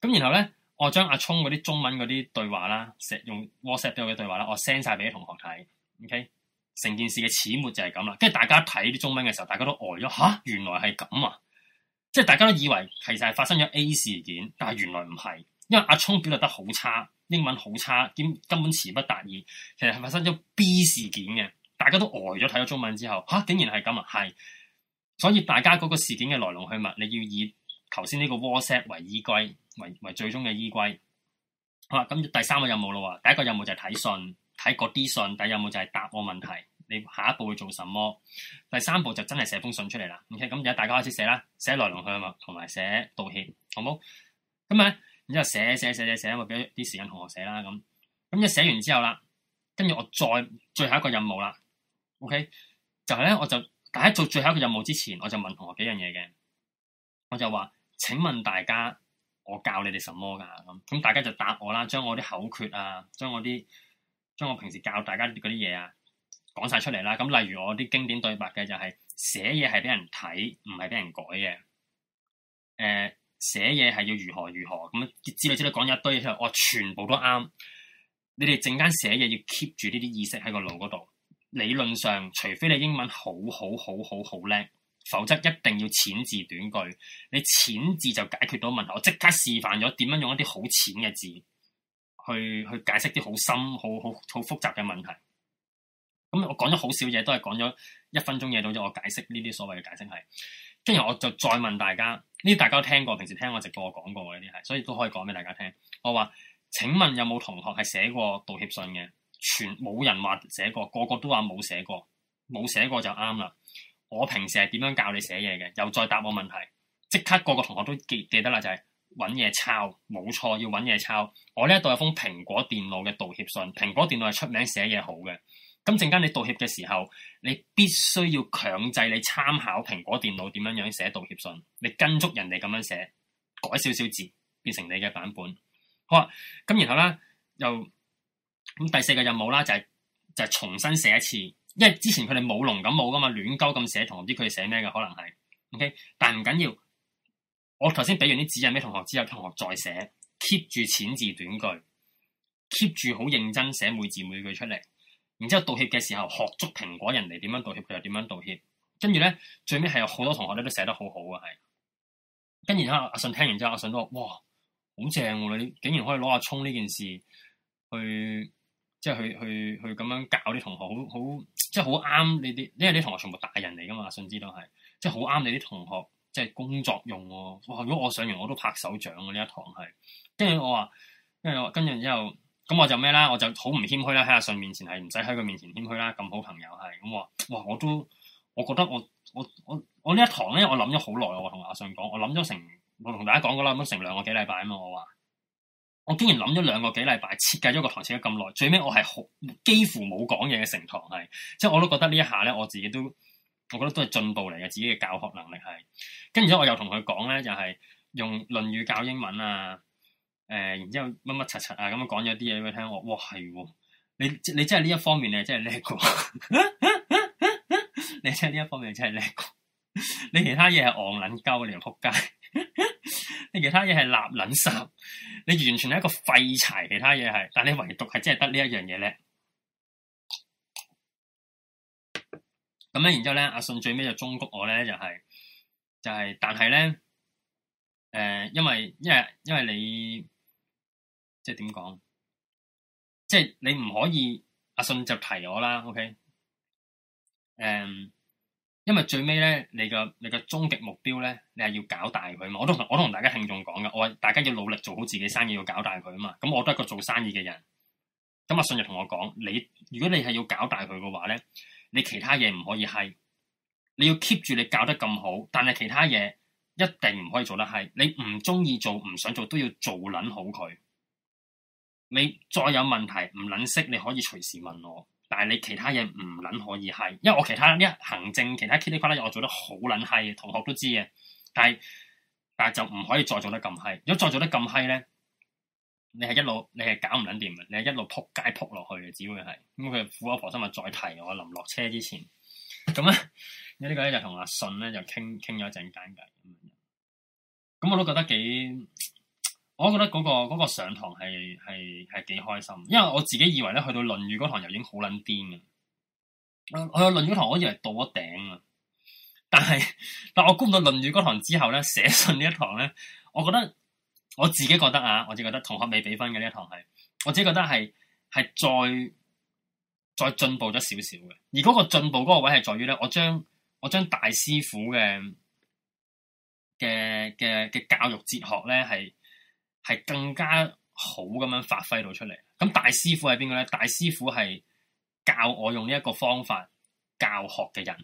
咁然後咧，我將阿聰嗰啲中文嗰啲對話啦，用 WhatsApp 俾我嘅對話啦，我 send 晒俾啲同學睇。OK，成件事嘅始末就係咁啦。跟住大家睇啲中文嘅時候，大家都呆咗，吓、啊，原來係咁啊！即係大家都以為其實係發生咗 A 事件，但係原來唔係，因為阿聰表達得好差，英文好差，兼根本詞不達意，其實係發生咗 B 事件嘅。大家都呆咗睇咗中文之後，吓、啊、竟然係咁啊，係所以大家嗰個事件嘅來龍去脈，你要以頭先呢個 WhatsApp 為依歸，為為最終嘅依歸。好啦，咁、嗯、第三個任務咯。第一個任務就係睇信，睇嗰啲信；第二任務就係答我問題，你下一步會做什麼？第三步就真係寫封信出嚟啦。OK，咁而家大家開始寫啦，寫來龍去脈，同埋寫道歉，好唔好？咁、嗯、咧，然之後寫寫寫寫寫，我俾啲時間同學寫啦。咁咁就寫完之後啦，跟住我再最後一個任務啦。O、okay? K，就係咧，我就大家做最後一個任務之前，我就問同學幾樣嘢嘅，我就話：請問大家，我教你哋什麼㗎？咁咁大家就答我啦，將我啲口訣啊，將我啲將我平時教大家嗰啲嘢啊講晒出嚟啦。咁例如我啲經典對白嘅、就是，就係寫嘢係俾人睇，唔係俾人改嘅。誒、呃，寫嘢係要如何如何咁，知唔知道講一堆嘢，我全部都啱。你哋陣間寫嘢要 keep 住呢啲意識喺個腦嗰度。理論上，除非你英文好好好好好叻，否則一定要淺字短句。你淺字就解決到問題。我即刻示範咗點樣用一啲好淺嘅字去去解釋啲好深、好好好複雜嘅問題。咁、嗯、我講咗好少嘢，都係講咗一分鐘嘢到咗。我解釋呢啲所謂嘅解釋係，跟住我就再問大家，呢啲大家都聽過，平時聽我直播我講過嘅啲係，所以都可以講俾大家聽。我話：請問有冇同學係寫過道歉信嘅？全冇人話寫過，個個都話冇寫過，冇寫過就啱啦。我平時係點樣教你寫嘢嘅？又再答我問題，即刻個個同學都記記得啦，就係揾嘢抄，冇錯，要揾嘢抄。我呢一度有封蘋果電腦嘅道歉信，蘋果電腦係出名寫嘢好嘅。咁陣間你道歉嘅時候，你必須要強制你參考蘋果電腦點樣樣寫道歉信，你跟足人哋咁樣寫，改少少字變成你嘅版本。好啊，咁然後咧又。咁第四個任務啦，就係就係重新寫一次，因為之前佢哋冇龍咁冇噶嘛，亂鳩咁寫，同唔知佢哋寫咩嘅可能係，OK，但唔緊要，要。我頭先俾完啲指引俾同學之後，同學再寫，keep 住淺字短句，keep 住好認真寫每字每句出嚟。然之後道歉嘅時候學足蘋果人哋點樣道歉，佢又點樣道歉。跟住咧，最尾係有好多同學咧都寫得好好啊，係。跟住咧，阿信聽完之後，阿信都話：哇，好正喎、啊！你竟然可以攞阿聰呢件事去。即係去去去咁樣教啲同學，好好即係好啱你啲，因為啲同學全部大人嚟噶嘛，信知都係，即係好啱你啲同學，即係工作用喎、啊。哇！如果我上完我都拍手掌嘅、啊、呢一堂係，跟住我話，跟住我跟住之後，咁我就咩啦？我就好唔謙虛啦，喺阿信面前係唔使喺佢面前謙虛啦，咁好朋友係。咁我話哇，我都我覺得我我我我呢一堂咧，我諗咗好耐啊，我同阿信講，我諗咗成我同大家講過啦，諗咗成兩個幾禮拜啊嘛，我話。我竟然諗咗兩個幾禮拜，設計咗個堂設計咁耐，最尾我係好幾乎冇講嘢嘅成堂係，即係我都覺得呢一下咧，我自己都，我覺得都係進步嚟嘅，自己嘅教學能力係。跟住之後我又同佢講咧，就係、是、用《論語》教英文啊，誒、呃，然之後乜乜柒柒啊咁樣講咗啲嘢俾佢聽我，我哇係喎，你你真係呢一方面你真係叻嘅，你真係呢 一方面真係叻， 你其他嘢係戇捻鳩，你又仆街。 你其他嘢係立撚濕，你完全係一個廢柴。其他嘢係，但你唯獨係真係得呢一樣嘢叻。咁樣然之後咧，阿信最尾就忠告我咧，就係、是、就係、是，但係咧，誒、呃，因為因為因為你即係點講，即係你唔可以，阿信就提我啦。O K。嗯。因為最尾咧，你個你個終極目標咧，你係要搞大佢嘛？我都同我同大家聽眾講噶，我話大家要努力做好自己生意，要搞大佢啊嘛。咁我都係一個做生意嘅人。咁阿信就同我講，你如果你係要搞大佢嘅話咧，你其他嘢唔可以閪，你要 keep 住你搞得咁好，但係其他嘢一定唔可以做得閪。你唔中意做，唔想做，都要做捻好佢。你再有問題唔捻識，你可以隨時問我。但係你其他嘢唔卵可以係，因為我其他呢行政其他千奇百怪我做得好卵閪嘅，同學都知嘅。但係但係就唔可以再做得咁閪，如果再做得咁閪咧，你係一路你係搞唔卵掂嘅，你係一路扑街扑落去嘅，只會係咁。佢苦口婆心啊，再提我臨落車之前，咁咧、這個、呢個咧就同阿信咧就傾傾咗一陣間偈，咁我都覺得幾。我覺得嗰、個、嗰個上堂係係係幾開心，因為我自己以為咧去到《論語》嗰堂又已經好捻癲嘅，我、呃、有《論語》堂我以為到咗頂啊，但係但我估唔到《論語》嗰堂之後咧，寫信呢一堂咧，我覺得我自己覺得啊，我自己覺得同學未俾分嘅呢一堂係，我自己覺得係係再再進步咗少少嘅，而嗰個進步嗰個位係在於咧，我將我將大師傅嘅嘅嘅嘅教育哲學咧係。係更加好咁樣發揮到出嚟。咁大師傅係邊個咧？大師傅係教我用呢一個方法教學嘅人，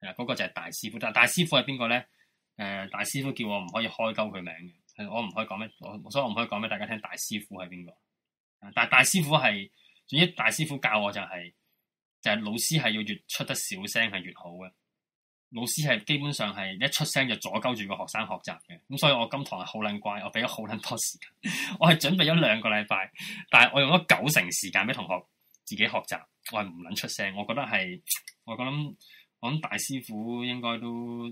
係啦，嗰個就係大師傅。但大，大師傅係邊個咧？誒、呃，大師傅叫我唔可以開鳩佢名嘅，我唔可以講咩，所以我唔可以講俾大家聽大師傅係邊個。但、啊、大，大師傅係，總之大師傅教我就係、是，就係、是、老師係要越出得小聲係越好嘅。老師係基本上係一出聲就阻鳩住個學生學習嘅，咁所以我今堂係好撚乖，我俾咗好撚多時間， 我係準備咗兩個禮拜，但係我用咗九成時間俾同學自己學習，我係唔撚出聲，我覺得係我諗，我諗大師傅應該都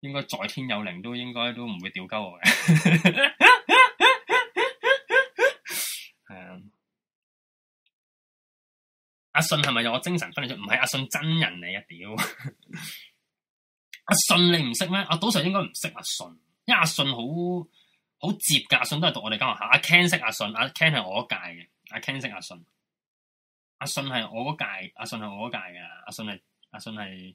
應該在天有靈，應該都應該都唔會屌鳩我嘅，係啊，阿信係咪有我精神分裂咗？唔係阿信真人嚟啊，屌！ 阿信你唔識咩？阿賭 Sir 應該唔識阿信，因為阿信好好接噶。阿信都係讀我哋間學校。阿 Ken 識阿信，阿 Ken 係我嗰屆嘅。阿 Ken 識阿信，阿信係我嗰屆，阿信係我嗰屆嘅。阿信係阿信係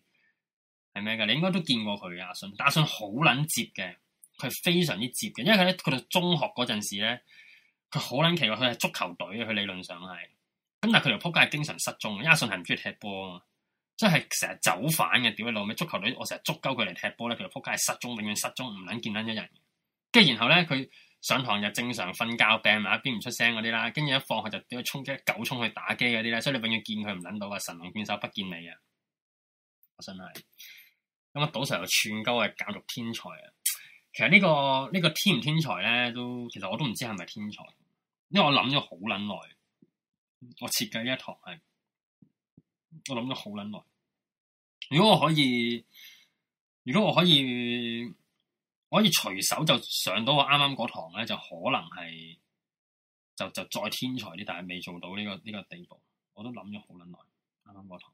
係咩噶？你應該都見過佢嘅阿信，但阿信好撚接嘅，佢非常之接嘅，因為佢咧佢哋中學嗰陣時咧，佢好撚奇怪，佢係足球隊，佢理論上係咁，但係佢又撲街，係經常失蹤。因阿信係唔中意踢波啊。即係成日走反嘅，屌你老咩足球隊，我成日捉鳩佢嚟踢波咧，譬如仆街係失蹤，永遠失蹤，唔捻見捻一人。跟住然後咧，佢上堂就正常瞓覺，病埋一邊，唔出聲嗰啲啦。跟住一放學就點去沖機，狗沖去打機嗰啲咧。所以你永遠見佢唔捻到啊！神龍見手，不見尾啊！真係咁啊！賭 Sir 又串鳩係教育天才啊！其實呢個呢個天唔天才咧，都其實我都唔知係咪天才，因為我諗咗好捻耐，我設計一堂係。我諗咗好撚耐。如果我可以，如果我可以，可以隨手就上到我啱啱嗰堂咧，就可能係，就就再天才啲，但係未做到呢、呢個呢、呢個地步。我都諗咗好撚耐啱啱嗰堂。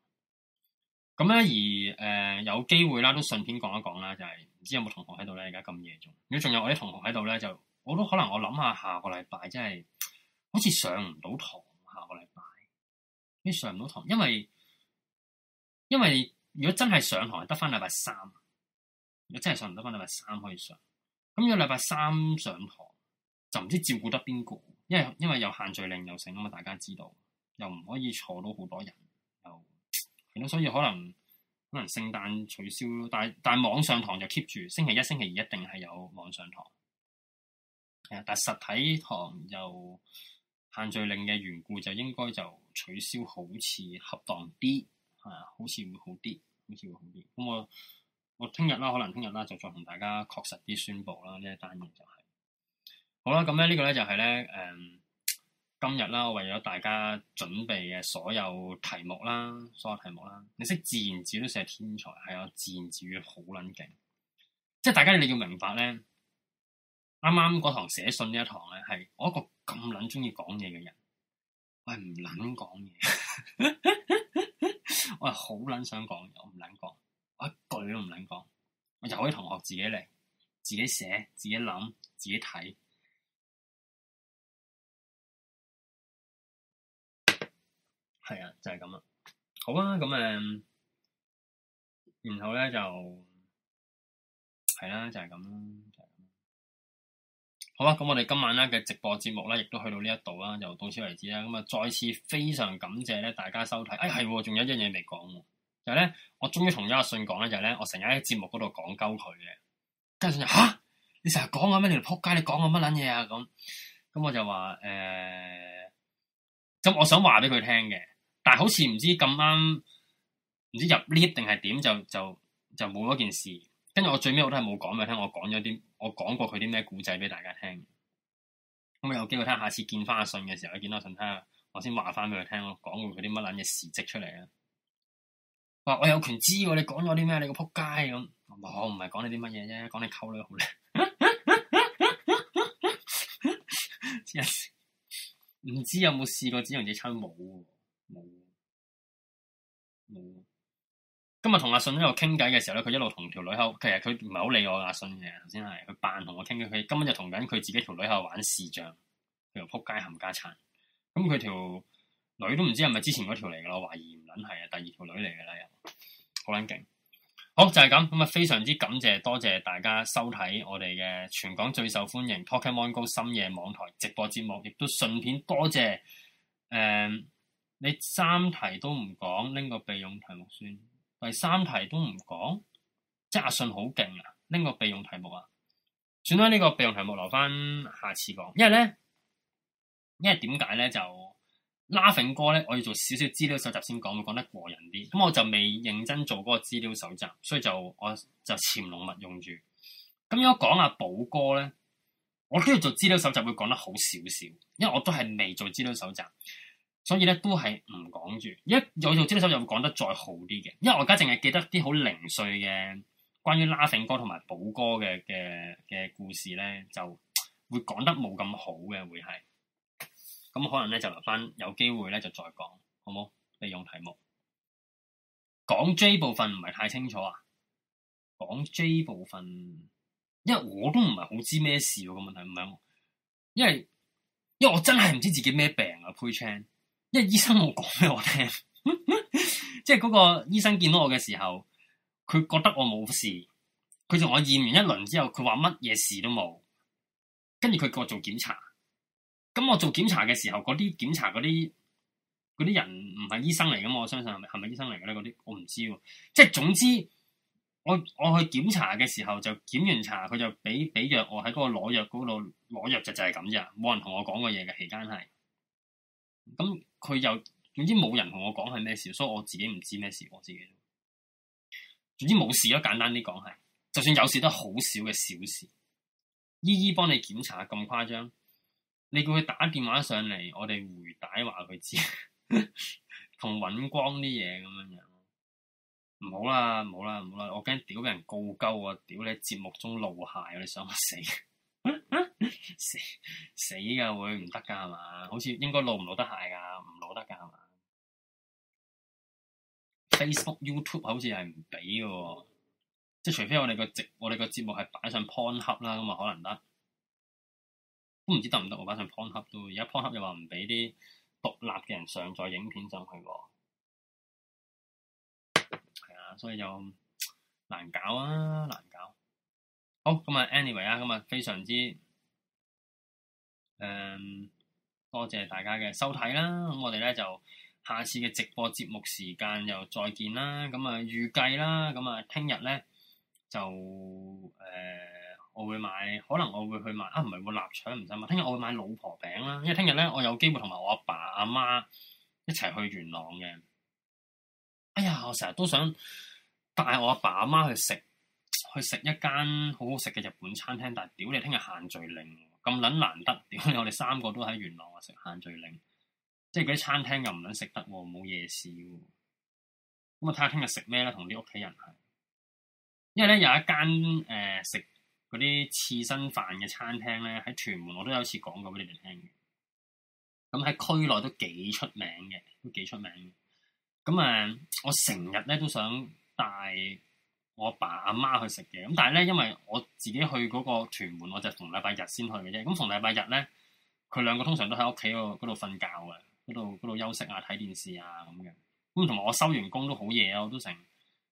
咁咧而誒、呃、有機會啦，都順便講一講啦，就係、是、唔知有冇同學喺度咧？而家咁夜仲，如果仲有我啲同學喺度咧，就我都可能我諗下下個禮拜即、就、係、是、好似上唔到堂。下個禮拜，啲上唔到堂，因為。因為如果真係上堂，得返禮拜三。如果真係上唔得返禮拜三可以上，咁如果禮拜三上堂就唔知照顧得邊個。因為因為有限聚令又成啊嘛，大家知道又唔可以坐到好多人，又係咯，所以可能可能聖誕取消，但係但係網上堂就 keep 住星期一、星期二一定係有網上堂，係啊。但係實體堂又限聚令嘅緣故，就應該就取消好，好似恰當啲。係啊，好似會好啲，好似會好啲。咁我我聽日啦，可能聽日啦，就再同大家確實啲宣布啦，呢一單嘢就係、是。好啦，咁咧呢個咧就係、是、咧，誒、嗯，今日啦，我為咗大家準備嘅所有題目啦，所有題目啦，你識自然自語都算係天才，係啊，自然自語好撚勁。即係大家你要明白咧，啱啱嗰堂寫信呢一堂咧，係我一個咁撚中意講嘢嘅人，我係唔撚講嘢。 我係好撚想講，我唔撚講，我一句都唔撚講。我由啲同學自己嚟，自己寫，自己諗，自己睇。係啊，就係咁啦。好啊，咁誒、嗯，然後咧就係啦，就係咁。好啊，咁、嗯、我哋今晚咧嘅直播節目咧，亦都去到呢一度啦，就到此為止啦。咁啊，再次非常感謝咧大家收睇。哎，係，仲有一樣嘢未講。就咧、是，我終於同咗阿信講咧，就咧、是，我成日喺節目嗰度講鳩佢嘅。跟住就吓，你成日講啊咩條撲街，你講個乜撚嘢啊咁。咁、嗯、我就話誒，咁、呃、我想話俾佢聽嘅，但係好似唔知咁啱，唔知入 lift 定係點，就就就冇咗件事。跟住我最尾我都係冇講嘅，聽我講咗啲。我講過佢啲咩故仔俾大家聽，咁啊有機會睇下，下次見翻阿信嘅時候，見到阿信睇下，我先話翻俾佢聽，我講過佢啲乜撚嘢事蹟出嚟啊！話我有權知喎、啊，你講咗啲咩？你個撲街咁，我唔係講你啲乜嘢啫，講你溝女好叻。唔 知有冇試過隻羊仔吹帽喎？冇。今日同阿信喺度傾偈嘅時候咧，佢一路同條女口。其實佢唔係好理我阿信嘅，頭先係佢扮同我傾偈。佢根本就同緊佢自己女條女後玩視像。佢又撲街冚家鏟。咁佢條女都唔知係咪之前嗰條嚟噶啦？懷疑唔撚係啊，第二條女嚟噶啦，又好撚勁。好就係咁咁啊！非常之感謝，多謝大家收睇我哋嘅全港最受歡迎 Pokemon Go 深夜網台直播節目，亦都順便多謝誒、嗯、你三題都唔講，拎個備用題目先。第三題都唔講，即係阿信好勁啊！拎個備用題目啊，選咗呢個備用題目留翻下次講，因為咧，因為點解咧就 Laughing 哥咧，我要做少少資料搜集先講，會講得過人啲。咁我就未認真做嗰個資料搜集，所以就我就潛龍勿用住。咁如果講阿寶哥咧，我都要做資料搜集，會講得好少少，因為我都係未做資料搜集。所以咧都係唔講住，一有做資料收集會講得再好啲嘅，因為我而家淨係記得啲好零碎嘅關於 Laughing 哥同埋寶哥嘅嘅嘅故事咧，就會講得冇咁好嘅會係，咁、嗯、可能咧就留翻有機會咧就再講，好冇利用題目講 J 部分唔係太清楚啊，講 J 部分，因為我都唔係好知咩事、啊這個問題唔係，因為因為我真係唔知自己咩病啊 p u s h i n 因為醫生冇講俾我聽， 即係嗰個醫生見到我嘅時候，佢覺得我冇事，佢同我驗完一輪之後，佢話乜嘢事都冇，跟住佢叫我做檢查，咁我做檢查嘅時候，嗰啲檢查嗰啲嗰啲人唔係醫生嚟噶嘛，我相信係咪係咪醫生嚟嘅咧？嗰啲我唔知，即係總之我我去檢查嘅時候就檢完查，佢就俾俾藥我喺嗰個攞藥嗰度攞藥就就係咁咋，冇人同我講過嘢嘅期間係，咁。佢又總之冇人同我講係咩事，所以我自己唔知咩事。我自己總之冇事咯，簡單啲講係，就算有事都好少嘅小事。姨姨幫你檢查咁誇張，你叫佢打電話上嚟，我哋回帶話佢知，同 尹光啲嘢咁樣。唔好啦，唔好啦，唔好啦，我驚屌俾人告鳩啊！屌你喺節目中露械，你想我死， 死？死死㗎會唔得㗎係嘛？好似應該露唔露得械㗎？得㗎 Facebook YouTube 好似係唔俾嘅喎，即係除非我哋個節我哋個節目係擺上 Pornhub 啦，咁啊，可能得。都唔知得唔得我擺上 Pornhub 都，而家 Pornhub 又話唔俾啲獨立嘅人上載影片上去喎、哦。係啊，所以就難搞啊，難搞。好，咁啊，anyway 啊，咁啊，非常之誒。嗯多謝大家嘅收睇啦，咁我哋咧就下次嘅直播節目時間又再見啦。咁啊，預計啦，咁啊，聽日咧就誒、呃，我會買，可能我會去買啊，唔係會臘腸唔使買，聽日我會買老婆餅啦，因為聽日咧我有機會同埋我阿爸阿媽一齊去元朗嘅。哎呀，我成日都想帶我阿爸阿媽去食去食一間好好食嘅日本餐廳，但係屌你，聽日限聚令。咁撚難得，點解我哋三個都喺元朗食限聚令，即係嗰啲餐廳又唔撚食得喎，冇夜市喎。咁啊，睇下聽日食咩啦，同啲屋企人係。因為咧有一間誒、呃、食嗰啲刺身飯嘅餐廳咧，喺屯門我都有一次講過俾你哋聽嘅。咁喺區內都幾出名嘅，都幾出名嘅。咁誒、呃，我成日咧都想帶。我阿爸阿媽去食嘢，咁，但係咧，因為我自己去嗰個屯門，我就同禮拜日先去嘅啫。咁逢禮拜日咧，佢兩個通常都喺屋企嗰度瞓覺啊，嗰度度休息啊，睇電視啊咁嘅。咁同埋我收完工都好夜啊，我都成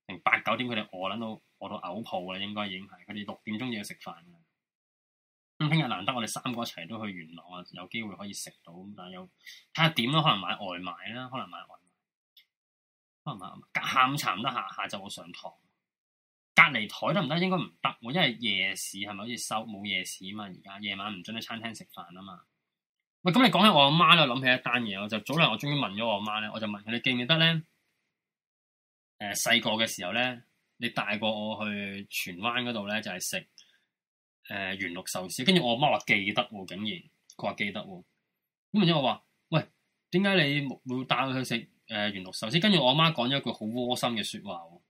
成八九點餓，佢哋餓撚到餓到嘔泡啦，應該已經係佢哋六點鐘就要食飯啦。咁聽日難得我哋三個一齊都去元朗啊，有機會可以食到咁，但係有，睇下點都可能買外賣啦，可能買外賣，可能下午茶唔得下，下晝我上堂。隔離台得唔得？應該唔得、啊。我因為夜市係咪好似收冇夜市啊嘛？而家夜晚唔準喺餐廳食飯啊嘛。喂，咁你講起我阿媽咧，我諗起一單嘢，我就早兩日我終於問咗我阿媽咧，我就問佢：你記唔記得咧？誒細個嘅時候咧，你帶過我去荃灣嗰度咧，就係食誒元綠壽司。跟住我阿媽話記得喎、啊，竟然佢話記得喎、啊。咁然之後我話：喂，點解你會帶佢去食誒、呃、元綠壽司？跟住我阿媽講咗一句好窩心嘅説話喎、啊。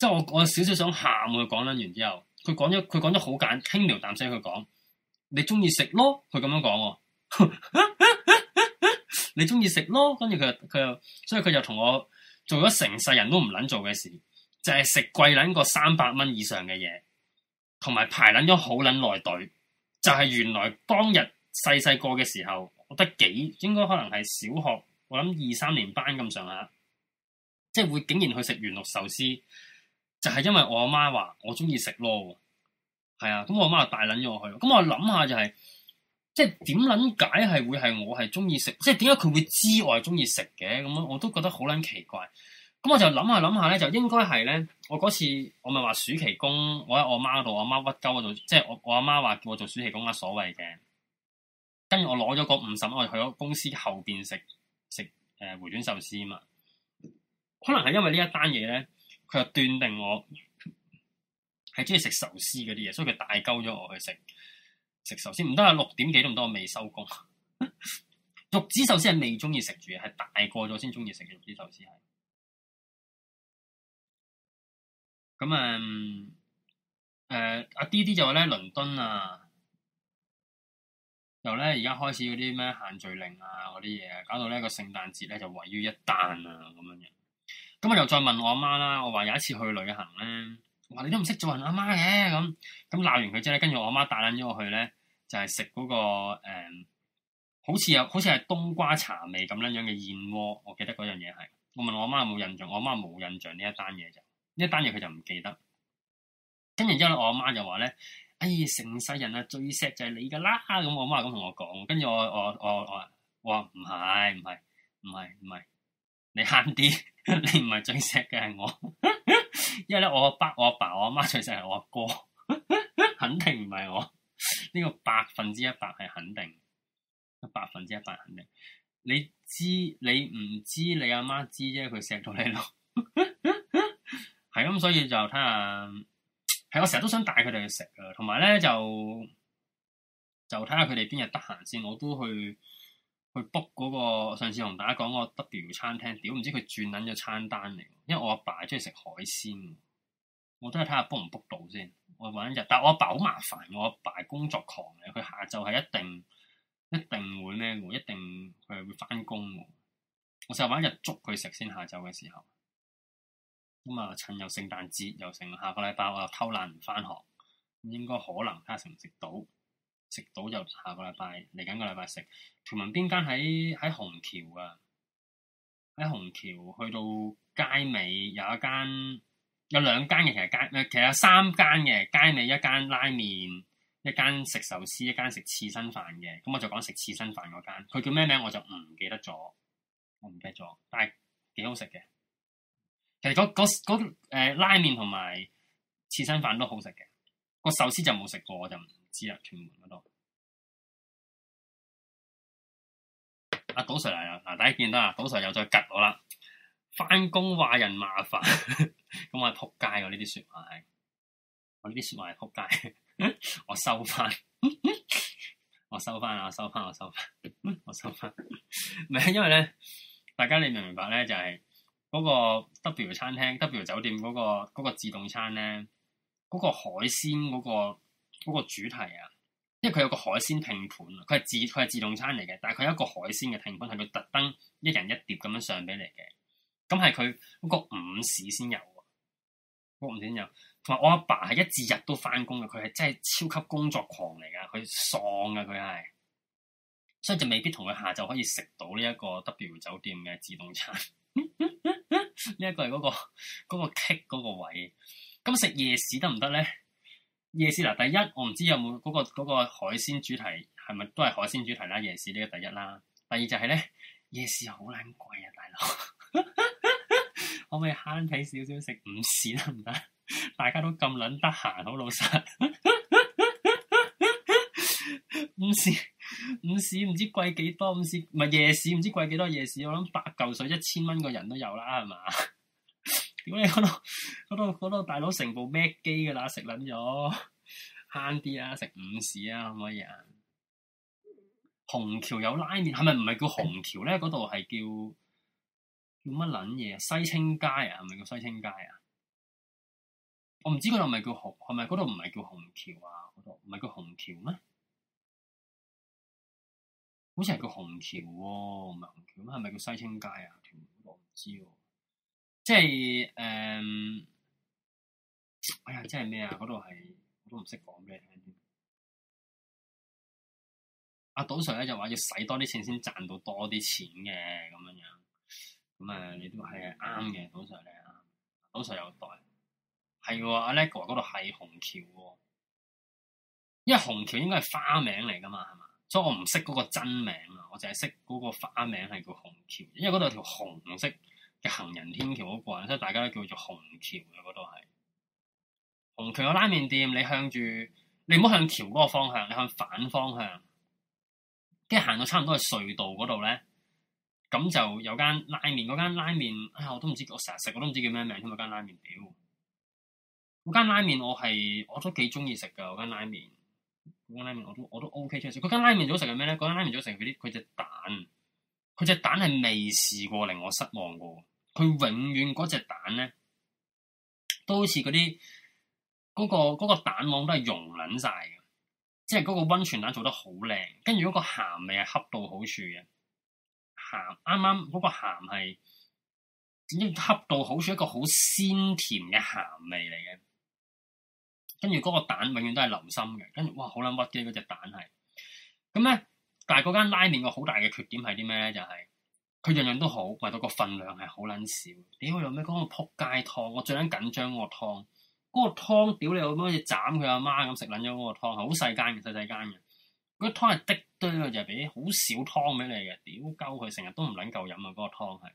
即係我我少少想喊佢講捻完之後，佢講咗佢講咗好簡輕描淡寫佢講，你中意食咯，佢咁樣講， 你中意食咯，跟住佢佢又所以佢又同我做咗成世人都唔捻做嘅事，就係、是、食貴捻個三百蚊以上嘅嘢，同埋排捻咗好捻耐隊，就係、是、原來當日細細個嘅時候，我得幾應該可能係小學，我諗二三年班咁上下，即係會竟然去食元祿壽司。就係因為我阿媽話我中意食咯，係啊，咁我阿媽就帶捻咗我去。咁我諗下就係，即係點捻解係會係我係中意食，即係點解佢會知係我中意食嘅？咁我都覺得好捻奇怪。咁我就諗下諗下咧，就應該係咧，我嗰次我咪話暑期工，我喺我阿媽度，我阿媽屈鳩我做，即係我我阿媽話叫我做暑期工啊，所謂嘅。跟住我攞咗嗰五十蚊去咗公司後邊食食誒回轉壽司啊嘛，可能係因為呢一單嘢咧。佢又斷定我係中意食壽司嗰啲嘢，所以佢大鳩咗我去食食壽司。唔得啊，六點幾都唔多，我未收工。肉 子壽司係未中意食住，係大個咗先中意食嘅肉子壽司係。咁啊誒阿 D D 就話咧，倫敦啊，由咧而家開始嗰啲咩限聚令啊嗰啲嘢啊，搞到咧個聖誕節咧就毀於一彈啊咁樣樣。咁我又再問我阿媽啦，我話有一次去旅行咧，話你都唔識做人阿媽嘅咁，咁鬧完佢之後咧，跟住我阿媽帶撚咗我去咧，就係食嗰個、嗯、好似有好似係冬瓜茶味咁樣樣嘅燕窩，我記得嗰樣嘢係。我問我阿媽有冇印象，我阿媽冇印象呢一單嘢就，呢一單嘢佢就唔記得。跟住之後我阿媽就話咧，哎，成世人啊最錫就係你㗎啦，咁我媽咁同我講。跟住我我我我話唔係唔係唔係唔係。你慳啲， 你唔係最錫嘅係我， 因為咧我阿爸、爸、我阿爸、爸、我阿媽最錫係我阿哥， 肯定唔係我，呢 個百分之一百係肯定，百分之一百肯定。你知你唔知你阿媽知，啫，佢錫到你咯，係咁，所以就睇下，係我成日都想帶佢哋去食啊，同埋咧就就睇下佢哋邊日得閒先，我都去。去 book 嗰個上次同大家講個 W 餐廳，屌唔知佢轉撚咗餐單嚟。因為我阿爸中意食海鮮，我都係睇下 book 唔 book 到先。我玩一日，但我阿爸好麻煩，我阿爸，爸工作狂嘅，佢下晝係一定一定會呢，一定佢會翻工。我成日玩一日捉佢食先，下晝嘅時候。咁、嗯、啊，趁又聖誕節又剩，下個禮拜我又偷懶唔翻學，應該可能睇下食唔食到。食到就下個禮拜嚟緊個禮拜食，屯門邊間喺喺紅橋啊？喺紅橋去到街尾有一間，有兩間嘅，其實街唔係其實有三間嘅，街尾一間拉麵，一間食壽司，一間食刺身飯嘅。咁我就講食刺身飯嗰間，佢叫咩名我就唔記得咗，我唔記得咗，但係幾好食嘅。其實嗰拉麵同埋刺身飯都好食嘅，個壽司就冇食過我就。知啦，屯門度。阿賭 Sir 啊，嗱大家見到啦，賭 Sir 又再吉我啦。翻工話人麻煩，咁我係仆街喎！呢啲説話係，我呢啲説話係仆街。我收翻，我收翻啊，收翻，我收翻，我收翻。唔係，因為咧，大家你明唔明白咧？就係、是、嗰個 W 餐廳、W 酒店嗰、那個那個自動餐咧，嗰、那個海鮮嗰、那個。嗰個主題啊，因為佢有個海鮮拼盤啊，佢係自佢係自動餐嚟嘅，但係佢有一個海鮮嘅拼盤係佢特登一人一碟咁樣上俾你嘅，咁係佢嗰個午市先有啊，嗰、嗰個、午市先有。同埋我阿爸係一至日都翻工嘅，佢係真係超級工作狂嚟噶，佢喪啊佢係，所以就未必同佢下晝可以食到呢一個 W 酒店嘅自動餐。呢 一、嗰個係嗰、嗰個嗰個 kick 嗰個位，咁食夜市得唔得咧？夜市嗱，第一我唔知有冇嗰、嗰個、嗰個海鮮主題係咪都係海鮮主題啦？夜市呢個第一啦。第二就係咧，夜市好撚貴啊，大佬，可 唔可以慳睇少少食午市得唔得？大家都咁撚得閒，好老實。午 市午市唔知貴幾多，午市唔係夜市唔知貴幾多。夜市，夜市我諗八嚿水一千蚊個人都有啦，係嘛？如果你嗰度度度大佬成部 Mac 機噶啦，食撚咗慳啲啊，食午市啊，可唔可以啊？紅橋有拉麵，係咪唔係叫紅橋咧？嗰度係叫叫乜撚嘢西青街啊，係咪叫西青街啊？我唔知嗰度係咪叫紅，係咪嗰度唔係叫紅橋啊？嗰度唔係叫紅橋咩？好似係叫紅橋喎、啊，唔係紅橋咩、啊？係咪叫西青街啊？嗰度唔知喎、啊。即係誒、嗯，哎呀，即係咩啊？嗰度係我都唔識講俾你聽。阿賭 Sir 咧就話要使多啲錢先賺到多啲錢嘅咁樣樣。咁啊、嗯，你都個係啱嘅，賭 Sir 你啱，賭 Sir 有袋，係喎。阿叻哥嗰度係紅橋喎，因為紅橋應該係花名嚟噶嘛，係嘛？所以我唔識嗰個真名啊，我淨係識嗰個花名係叫紅橋，因為嗰度有條紅色。行人天橋嗰個人，所以大家都叫做橋都紅橋嘅。嗰度係紅橋嘅拉麵店。你向住，你唔好向橋嗰個方向，你向反方向，跟住行到差唔多係隧道嗰度咧，咁就有間拉麵，嗰間拉麵啊，我都唔知，我成日食我都唔知叫咩名添。嗰間拉麵，屌，嗰間拉麵我係我都幾中意食㗎。嗰間拉麵，嗰間拉麵我都我都 OK 出嚟食。嗰間拉麵最好食係咩咧？嗰間拉麵最好食佢啲佢隻蛋，佢隻蛋係未試過令我失望過。佢永遠嗰隻蛋咧，都好似嗰啲嗰個蛋黃都係溶撚晒嘅，即係嗰個温泉蛋做得好靚，跟住嗰個鹹味係恰到好處嘅鹹，啱啱嗰個鹹係一恰到好處一個好鮮甜嘅鹹味嚟嘅，跟住嗰個蛋永遠都係流心嘅，跟住哇好撚屈嘅嗰隻蛋係，咁咧，但係嗰間拉麵個好大嘅缺點係啲咩咧？就係、是。佢樣樣都好，唯獨個份量係好撚少。屌佢有咩講？我仆街湯，我最緊緊張個湯，嗰、那個湯屌、那個、好似斬佢阿媽咁食撚咗嗰個湯，好細間嘅，細細間嘅。嗰湯係滴堆嘅，就俾好少湯俾你嘅。屌鳩佢成日都唔撚夠飲啊！嗰、那個湯係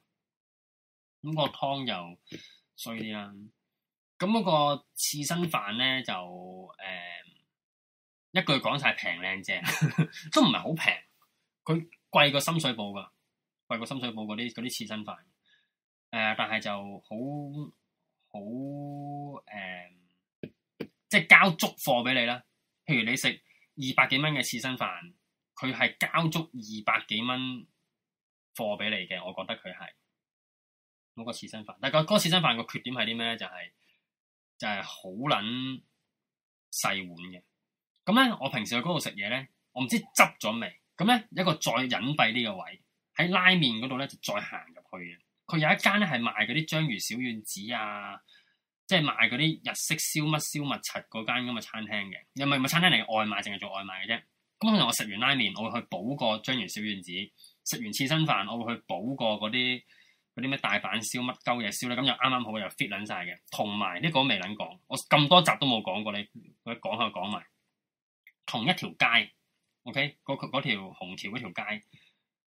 咁個湯又衰啲啦。咁、那、嗰個刺身飯呢就誒、呃，一句講晒平靚正， 都唔係好平，佢貴過深水埗㗎。為個深水埗嗰啲啲刺身飯，誒、呃，但係就好好誒，即係交足貨俾你啦。譬如你食二百幾蚊嘅刺身飯，佢係交足二百幾蚊貨俾你嘅，我覺得佢係嗰個刺身飯。但係嗰個刺身飯個缺點係啲咩？就係、是、就係好捻細碗嘅。咁咧，我平時去嗰度食嘢咧，我唔知執咗未。咁咧，一個再隱蔽啲嘅位。喺拉麵嗰度咧，就再行入去嘅。佢有一間咧，係賣嗰啲章魚小丸子啊，即係賣嗰啲日式燒乜燒物柒嗰間咁嘅餐廳嘅。又唔係咪餐廳嚟，外賣淨係做外賣嘅啫。咁可能我食完拉麵，我會去補個章魚小丸子；食完刺身飯，我會去補個嗰啲啲咩大阪燒乜鳩嘢燒咧。咁就啱啱好又 fit 撚晒嘅。同埋呢個未撚講，我咁多集都冇講過你，我講下講埋。同一條街，OK，嗰嗰條紅橋嗰條街。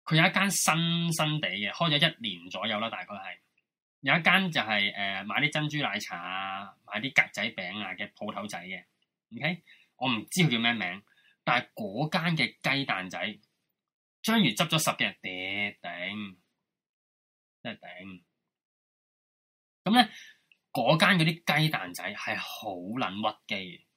佢有一間新新地嘅，開咗一年左右啦，大概係有一間就係、是、誒、呃、買啲珍珠奶茶、買啲格仔餅啊嘅鋪頭仔嘅，OK，我唔知佢叫咩名，但係嗰間嘅雞蛋仔，章魚執咗十幾日，頂，真係頂，咁咧嗰間嗰啲雞蛋仔係好撚屈機。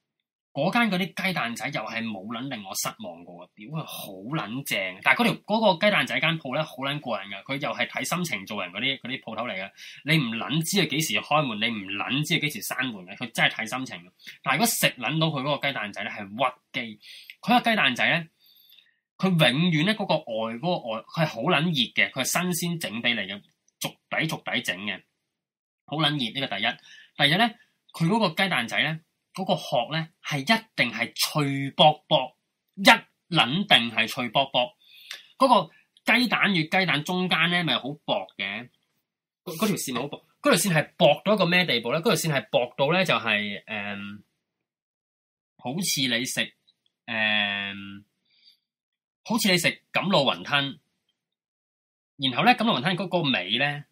嗰間嗰啲雞蛋仔又係冇撚令我失望過，屌佢好撚正。但係嗰條嗰個雞蛋仔間鋪咧，好撚過癮噶。佢又係睇心情做人嗰啲嗰啲鋪頭嚟嘅。你唔撚知佢幾時開門，你唔撚知佢幾時閂門嘅。佢真係睇心情。但係如果食撚到佢嗰個雞蛋仔咧，係屈機。佢個雞蛋仔咧，佢永遠咧嗰個外嗰個外，佢係好撚熱嘅。佢係新鮮整俾嚟嘅，逐底逐底整嘅，好撚熱，呢個第一。第二咧，佢嗰個雞蛋仔咧。嗰個殼咧係一定係脆卜卜，一撚定係脆卜卜。嗰、那個雞蛋與雞蛋中間咧，咪好薄嘅。嗰嗰條線好薄，嗰條線係薄到一個咩地步咧？嗰條線係薄到咧就係、是、誒、嗯，好似你食誒、嗯，好似你食錦鹵雲吞，然後咧錦鹵雲吞嗰、那個尾咧，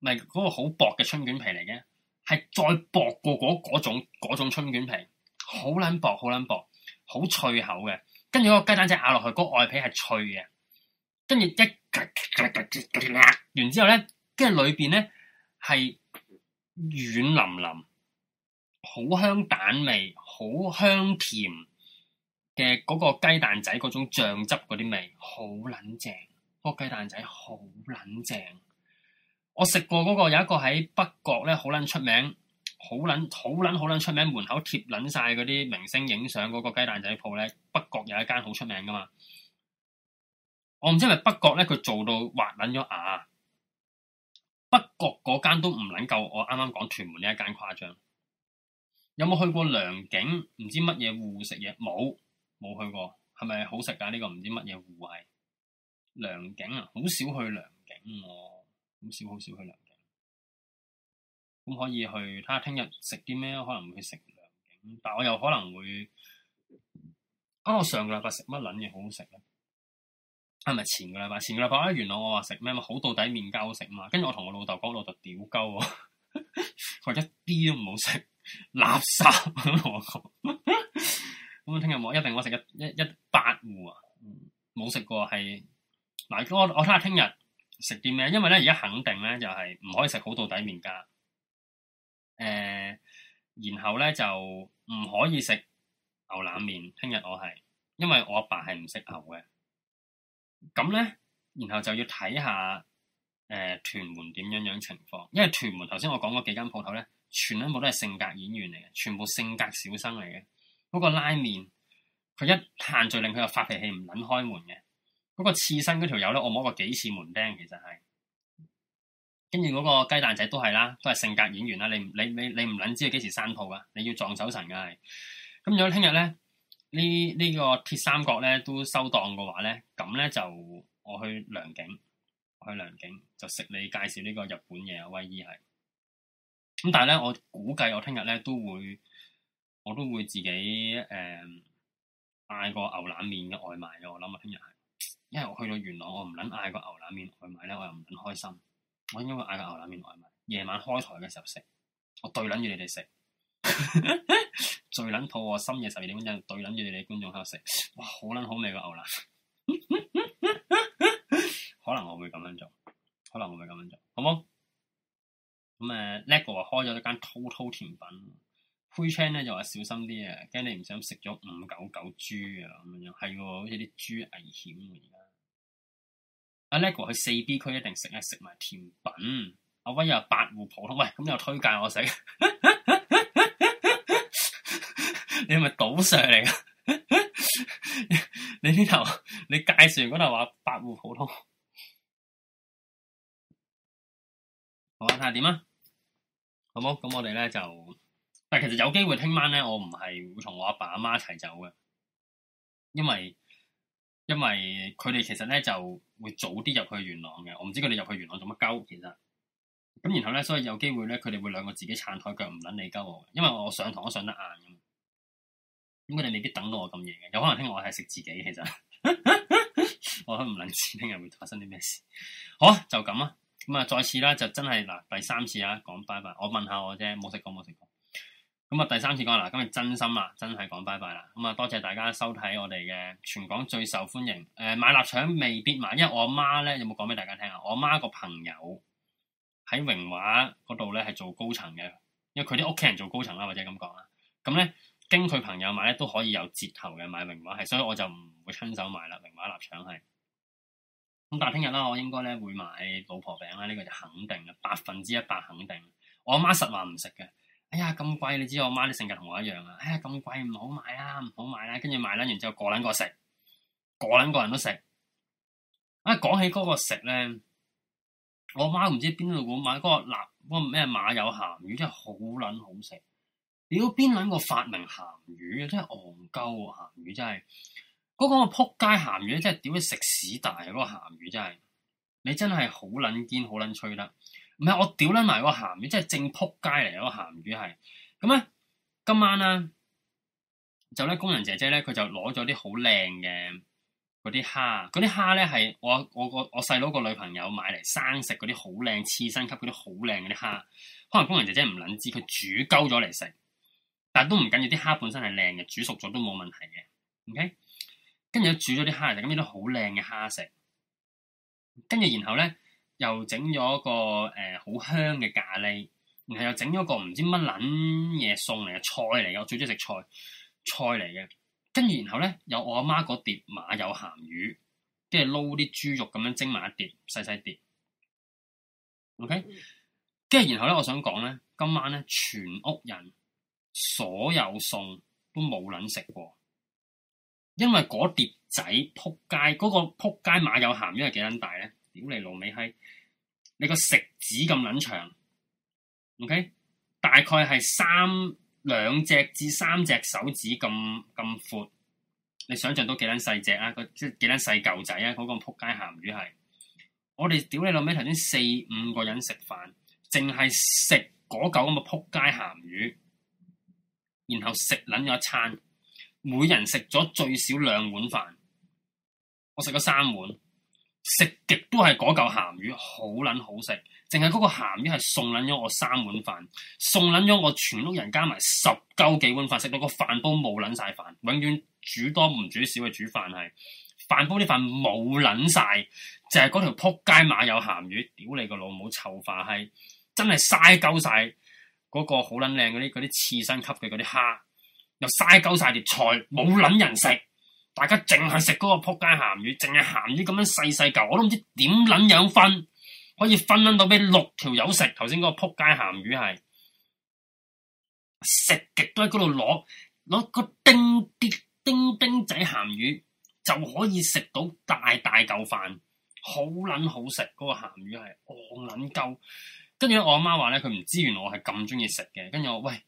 咪嗰個好薄嘅春卷皮嚟嘅。係再薄過嗰嗰種種春卷皮，好撚薄，好撚薄，好脆口嘅。跟住個雞蛋仔咬落去，嗰、那個、外皮係脆嘅。跟住一，完之後咧，跟住裏邊咧係軟腍腍，好香蛋味，好香甜嘅嗰個雞蛋仔嗰種醬汁嗰啲味，好撚正，個雞蛋仔好撚正。我食過嗰個有一個喺北角咧，好捻出名，好捻好捻好捻出名，門口貼捻晒嗰啲明星影相嗰個雞蛋仔鋪咧，北角有一間好出名噶嘛。我唔知係咪北角咧，佢做到滑捻咗牙。北角嗰間都唔捻夠，我啱啱講屯門呢一間誇張。有冇去過良景？唔知乜嘢戶食嘢冇冇去過？係咪好食噶？呢個唔知乜嘢戶係良景啊？好少去良景我。好少好少去南景，咁可以去睇下。聽日食啲咩？可能會去食南景，但我又可能會，啊、哦！我上個禮拜食乜撚嘢好好食咧？啊，係咪前個禮拜，前個禮拜啊！原來我話食咩嘛？好到底面膠食嘛？跟住我同我老豆講，老豆屌鳩我，佢 話一啲都唔好食，垃圾咁 我講。咁啊，聽日我一定我食一一一八戶啊，冇、嗯、食過係嗱，我我睇下聽日。食啲咩？因為咧，而家肯定咧，就係、是、唔可以食好到底麵噶。誒、呃，然後咧就唔可以食牛腩麵。聽日我係，因為我阿爸係唔食牛嘅。咁咧，然後就要睇下誒、呃、屯門點樣樣情況。因為屯門頭先我講嗰幾間鋪頭咧，全部都係性格演員嚟嘅，全部性格小生嚟嘅。嗰、那個拉麵，佢一限聚令，佢又發脾氣，唔撚開門嘅。嗰個刺身嗰條友咧，我摸過幾次門釘，其實係跟住嗰個雞蛋仔都係啦，都係性格演員啦。你你你你唔捻知佢幾時生套啊？你要撞手神噶係咁。如果聽日咧呢呢、呢個鐵三角咧都收檔嘅話咧，咁咧就我去良景，我去良景就食你介紹呢個日本嘢啊威姨係咁。但係咧，我估計我聽日咧都會，我都會自己誒嗌、呃、個牛腩麵嘅外賣嘅。我諗啊，聽日係。因為我去到元朗，我唔捻嗌個牛腩麵去買咧，我又唔捻開心。我應該會嗌個牛腩麵外賣，夜晚開台嘅時候食，我對捻住你哋食， 最捻肚。我深夜十二點嗰陣對捻住你哋觀眾喺度食，哇好捻好味個牛腩。 可能我會咁樣做，可能我會咁樣做，好冇？咁誒叻哥話開咗一間滔滔甜品，灰窗咧就話小心啲啊，驚你唔想食咗五九九豬啊咁樣，係好似啲豬危險啊而家。阿叻哥去四 B 區一定食咧，食埋甜品，阿威又話八戶普通喂，咁又推介我食，你係咪賭 Sir 嚟㗎？你呢頭你介紹完嗰頭話八戶普通，我睇下點啊？好冇？咁我哋咧就，但其實有機會聽晚咧，我唔係會同我阿爸阿媽一齊走嘅，因為。因為佢哋其實咧就會早啲入去元朗嘅，我唔知佢哋入去元朗做乜鳩。其實咁然後咧，所以有機會咧，佢哋會兩個自己撐枱腳，唔捻你鳩我。因為我上堂都上得晏，咁佢哋未必等到我咁夜嘅，有可能聽我係食自己。其實 我唔捻知聽日會發生啲咩事。好就咁啦。咁啊，再次啦，就真係嗱第三次啊，講拜拜。我問下我啫，冇食講冇食講。咁啊，第三次講啦，今日真心啦，真係講拜拜啦。咁啊，多謝大家收睇我哋嘅全港最受歡迎誒、呃、買臘腸未必買，因為我媽咧有冇講俾大家聽啊？我媽個朋友喺榮華嗰度咧係做高層嘅，因為佢啲屋企人做高層啦，或者咁講啦。咁咧，經佢朋友買咧都可以有折頭嘅買榮華係，所以我就唔會親手買啦。榮華臘腸係咁，但係聽日啦，我應該咧會買老婆餅啦。呢個就肯定嘅，百分之一百肯定。我阿媽實話唔食嘅。哎呀咁貴，你知我阿媽啲性格同我一樣啊！哎呀咁貴唔好買啦，唔好買啦，跟住買啦，完之後個撚個食，個撚個人都食。啊，講起嗰個食咧，我阿媽唔知邊度買嗰個瀨嗰個咩馬友鹹魚，真係好卵好食。屌邊卵個發明鹹魚啊！真係戇鳩啊，鹹魚真係嗰個撲街鹹魚，真係屌你食屎大啊！嗰個鹹魚真係，你真係好卵堅，好卵脆啦。唔係我屌捻埋個鹹魚，即係正仆街嚟，嗰個鹹魚係咁咧。今晚咧就咧工人姐姐咧，佢就攞咗啲好靚嘅嗰啲蝦，嗰啲蝦咧係我我我我細佬個女朋友買嚟生食嗰啲好靚刺身級嗰啲好靚嗰啲蝦。可能工人姐姐唔捻知，佢煮鳩咗嚟食，但係都唔緊要，啲蝦本身係靚嘅，煮熟咗都冇問題嘅。OK，跟住煮咗啲蝦就咁咧，啲好靚嘅蝦食。跟住然後咧。又整咗個誒好，呃、香嘅咖喱，然後又整咗個唔知乜撚嘢餸嚟嘅菜嚟嘅，我最中意食菜菜嚟嘅。跟住然後咧有我阿媽嗰碟馬友鹹魚，跟住撈啲豬肉咁樣蒸埋一碟細細碟。OK，跟住然後咧我想講咧今晚咧全屋人所有餸都冇撚食過，因為嗰碟仔撲街嗰，嗰個撲街馬友鹹魚係幾撚大咧？屌你老味閪！你個食指咁撚長，OK？大概係三兩隻至三隻手指咁咁闊，你想象都幾撚細隻啊？個即幾撚細舊仔啊？嗰個撲街鹹魚係，我哋屌你老味。頭先四五個人食飯，淨係食嗰嚿咁嘅撲街鹹魚，然後食撚咗一餐，每人食咗最少兩碗飯，我食咗三碗。食極都係嗰嚿鹹魚，好捻好食，淨係嗰個鹹魚係送撚咗我三碗飯，送撚咗我全屋人加埋十鳩幾碗飯，食到個飯煲冇捻晒飯，永遠煮多唔煮少嘅煮飯係，飯煲啲飯冇捻晒，淨係嗰條撲街馬有鹹魚，屌你個老母臭化閪，真係嘥鳩晒嗰個好捻靚嗰啲啲刺身級嘅嗰啲蝦，又嘥鳩晒碟菜，冇捻人食。大家淨係食嗰個仆街鹹魚，淨係鹹魚咁樣細細嚿，我都唔知點捻樣分，可以分捻到俾六條友食。頭先嗰個仆街鹹魚係食極都喺嗰度攞，攞個丁啲丁丁仔鹹魚就可以食到大大嚿飯，好捻好食。嗰個鹹魚係戇捻鳩。跟住我阿媽話咧，佢唔知原來我係咁鍾意食嘅。跟住我喂。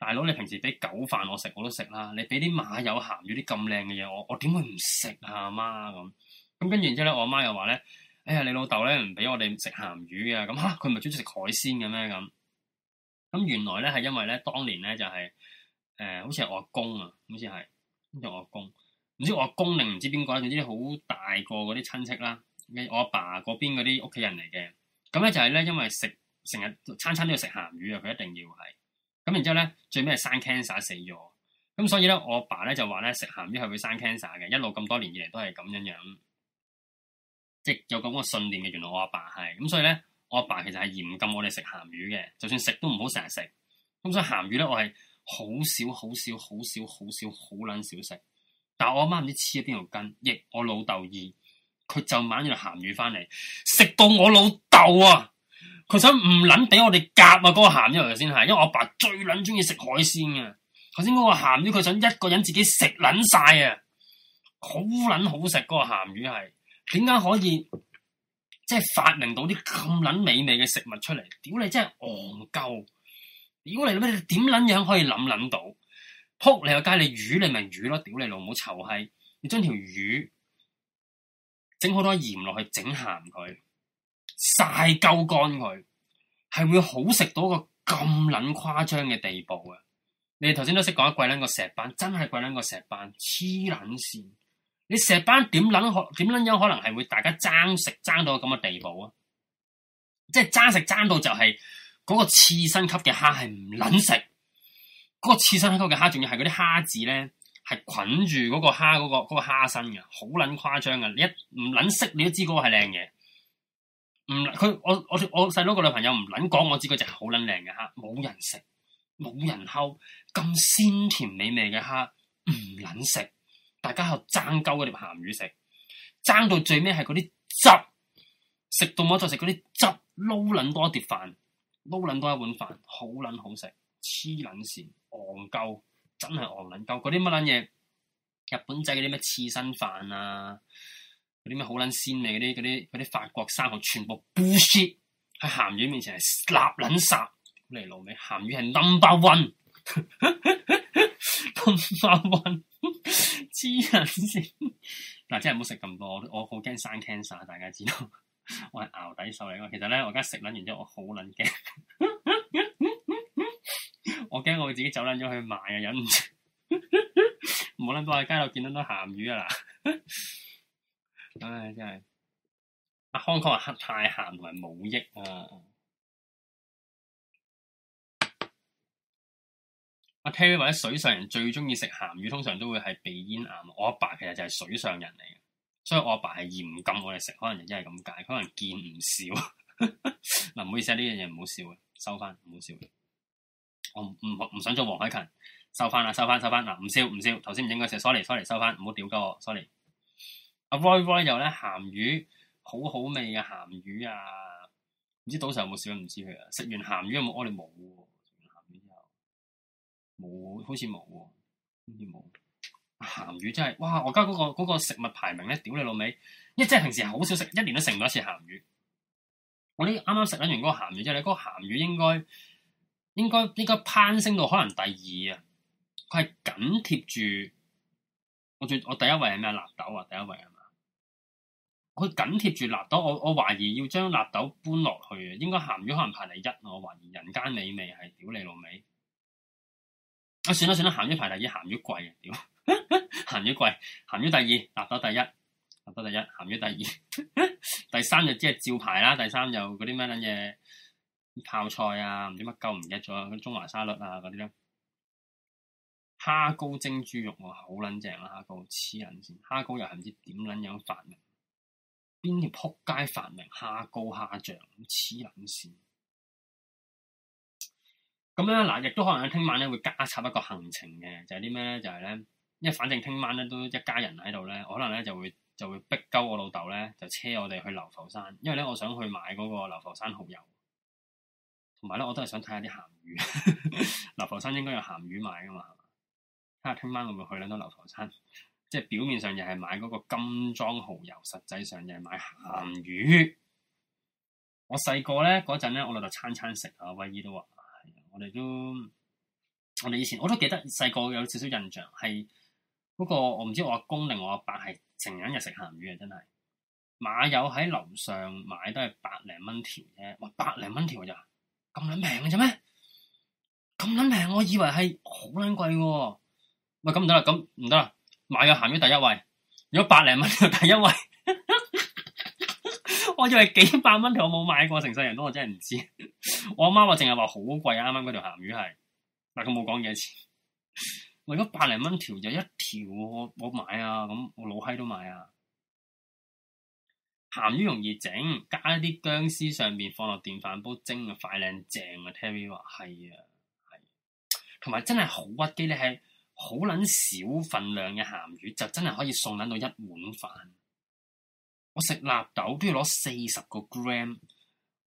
大佬，你平時俾狗飯我食，我都食啦。你俾啲馬友鹹魚啲咁靚嘅嘢，我我點會唔食啊？阿媽咁咁跟住，然之後咧，我阿媽又話咧，哎呀，你老豆咧唔俾我哋食鹹魚啊。啊」咁嚇佢咪中意食海鮮嘅咩？咁咁原來咧係因為咧，當年咧就係、是、誒、呃，好似係我阿公啊，好似係跟住我阿公，唔知我阿公定唔知邊個啦，總之好大個嗰啲親戚啦，我阿爸嗰邊嗰啲屋企人嚟嘅。咁咧就係、是、咧，因為食成日餐餐都要食鹹魚啊，佢一定要係。咁然之後咧，最尾係生 cancer 死咗。咁所以咧，我阿爸咧就話咧食鹹魚係會生 cancer 嘅。一路咁多年以嚟都係咁樣樣，即有咁嘅信念嘅。原來我阿爸係咁，所以咧我阿爸，爸其實係嚴禁我哋食鹹魚嘅。就算食都唔好成日食。咁、嗯、所以鹹魚咧，我係好少、好少、好少、好少、好撚少食。但係我阿媽唔知黐咗邊條筋，逆我老豆意，佢就買咗條鹹魚翻嚟食到我老豆啊！佢想唔撚俾我哋夾啊！嗰個鹹魚嚟先係，因為我阿爸最撚中意食海鮮啊。頭先嗰個鹹魚，佢想一個人自己食撚晒啊！好撚好食嗰個鹹魚，係點解可以即係發明到啲咁撚美味嘅食物出嚟？屌你真係戇鳩！如果你諗你點撚樣可以諗撚到？仆你個街！你魚你咪魚咯！屌你老母臭閪！你將條魚整好多鹽落去整鹹佢。曬夠乾佢，係會好食到一個咁撚誇張嘅地步啊！你頭先都識講啊，貴撚個石斑真係貴撚個石斑，黐撚線！你石斑點撚可點撚樣可能係會大家爭食爭到咁嘅地步啊！即係爭食爭到就係、是、嗰、那個刺身級嘅蝦係唔撚食，嗰、那個刺身級嘅蝦仲要係嗰啲蝦子咧係捆住嗰個蝦、那個個蝦身嘅，好撚誇張啊，你一唔撚識你都知嗰個係靚嘢。唔佢，我我我細佬個女朋友唔撚講，我知嗰隻好撚靚嘅蝦，冇人食，冇人烤，咁鮮甜美味嘅蝦唔撚食，大家又爭鳩嗰碟鹹魚食，爭到最尾係嗰啲汁，食到我再食嗰啲汁撈撚多一碟飯，撈撚多一碗飯，好撚好食，黐撚線，戇鳩，真係戇撚鳩，嗰啲乜撚嘢，日本仔嗰啲咩刺身飯啊～啲咩好撚鮮味嗰啲啲啲法國生蠔，全部 bullshit 喺鹹魚面前係立撚殺嚟路尾，鹹魚係 number one，number one，黐人線。嗱、啊，真係唔好食咁多，我，我好驚生 cancer，大家知道。 我係熬底手嚟，其實咧我而家食撚完之後，我好撚驚， 我驚我自己走撚咗去買啊，忍唔住，冇撚都喺街度見到多鹹魚啊啦～唉、哎，真係阿康哥話黑太鹹同埋冇益啊！阿 Taylor 或者水上人最中意食鹹魚，通常都會係鼻咽癌。我阿爸，爸其實就係水上人嚟嘅，所以我阿爸係嚴禁我哋食，可能就係咁解，可能見唔少嗱。唔、啊、好意思啊，呢樣嘢唔好笑嘅，收翻唔好笑。我唔唔唔想做黃海芹。收翻啦，收翻收翻嗱，唔笑唔笑，頭先唔應該食，sorry sorry，收翻唔好屌鳩我，sorry。阿 Roy，Roy 又咧鹹魚，好好味啊！鹹魚啊，唔知到時有冇試唔知佢啊。食完鹹魚有冇？我哋冇喎，鹹魚之後冇，好似冇喎，好似冇。鹹魚真係，哇！我家嗰個嗰個食物排名咧，屌你老味！一即係平時好少食，一年都食唔到一次鹹魚。我啲啱啱食緊完嗰個鹹魚之後咧，嗰個鹹魚應該應該應該應該攀升到可能第二啊，佢係緊貼住我最我第一位係咩？納豆啊，第一位係咩？佢緊貼住納豆，我我懷疑要將納豆搬落去啊。應該鹹魚可能排第一，我懷疑人間美味係屌你老味，啊！算啦算啦，鹹魚排第二，鹹魚貴啊，屌鹹 魚貴，鹹魚第二，納豆第一，納豆第一，鹹魚第二， 第三就即係照排啦。第三就嗰啲咩捻嘢泡菜啊，唔知乜鳩唔記得咗，嗰啲中華沙律啊嗰啲咧蝦膏蒸豬肉喎好捻正啦，蝦膏黐人先，蝦膏又係唔知點捻樣發明。邊條撲街繁榮蝦高蝦脹咁黐捻線，咁咧嗱，亦都可能喺聽晚咧會加插一個行程嘅，就係啲咩咧，就係、是、咧，因為反正聽晚咧都一家人喺度咧，我可能咧就會就會逼鳩我老豆咧就車我哋去流浮山，因為咧我想去買嗰個流浮山蠔油，同埋咧我都係想睇下啲鹹魚，流 浮山應該有鹹魚買噶嘛，睇下聽晚會唔會去咧到流浮山。即係表面上又係買嗰個金裝蠔油，實際上又係買鹹魚。嗯、我細個咧嗰陣咧，我老豆餐餐食啊，威姨都話：係啊，我哋都我哋以前我都記得細個有少少印象係嗰、嗰個。我唔知我阿公定我阿伯係成日日食鹹魚啊！真係馬友喺樓上買都係百零蚊條啫，哇！百零蚊條咋咁撚平嘅啫咩？咁撚平，我以為係好撚貴喎。喂，咁唔得啦，咁唔得啦。買個鹹魚第一位，如果百零蚊條第一位， 我以為幾百蚊條我冇買過，成世人都我真係唔知。 我阿媽話淨係話好貴啊，啱啱嗰條鹹魚係，但佢冇講幾多錢。我 如果百零蚊條就一條，我我買啊，咁我老閪都買啊。鹹魚容易整，加一啲薑絲上面放落電飯煲蒸，快正啊，快靚正啊，Terry 話係啊，係，同埋真係好屈機，你係。好撚少份量嘅鹹魚就真係可以送撚到一碗飯。我食納豆都要攞四十個 gram，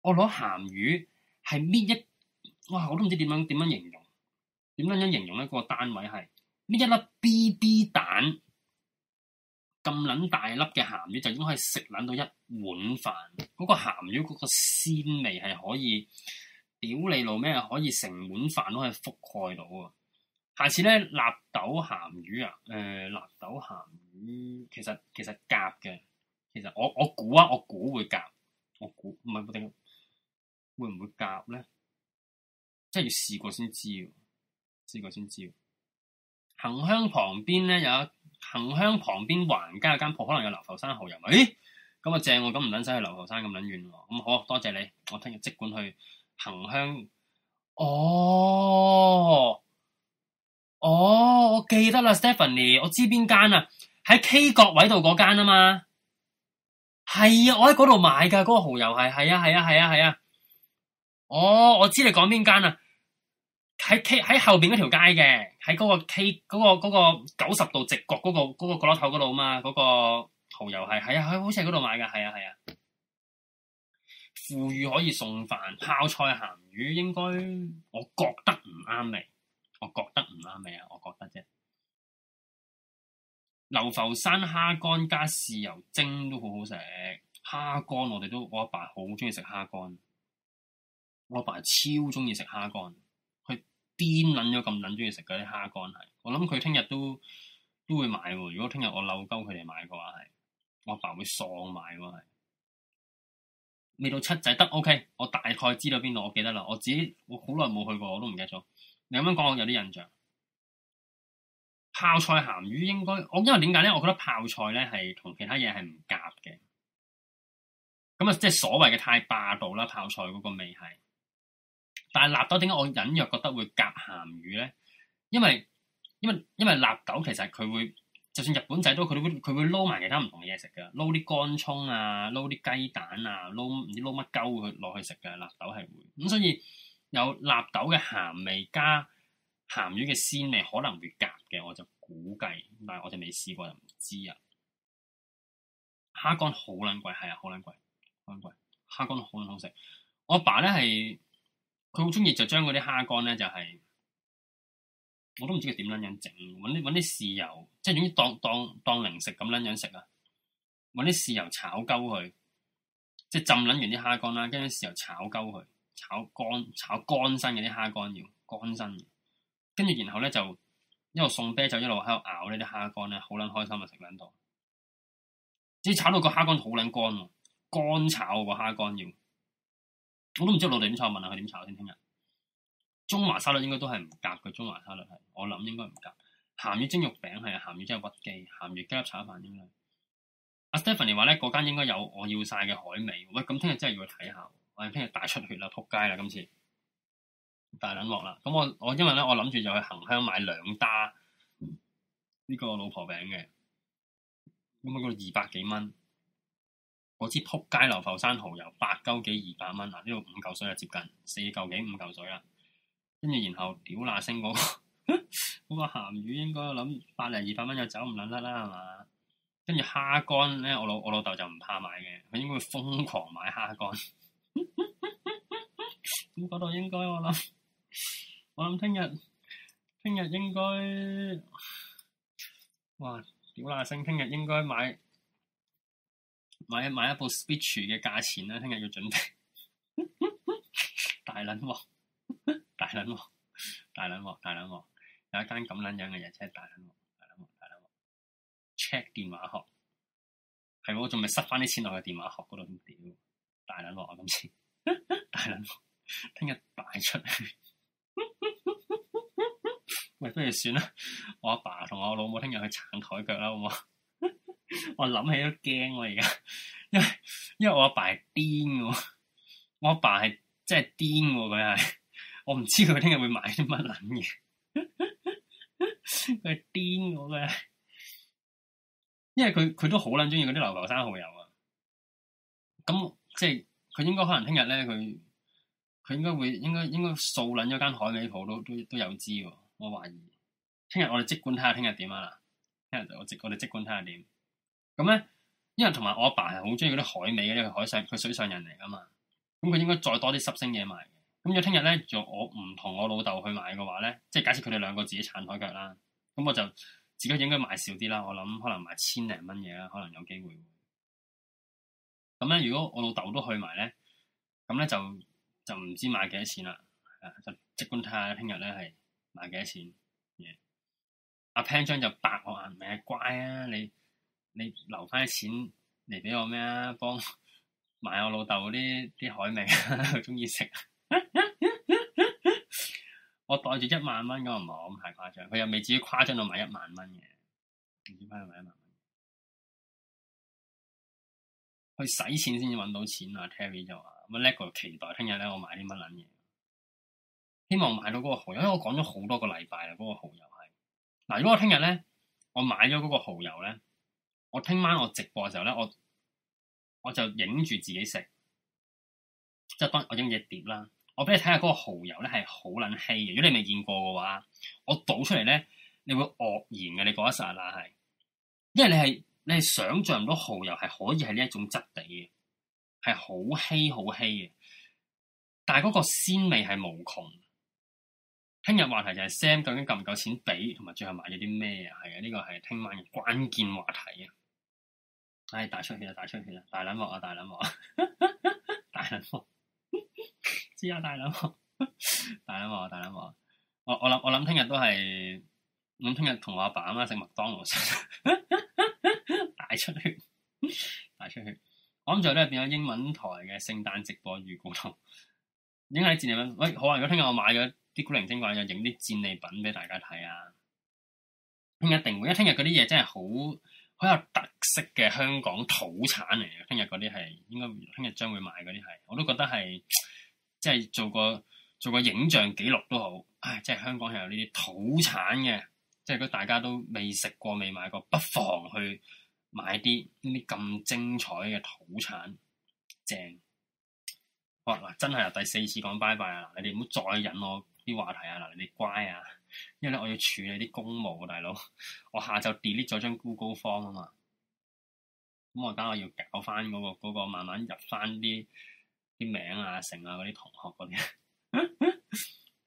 我攞鹹魚係搣一哇，我都唔知點樣點樣形容點撚樣形容咧。嗰個單位係搣一粒 B B 蛋咁撚大粒嘅鹹魚就已經可以食撚到一碗飯。嗰個鹹魚嗰個鮮味係可以屌你老味，可以成碗飯都可以覆蓋到啊！下次咧，納豆鹹魚啊，誒、呃，納豆鹹魚，其實其實夾嘅，其實我我估啊，我估會夾，我估唔係我定會唔會夾咧，即係要試過先知，試過先知。恒香旁邊咧，有恒香旁邊橫街一間鋪，可能有流浮山蚝油，哎，咁啊正喎，咁唔撚使去流浮山咁撚遠，咁好、啊，多謝你，我聽日即管去恒香，哦。哦，oh, 我記得啦，Stephanie，我知邊間啊？喺 K 角位度嗰間啊嘛，係啊，我喺嗰度買噶，嗰、那個蠔油係，係啊，係啊，係啊，係啊。哦、oh，我知你講邊間啊？喺 K 喺後邊嗰條街嘅，喺嗰個 K 嗰、那個、那個九十度直角嗰、那個、那個角落頭嗰度啊嘛，嗰、那個蠔油係，係啊，喺好似喺嗰度買噶，係啊，係啊。腐乳、啊、可以送飯，泡菜鹹魚，應該我覺得唔啱味。我覺得唔啱味啊！我覺得啫。流浮山蝦乾加豉油蒸都好好食。蝦乾我哋都我阿爸好中意食蝦乾。我阿爸，爸，爸，爸超中意食蝦乾，佢癲撚咗咁撚中意食嗰啲蝦乾係。我諗佢聽日都都會買喎。如果聽日我漏鳩佢哋買嘅話係，我阿爸，爸會喪買喎係。未到七仔就係得 OK。我大概知道邊度，我記得啦。我自己我好耐冇去過，我都唔記得咗。你咁樣講，我有啲印象。泡菜鹹魚應該我因為點解咧？我覺得泡菜咧係同其他嘢係唔夾嘅。咁啊，即係所謂嘅太霸道啦！泡菜嗰個味係，但係納豆點解我隱約覺得會夾鹹魚咧？因為因為因為納豆其實佢會，就算日本仔都，佢會佢會撈埋其他唔同嘅嘢食㗎，撈啲乾葱啊，撈啲雞蛋啊，撈唔知撈乜鳩去落去食嘅。納豆係會咁，所以。有納豆嘅鹹味加鹹魚嘅鮮味，可能會夾嘅，我就估計，但係我就未試過就唔知啊。蝦乾好撚貴，係啊，好撚貴，好撚貴。蝦乾好撚好食。我阿爸咧係佢好中意就將嗰啲蝦乾咧就係我都唔知佢點撚樣整，揾啲啲豉油，即係總之當當當零食咁撚樣食啊，揾啲豉油炒鳩佢，即係浸撚完啲蝦乾啦，跟住豉油炒鳩佢。炒乾炒乾身嘅啲蝦乾要乾身嘅，跟住然後咧就一路送啤酒，一路喺度咬呢啲蝦乾咧，好捻開心啊！食兩度，即係炒到個蝦乾好捻乾，乾炒個蝦乾要，我都唔知道老哋點炒，問下佢點炒先聽日。中華沙律應該都係唔夾嘅，中華沙律係我諗應該唔夾。鹹魚蒸肉餅，係啊，鹹魚即係屈記鹹魚雞粒炒飯應該。阿 Stephanie 話咧，嗰間應該有我要晒嘅海味，喂咁聽日真係要去睇下。我係聽日大出血啦，撲街啦！今次大冷落啦。咁我我因為咧，我諗住就去恒香買兩打呢個老婆餅嘅，咁、那個、啊，嗰二百幾蚊。嗰支撲街流浮山蠔油八嚿幾二百蚊啊，呢度五嚿水啊，接近四嚿幾五嚿水啦。跟住然後屌那星嗰、那個嗰 個鹹魚，應該諗百零二百蚊就走唔撚得啦，係嘛？跟住蝦乾咧，我老我老豆就唔怕買嘅，佢應該會瘋狂買蝦乾。咁嗰度應該我諗，我諗聽日聽日應該，哇！屌啦聲，聽日應該買買一買一部 Switch 嘅價錢啦，聽日要準備。 大撚鑊，大撚鑊，大撚鑊，大撚鑊，有一間咁撚樣嘅嘢，真係大撚鑊，大撚鑊，大撚鑊。Check 電話殼，係、哎、我仲未塞翻啲錢落去電話殼嗰度，咁屌！大撚落啊！今次大撚落，聽日擺出去！ 喂，不如算啦。我阿爸同我老母聽日去撐枱腳啦，好唔好？ 我諗起都驚我而家，因為因為我阿爸係癲嘅。我阿爸係真係癲嘅，佢係我唔知佢聽日會買啲乜撚嘢。佢係癲嘅，佢係因為佢佢都好撚鍾意嗰啲流浮山蠔油啊。咁。即係佢應該可能聽日咧，佢佢應該會應該應該掃撚咗間海味鋪都都都有知喎。我懷疑聽日我哋即管睇下聽日點啊喇！聽日就我我哋即管睇下點。咁咧，因為同埋我阿爸係好中意嗰啲海味嘅，因為佢海上佢水上人嚟噶嘛。咁佢應該再多啲濕星嘢賣嘅。咁如果聽日咧，若我唔同我老豆去買嘅話咧，即係假設佢哋兩個自己撐台腳啦。咁我就自己應該買少啲啦。我諗可能買千零蚊嘢啦，可能有機會。咁咧，如果我老豆都去埋咧，咁咧就就唔知買幾多錢啦，就即管睇下聽日咧係買幾多錢。Yeah. 阿 Pan 張就白我啊，唔係乖啊，你你留翻啲錢嚟俾我咩啊？幫我買我老豆啲啲海味，佢中意食。我袋住 一萬蚊咁又唔好，咁太誇張。佢又未至於誇張到買一萬蚊嘅，唔知返去買一萬？去使錢先至揾到錢啊！Terry 就話，咁啊叻期待聽日咧，我買啲乜撚嘢？希望買到嗰個蠔油，因為我講咗好多個禮拜啦，嗰個蠔油係。嗱、啊，如果我聽日咧，我買咗嗰個蠔油咧，我聽晚我直播嘅時候咧，我我就影住自己食，即係當我影隻碟啦。我俾你睇下嗰個蠔油咧係好撚稀嘅。如果你未見過嘅話，我倒出嚟咧，你會愕然嘅。你嗰一剎那係，因為你係。你係想象唔到蠔油係可以係呢一種質地嘅，係好稀好稀嘅，但係嗰個鮮味係無窮。聽日話題就係 Sam 究竟夠唔夠錢俾，同埋最後買咗啲咩啊？係啊，呢、這個係聽晚嘅關鍵話題啊！唉，大出血啊！大出血啊！大撚鑊啊！大撚鑊，大撚鑊，知啊！大撚鑊，大撚鑊啊！大撚鑊， 我我諗我諗聽日都係。咁聽日同我阿爸阿媽食麥當勞， 大出血 大出血。 大出血笑我諗最後都係變咗英文台嘅聖誕直播預告通。影下啲戰利品。喂，好啊！如果聽日我買咗啲古靈精怪嘅，影啲戰利品俾大家睇啊！聽日定會，因為聽日嗰啲嘢真係好好有特色嘅香港土產嚟嘅。聽日嗰啲係應該聽日將會買嗰啲係，我都覺得係即係做個做個影像記錄都好。唉，即係香港係有呢啲土產嘅。即係如果大家都未食過、未買過，不妨去買啲呢啲咁精彩嘅土產，正。好啦，真係第四次講拜拜啊！嗱，你哋唔好再引我啲話題啊！嗱，你哋乖啊，因為咧我要處理啲公務啊，大佬，我下晝 delete 咗張 Google Form 啊嘛。咁我而家我要搞翻、嗰、嗰個嗰、嗰個，慢慢入翻啲啲名啊、成啊嗰啲同學嗰啲。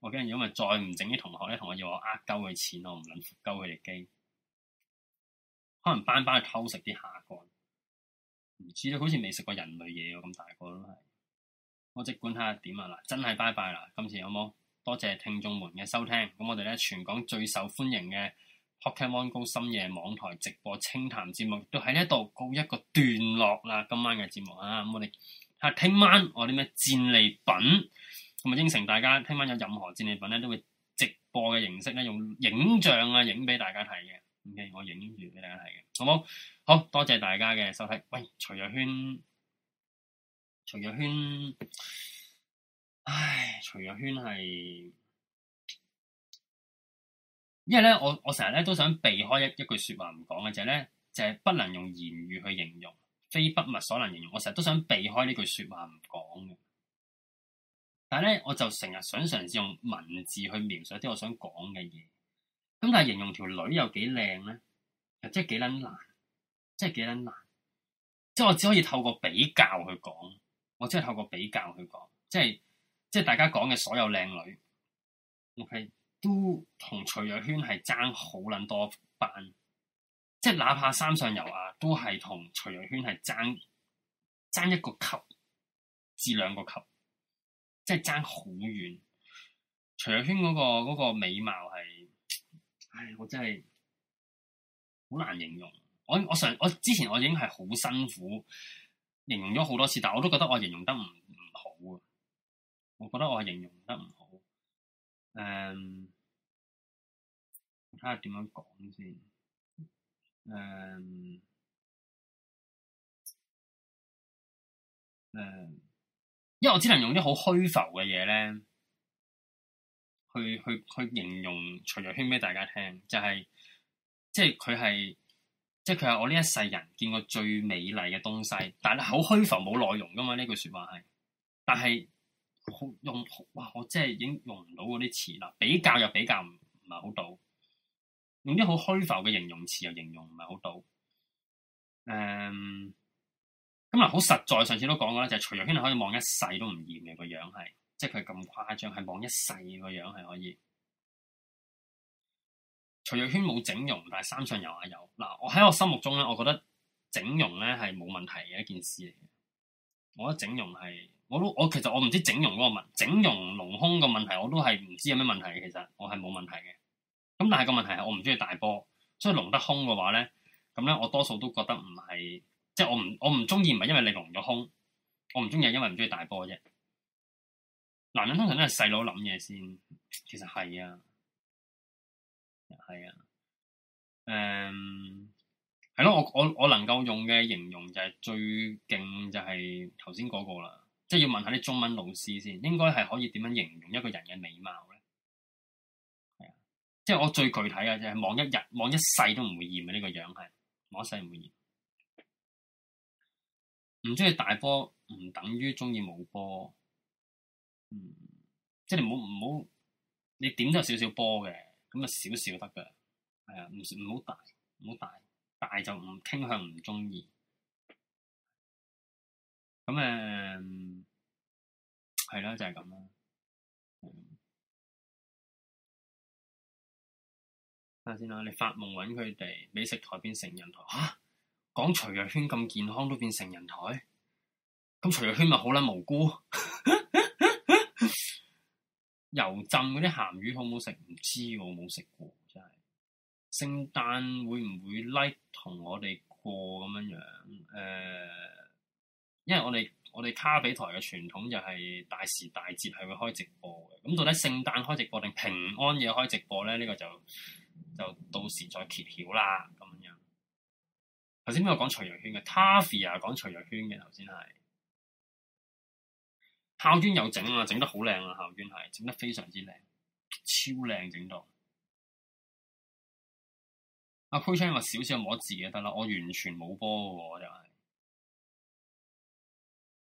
我驚如因為再唔整啲同學咧，同我要我呃鳩佢錢，我唔撚鳩佢哋機。可能班班去偷食啲蝦乾，唔知咧，好似未食過人類嘢喎，咁大個都係。我即管睇下點啊嗱，真係拜拜啦！今次好唔好？多謝聽眾們嘅收聽。咁我哋咧全港最受歡迎嘅《Pokemon Go 深夜》網台直播清談節目，都喺呢一度告一個段落啦。今晚嘅節目啊，咁我哋啊，聽晚我啲咩戰利品？同埋應承大家，聽晚有任何戰利品咧，都會直播嘅形式咧，用影像啊影俾大家睇嘅，OK，我影住俾大家睇嘅，好冇？好多謝大家嘅收睇。喂，徐若瑄，徐若瑄，唉，徐若瑄係因為咧，我我成日咧都想避開一一句説話唔講嘅，就係咧就係不能用言語去形容，非筆墨所能形容。我成日都想避開呢句説話唔講嘅。但係咧，我就成日想嘗試用文字去描述一啲我想講嘅嘢。咁但係形容條女又幾靚咧，又即係幾捻難，即係幾捻難。即係我只可以透過比較去講，我即係透過比較去講，即係即係大家講嘅所有靚女，OK 都同徐若瑄係爭好捻多班，即係哪怕三上悠亞啊，都係同徐若瑄係爭爭一個級至兩個級。即係爭好遠，徐若瑄嗰個嗰、嗰個美貌係，唉，我真係好難形容。我我上我之前我已經係好辛苦形容咗好多次，但係我都覺得我形容得唔唔好啊。我覺得我係形容得唔好。誒，睇下點樣講先。誒，誒。因為我只能用啲好虛浮嘅嘢咧，去去去形容徐若瑄俾大家聽，就係即係佢係即係佢係我呢一世人見過最美麗嘅東西，但係好虛浮冇內容㗎嘛？呢句説話係，但係好用哇！我真係已經用唔到嗰啲詞啦，比較又比較唔係好到，用啲好虛浮嘅形容詞又形容唔係好到，嗯。咁啊，好、嗯、實在，上次都講過啦，就係、徐若瑄可以望一世都唔厭嘅個樣係，即係佢咁誇張，係望一世、這個樣係可以。徐若瑄冇整容，但係三上悠亞有。嗱，我喺我心目中咧，我覺得整容咧係冇問題嘅一件事嚟嘅。我覺得整容係，我都我其實我唔知整容嗰、那個問，整容隆胸個問題我都係唔知有咩問題。其實我係冇問題嘅。咁但係個問題係我唔中意大波，所以隆得胸嘅話咧，咁咧我多數都覺得唔係。即係我唔我唔中意，唔係因為你隆咗胸，我唔中意係因為唔中意大波啫。男人通常都係細佬諗嘢先，其實係啊，係啊，誒、嗯，係咯、啊。我我我能夠用嘅形容就係最勁就係頭先嗰個啦。即係要問下啲中文老師先，應該係可以點樣形容一個人嘅美貌咧？係啊，即係我最具體嘅就係望一日望一世都唔會厭嘅呢個樣係，望一世唔會厭。這個唔中意大波，唔等於中意冇波，嗯、即係你唔好唔好，你點都有少少波嘅，咁少少得㗎。係啊，唔唔好大，唔好大，大就唔傾向唔中意，咁誒，係、嗯、啦，就係咁啦，等、嗯、下先啦，你發夢揾佢哋美食台變成人台嚇？講徐若瑄咁健康都變成人台，咁徐若瑄咪好撚無辜？ 油浸嗰啲鹹魚好唔好食？唔知我冇食過，真係。聖誕會唔會 like 同我哋過咁樣樣？誒、呃，因為我哋我哋卡比台嘅傳統又係大時大節係會開直播嘅。咁到底聖誕開直播定平安夜開直播咧？呢、這個就就到時再揭曉啦，咁樣。頭先邊個講除油圈嘅，Taffy 啊講除油圈嘅頭先係校磚又整啊，整得好靚啊校磚係整得非常之靚，超靚整到阿 K u s h i n g 話少少摸字就得啦，我完全冇波我就係、是，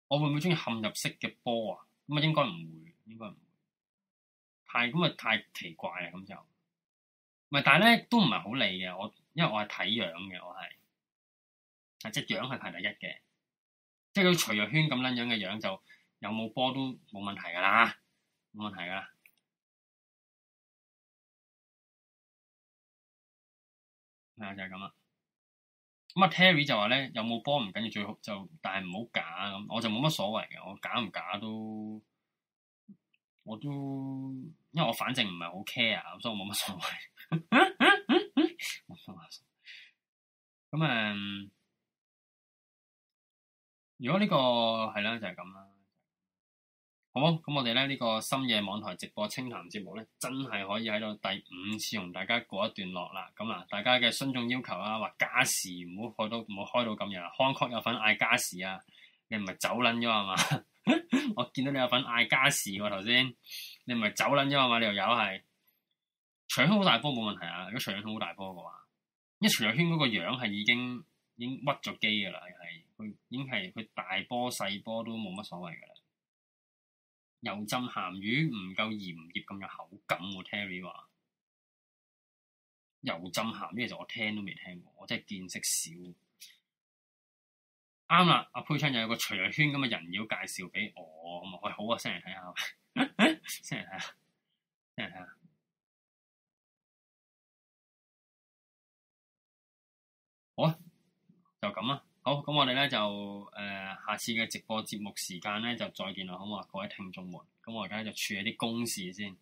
我會唔會中意嵌入式嘅波啊？咁啊應該唔會，應該唔會太咁啊太奇怪啊咁就唔係，但係咧都唔係好理嘅我，因為我係睇樣嘅我係。啊！即係樣係排第一嘅，即係佢除咗圈咁撚樣嘅樣就有冇波都冇問題噶啦，冇問題噶啦，係啊，就係咁啦。咁、嗯、啊，Terry 就話咧，有冇波唔緊要，最好就但係唔好假咁，我就冇乜所謂嘅，我假唔假都，我都，因為我反正唔係好 care，咁，所以我冇乜所謂 嗯。咁、嗯、誒。嗯嗯如果呢、這個係啦，就係咁啦，好唔好？咁我哋咧呢、這個深夜網台直播清談節目咧，真係可以喺度第五次同大家過一段落啦。咁啊，大家嘅信眾要求啊，話加時唔好開到唔好開到咁樣，康確有份嗌加時啊，你唔係走撚咗係嘛？ 我見到你有份嗌加時喎、啊，頭先你唔係走撚咗係嘛？你又有係，搶空好大波冇問題啊。如果搶空好大波嘅話，一徐入圈嗰個樣係已經已經屈咗機噶啦，係。佢已經係佢大波細波都冇乜所謂嘅啦。油浸鹹魚唔夠鹽醃咁有口感喎、啊，Terry 話。油浸鹹魚就我聽都未聽過，我真係見識少了了。啱啦，阿佩昌又有個徐若瑄咁嘅人妖介紹俾我，咁啊、哎，好啊，先嚟睇下，先嚟睇下，先嚟睇下。好啊，就咁啦，啊。好，咁我哋咧就誒、呃，下次嘅直播節目時間咧就再見啦，好嘛，各位聽眾們。咁我而家就處理啲公事先，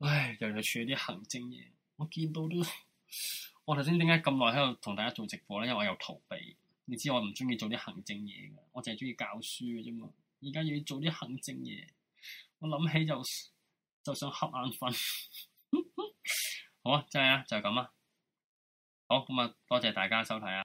唉，又係處理啲行政嘢。我見到都，我頭先點解咁耐喺度同大家做直播咧？因為我又逃避，你知我唔中意做啲行政嘢㗎，我淨係中意教書嘅啫嘛。而家要做啲行政嘢，我諗起就就想瞌眼瞓。 好啊，真係啊，就係咁啊。好，咁啊，多謝大家收睇啊。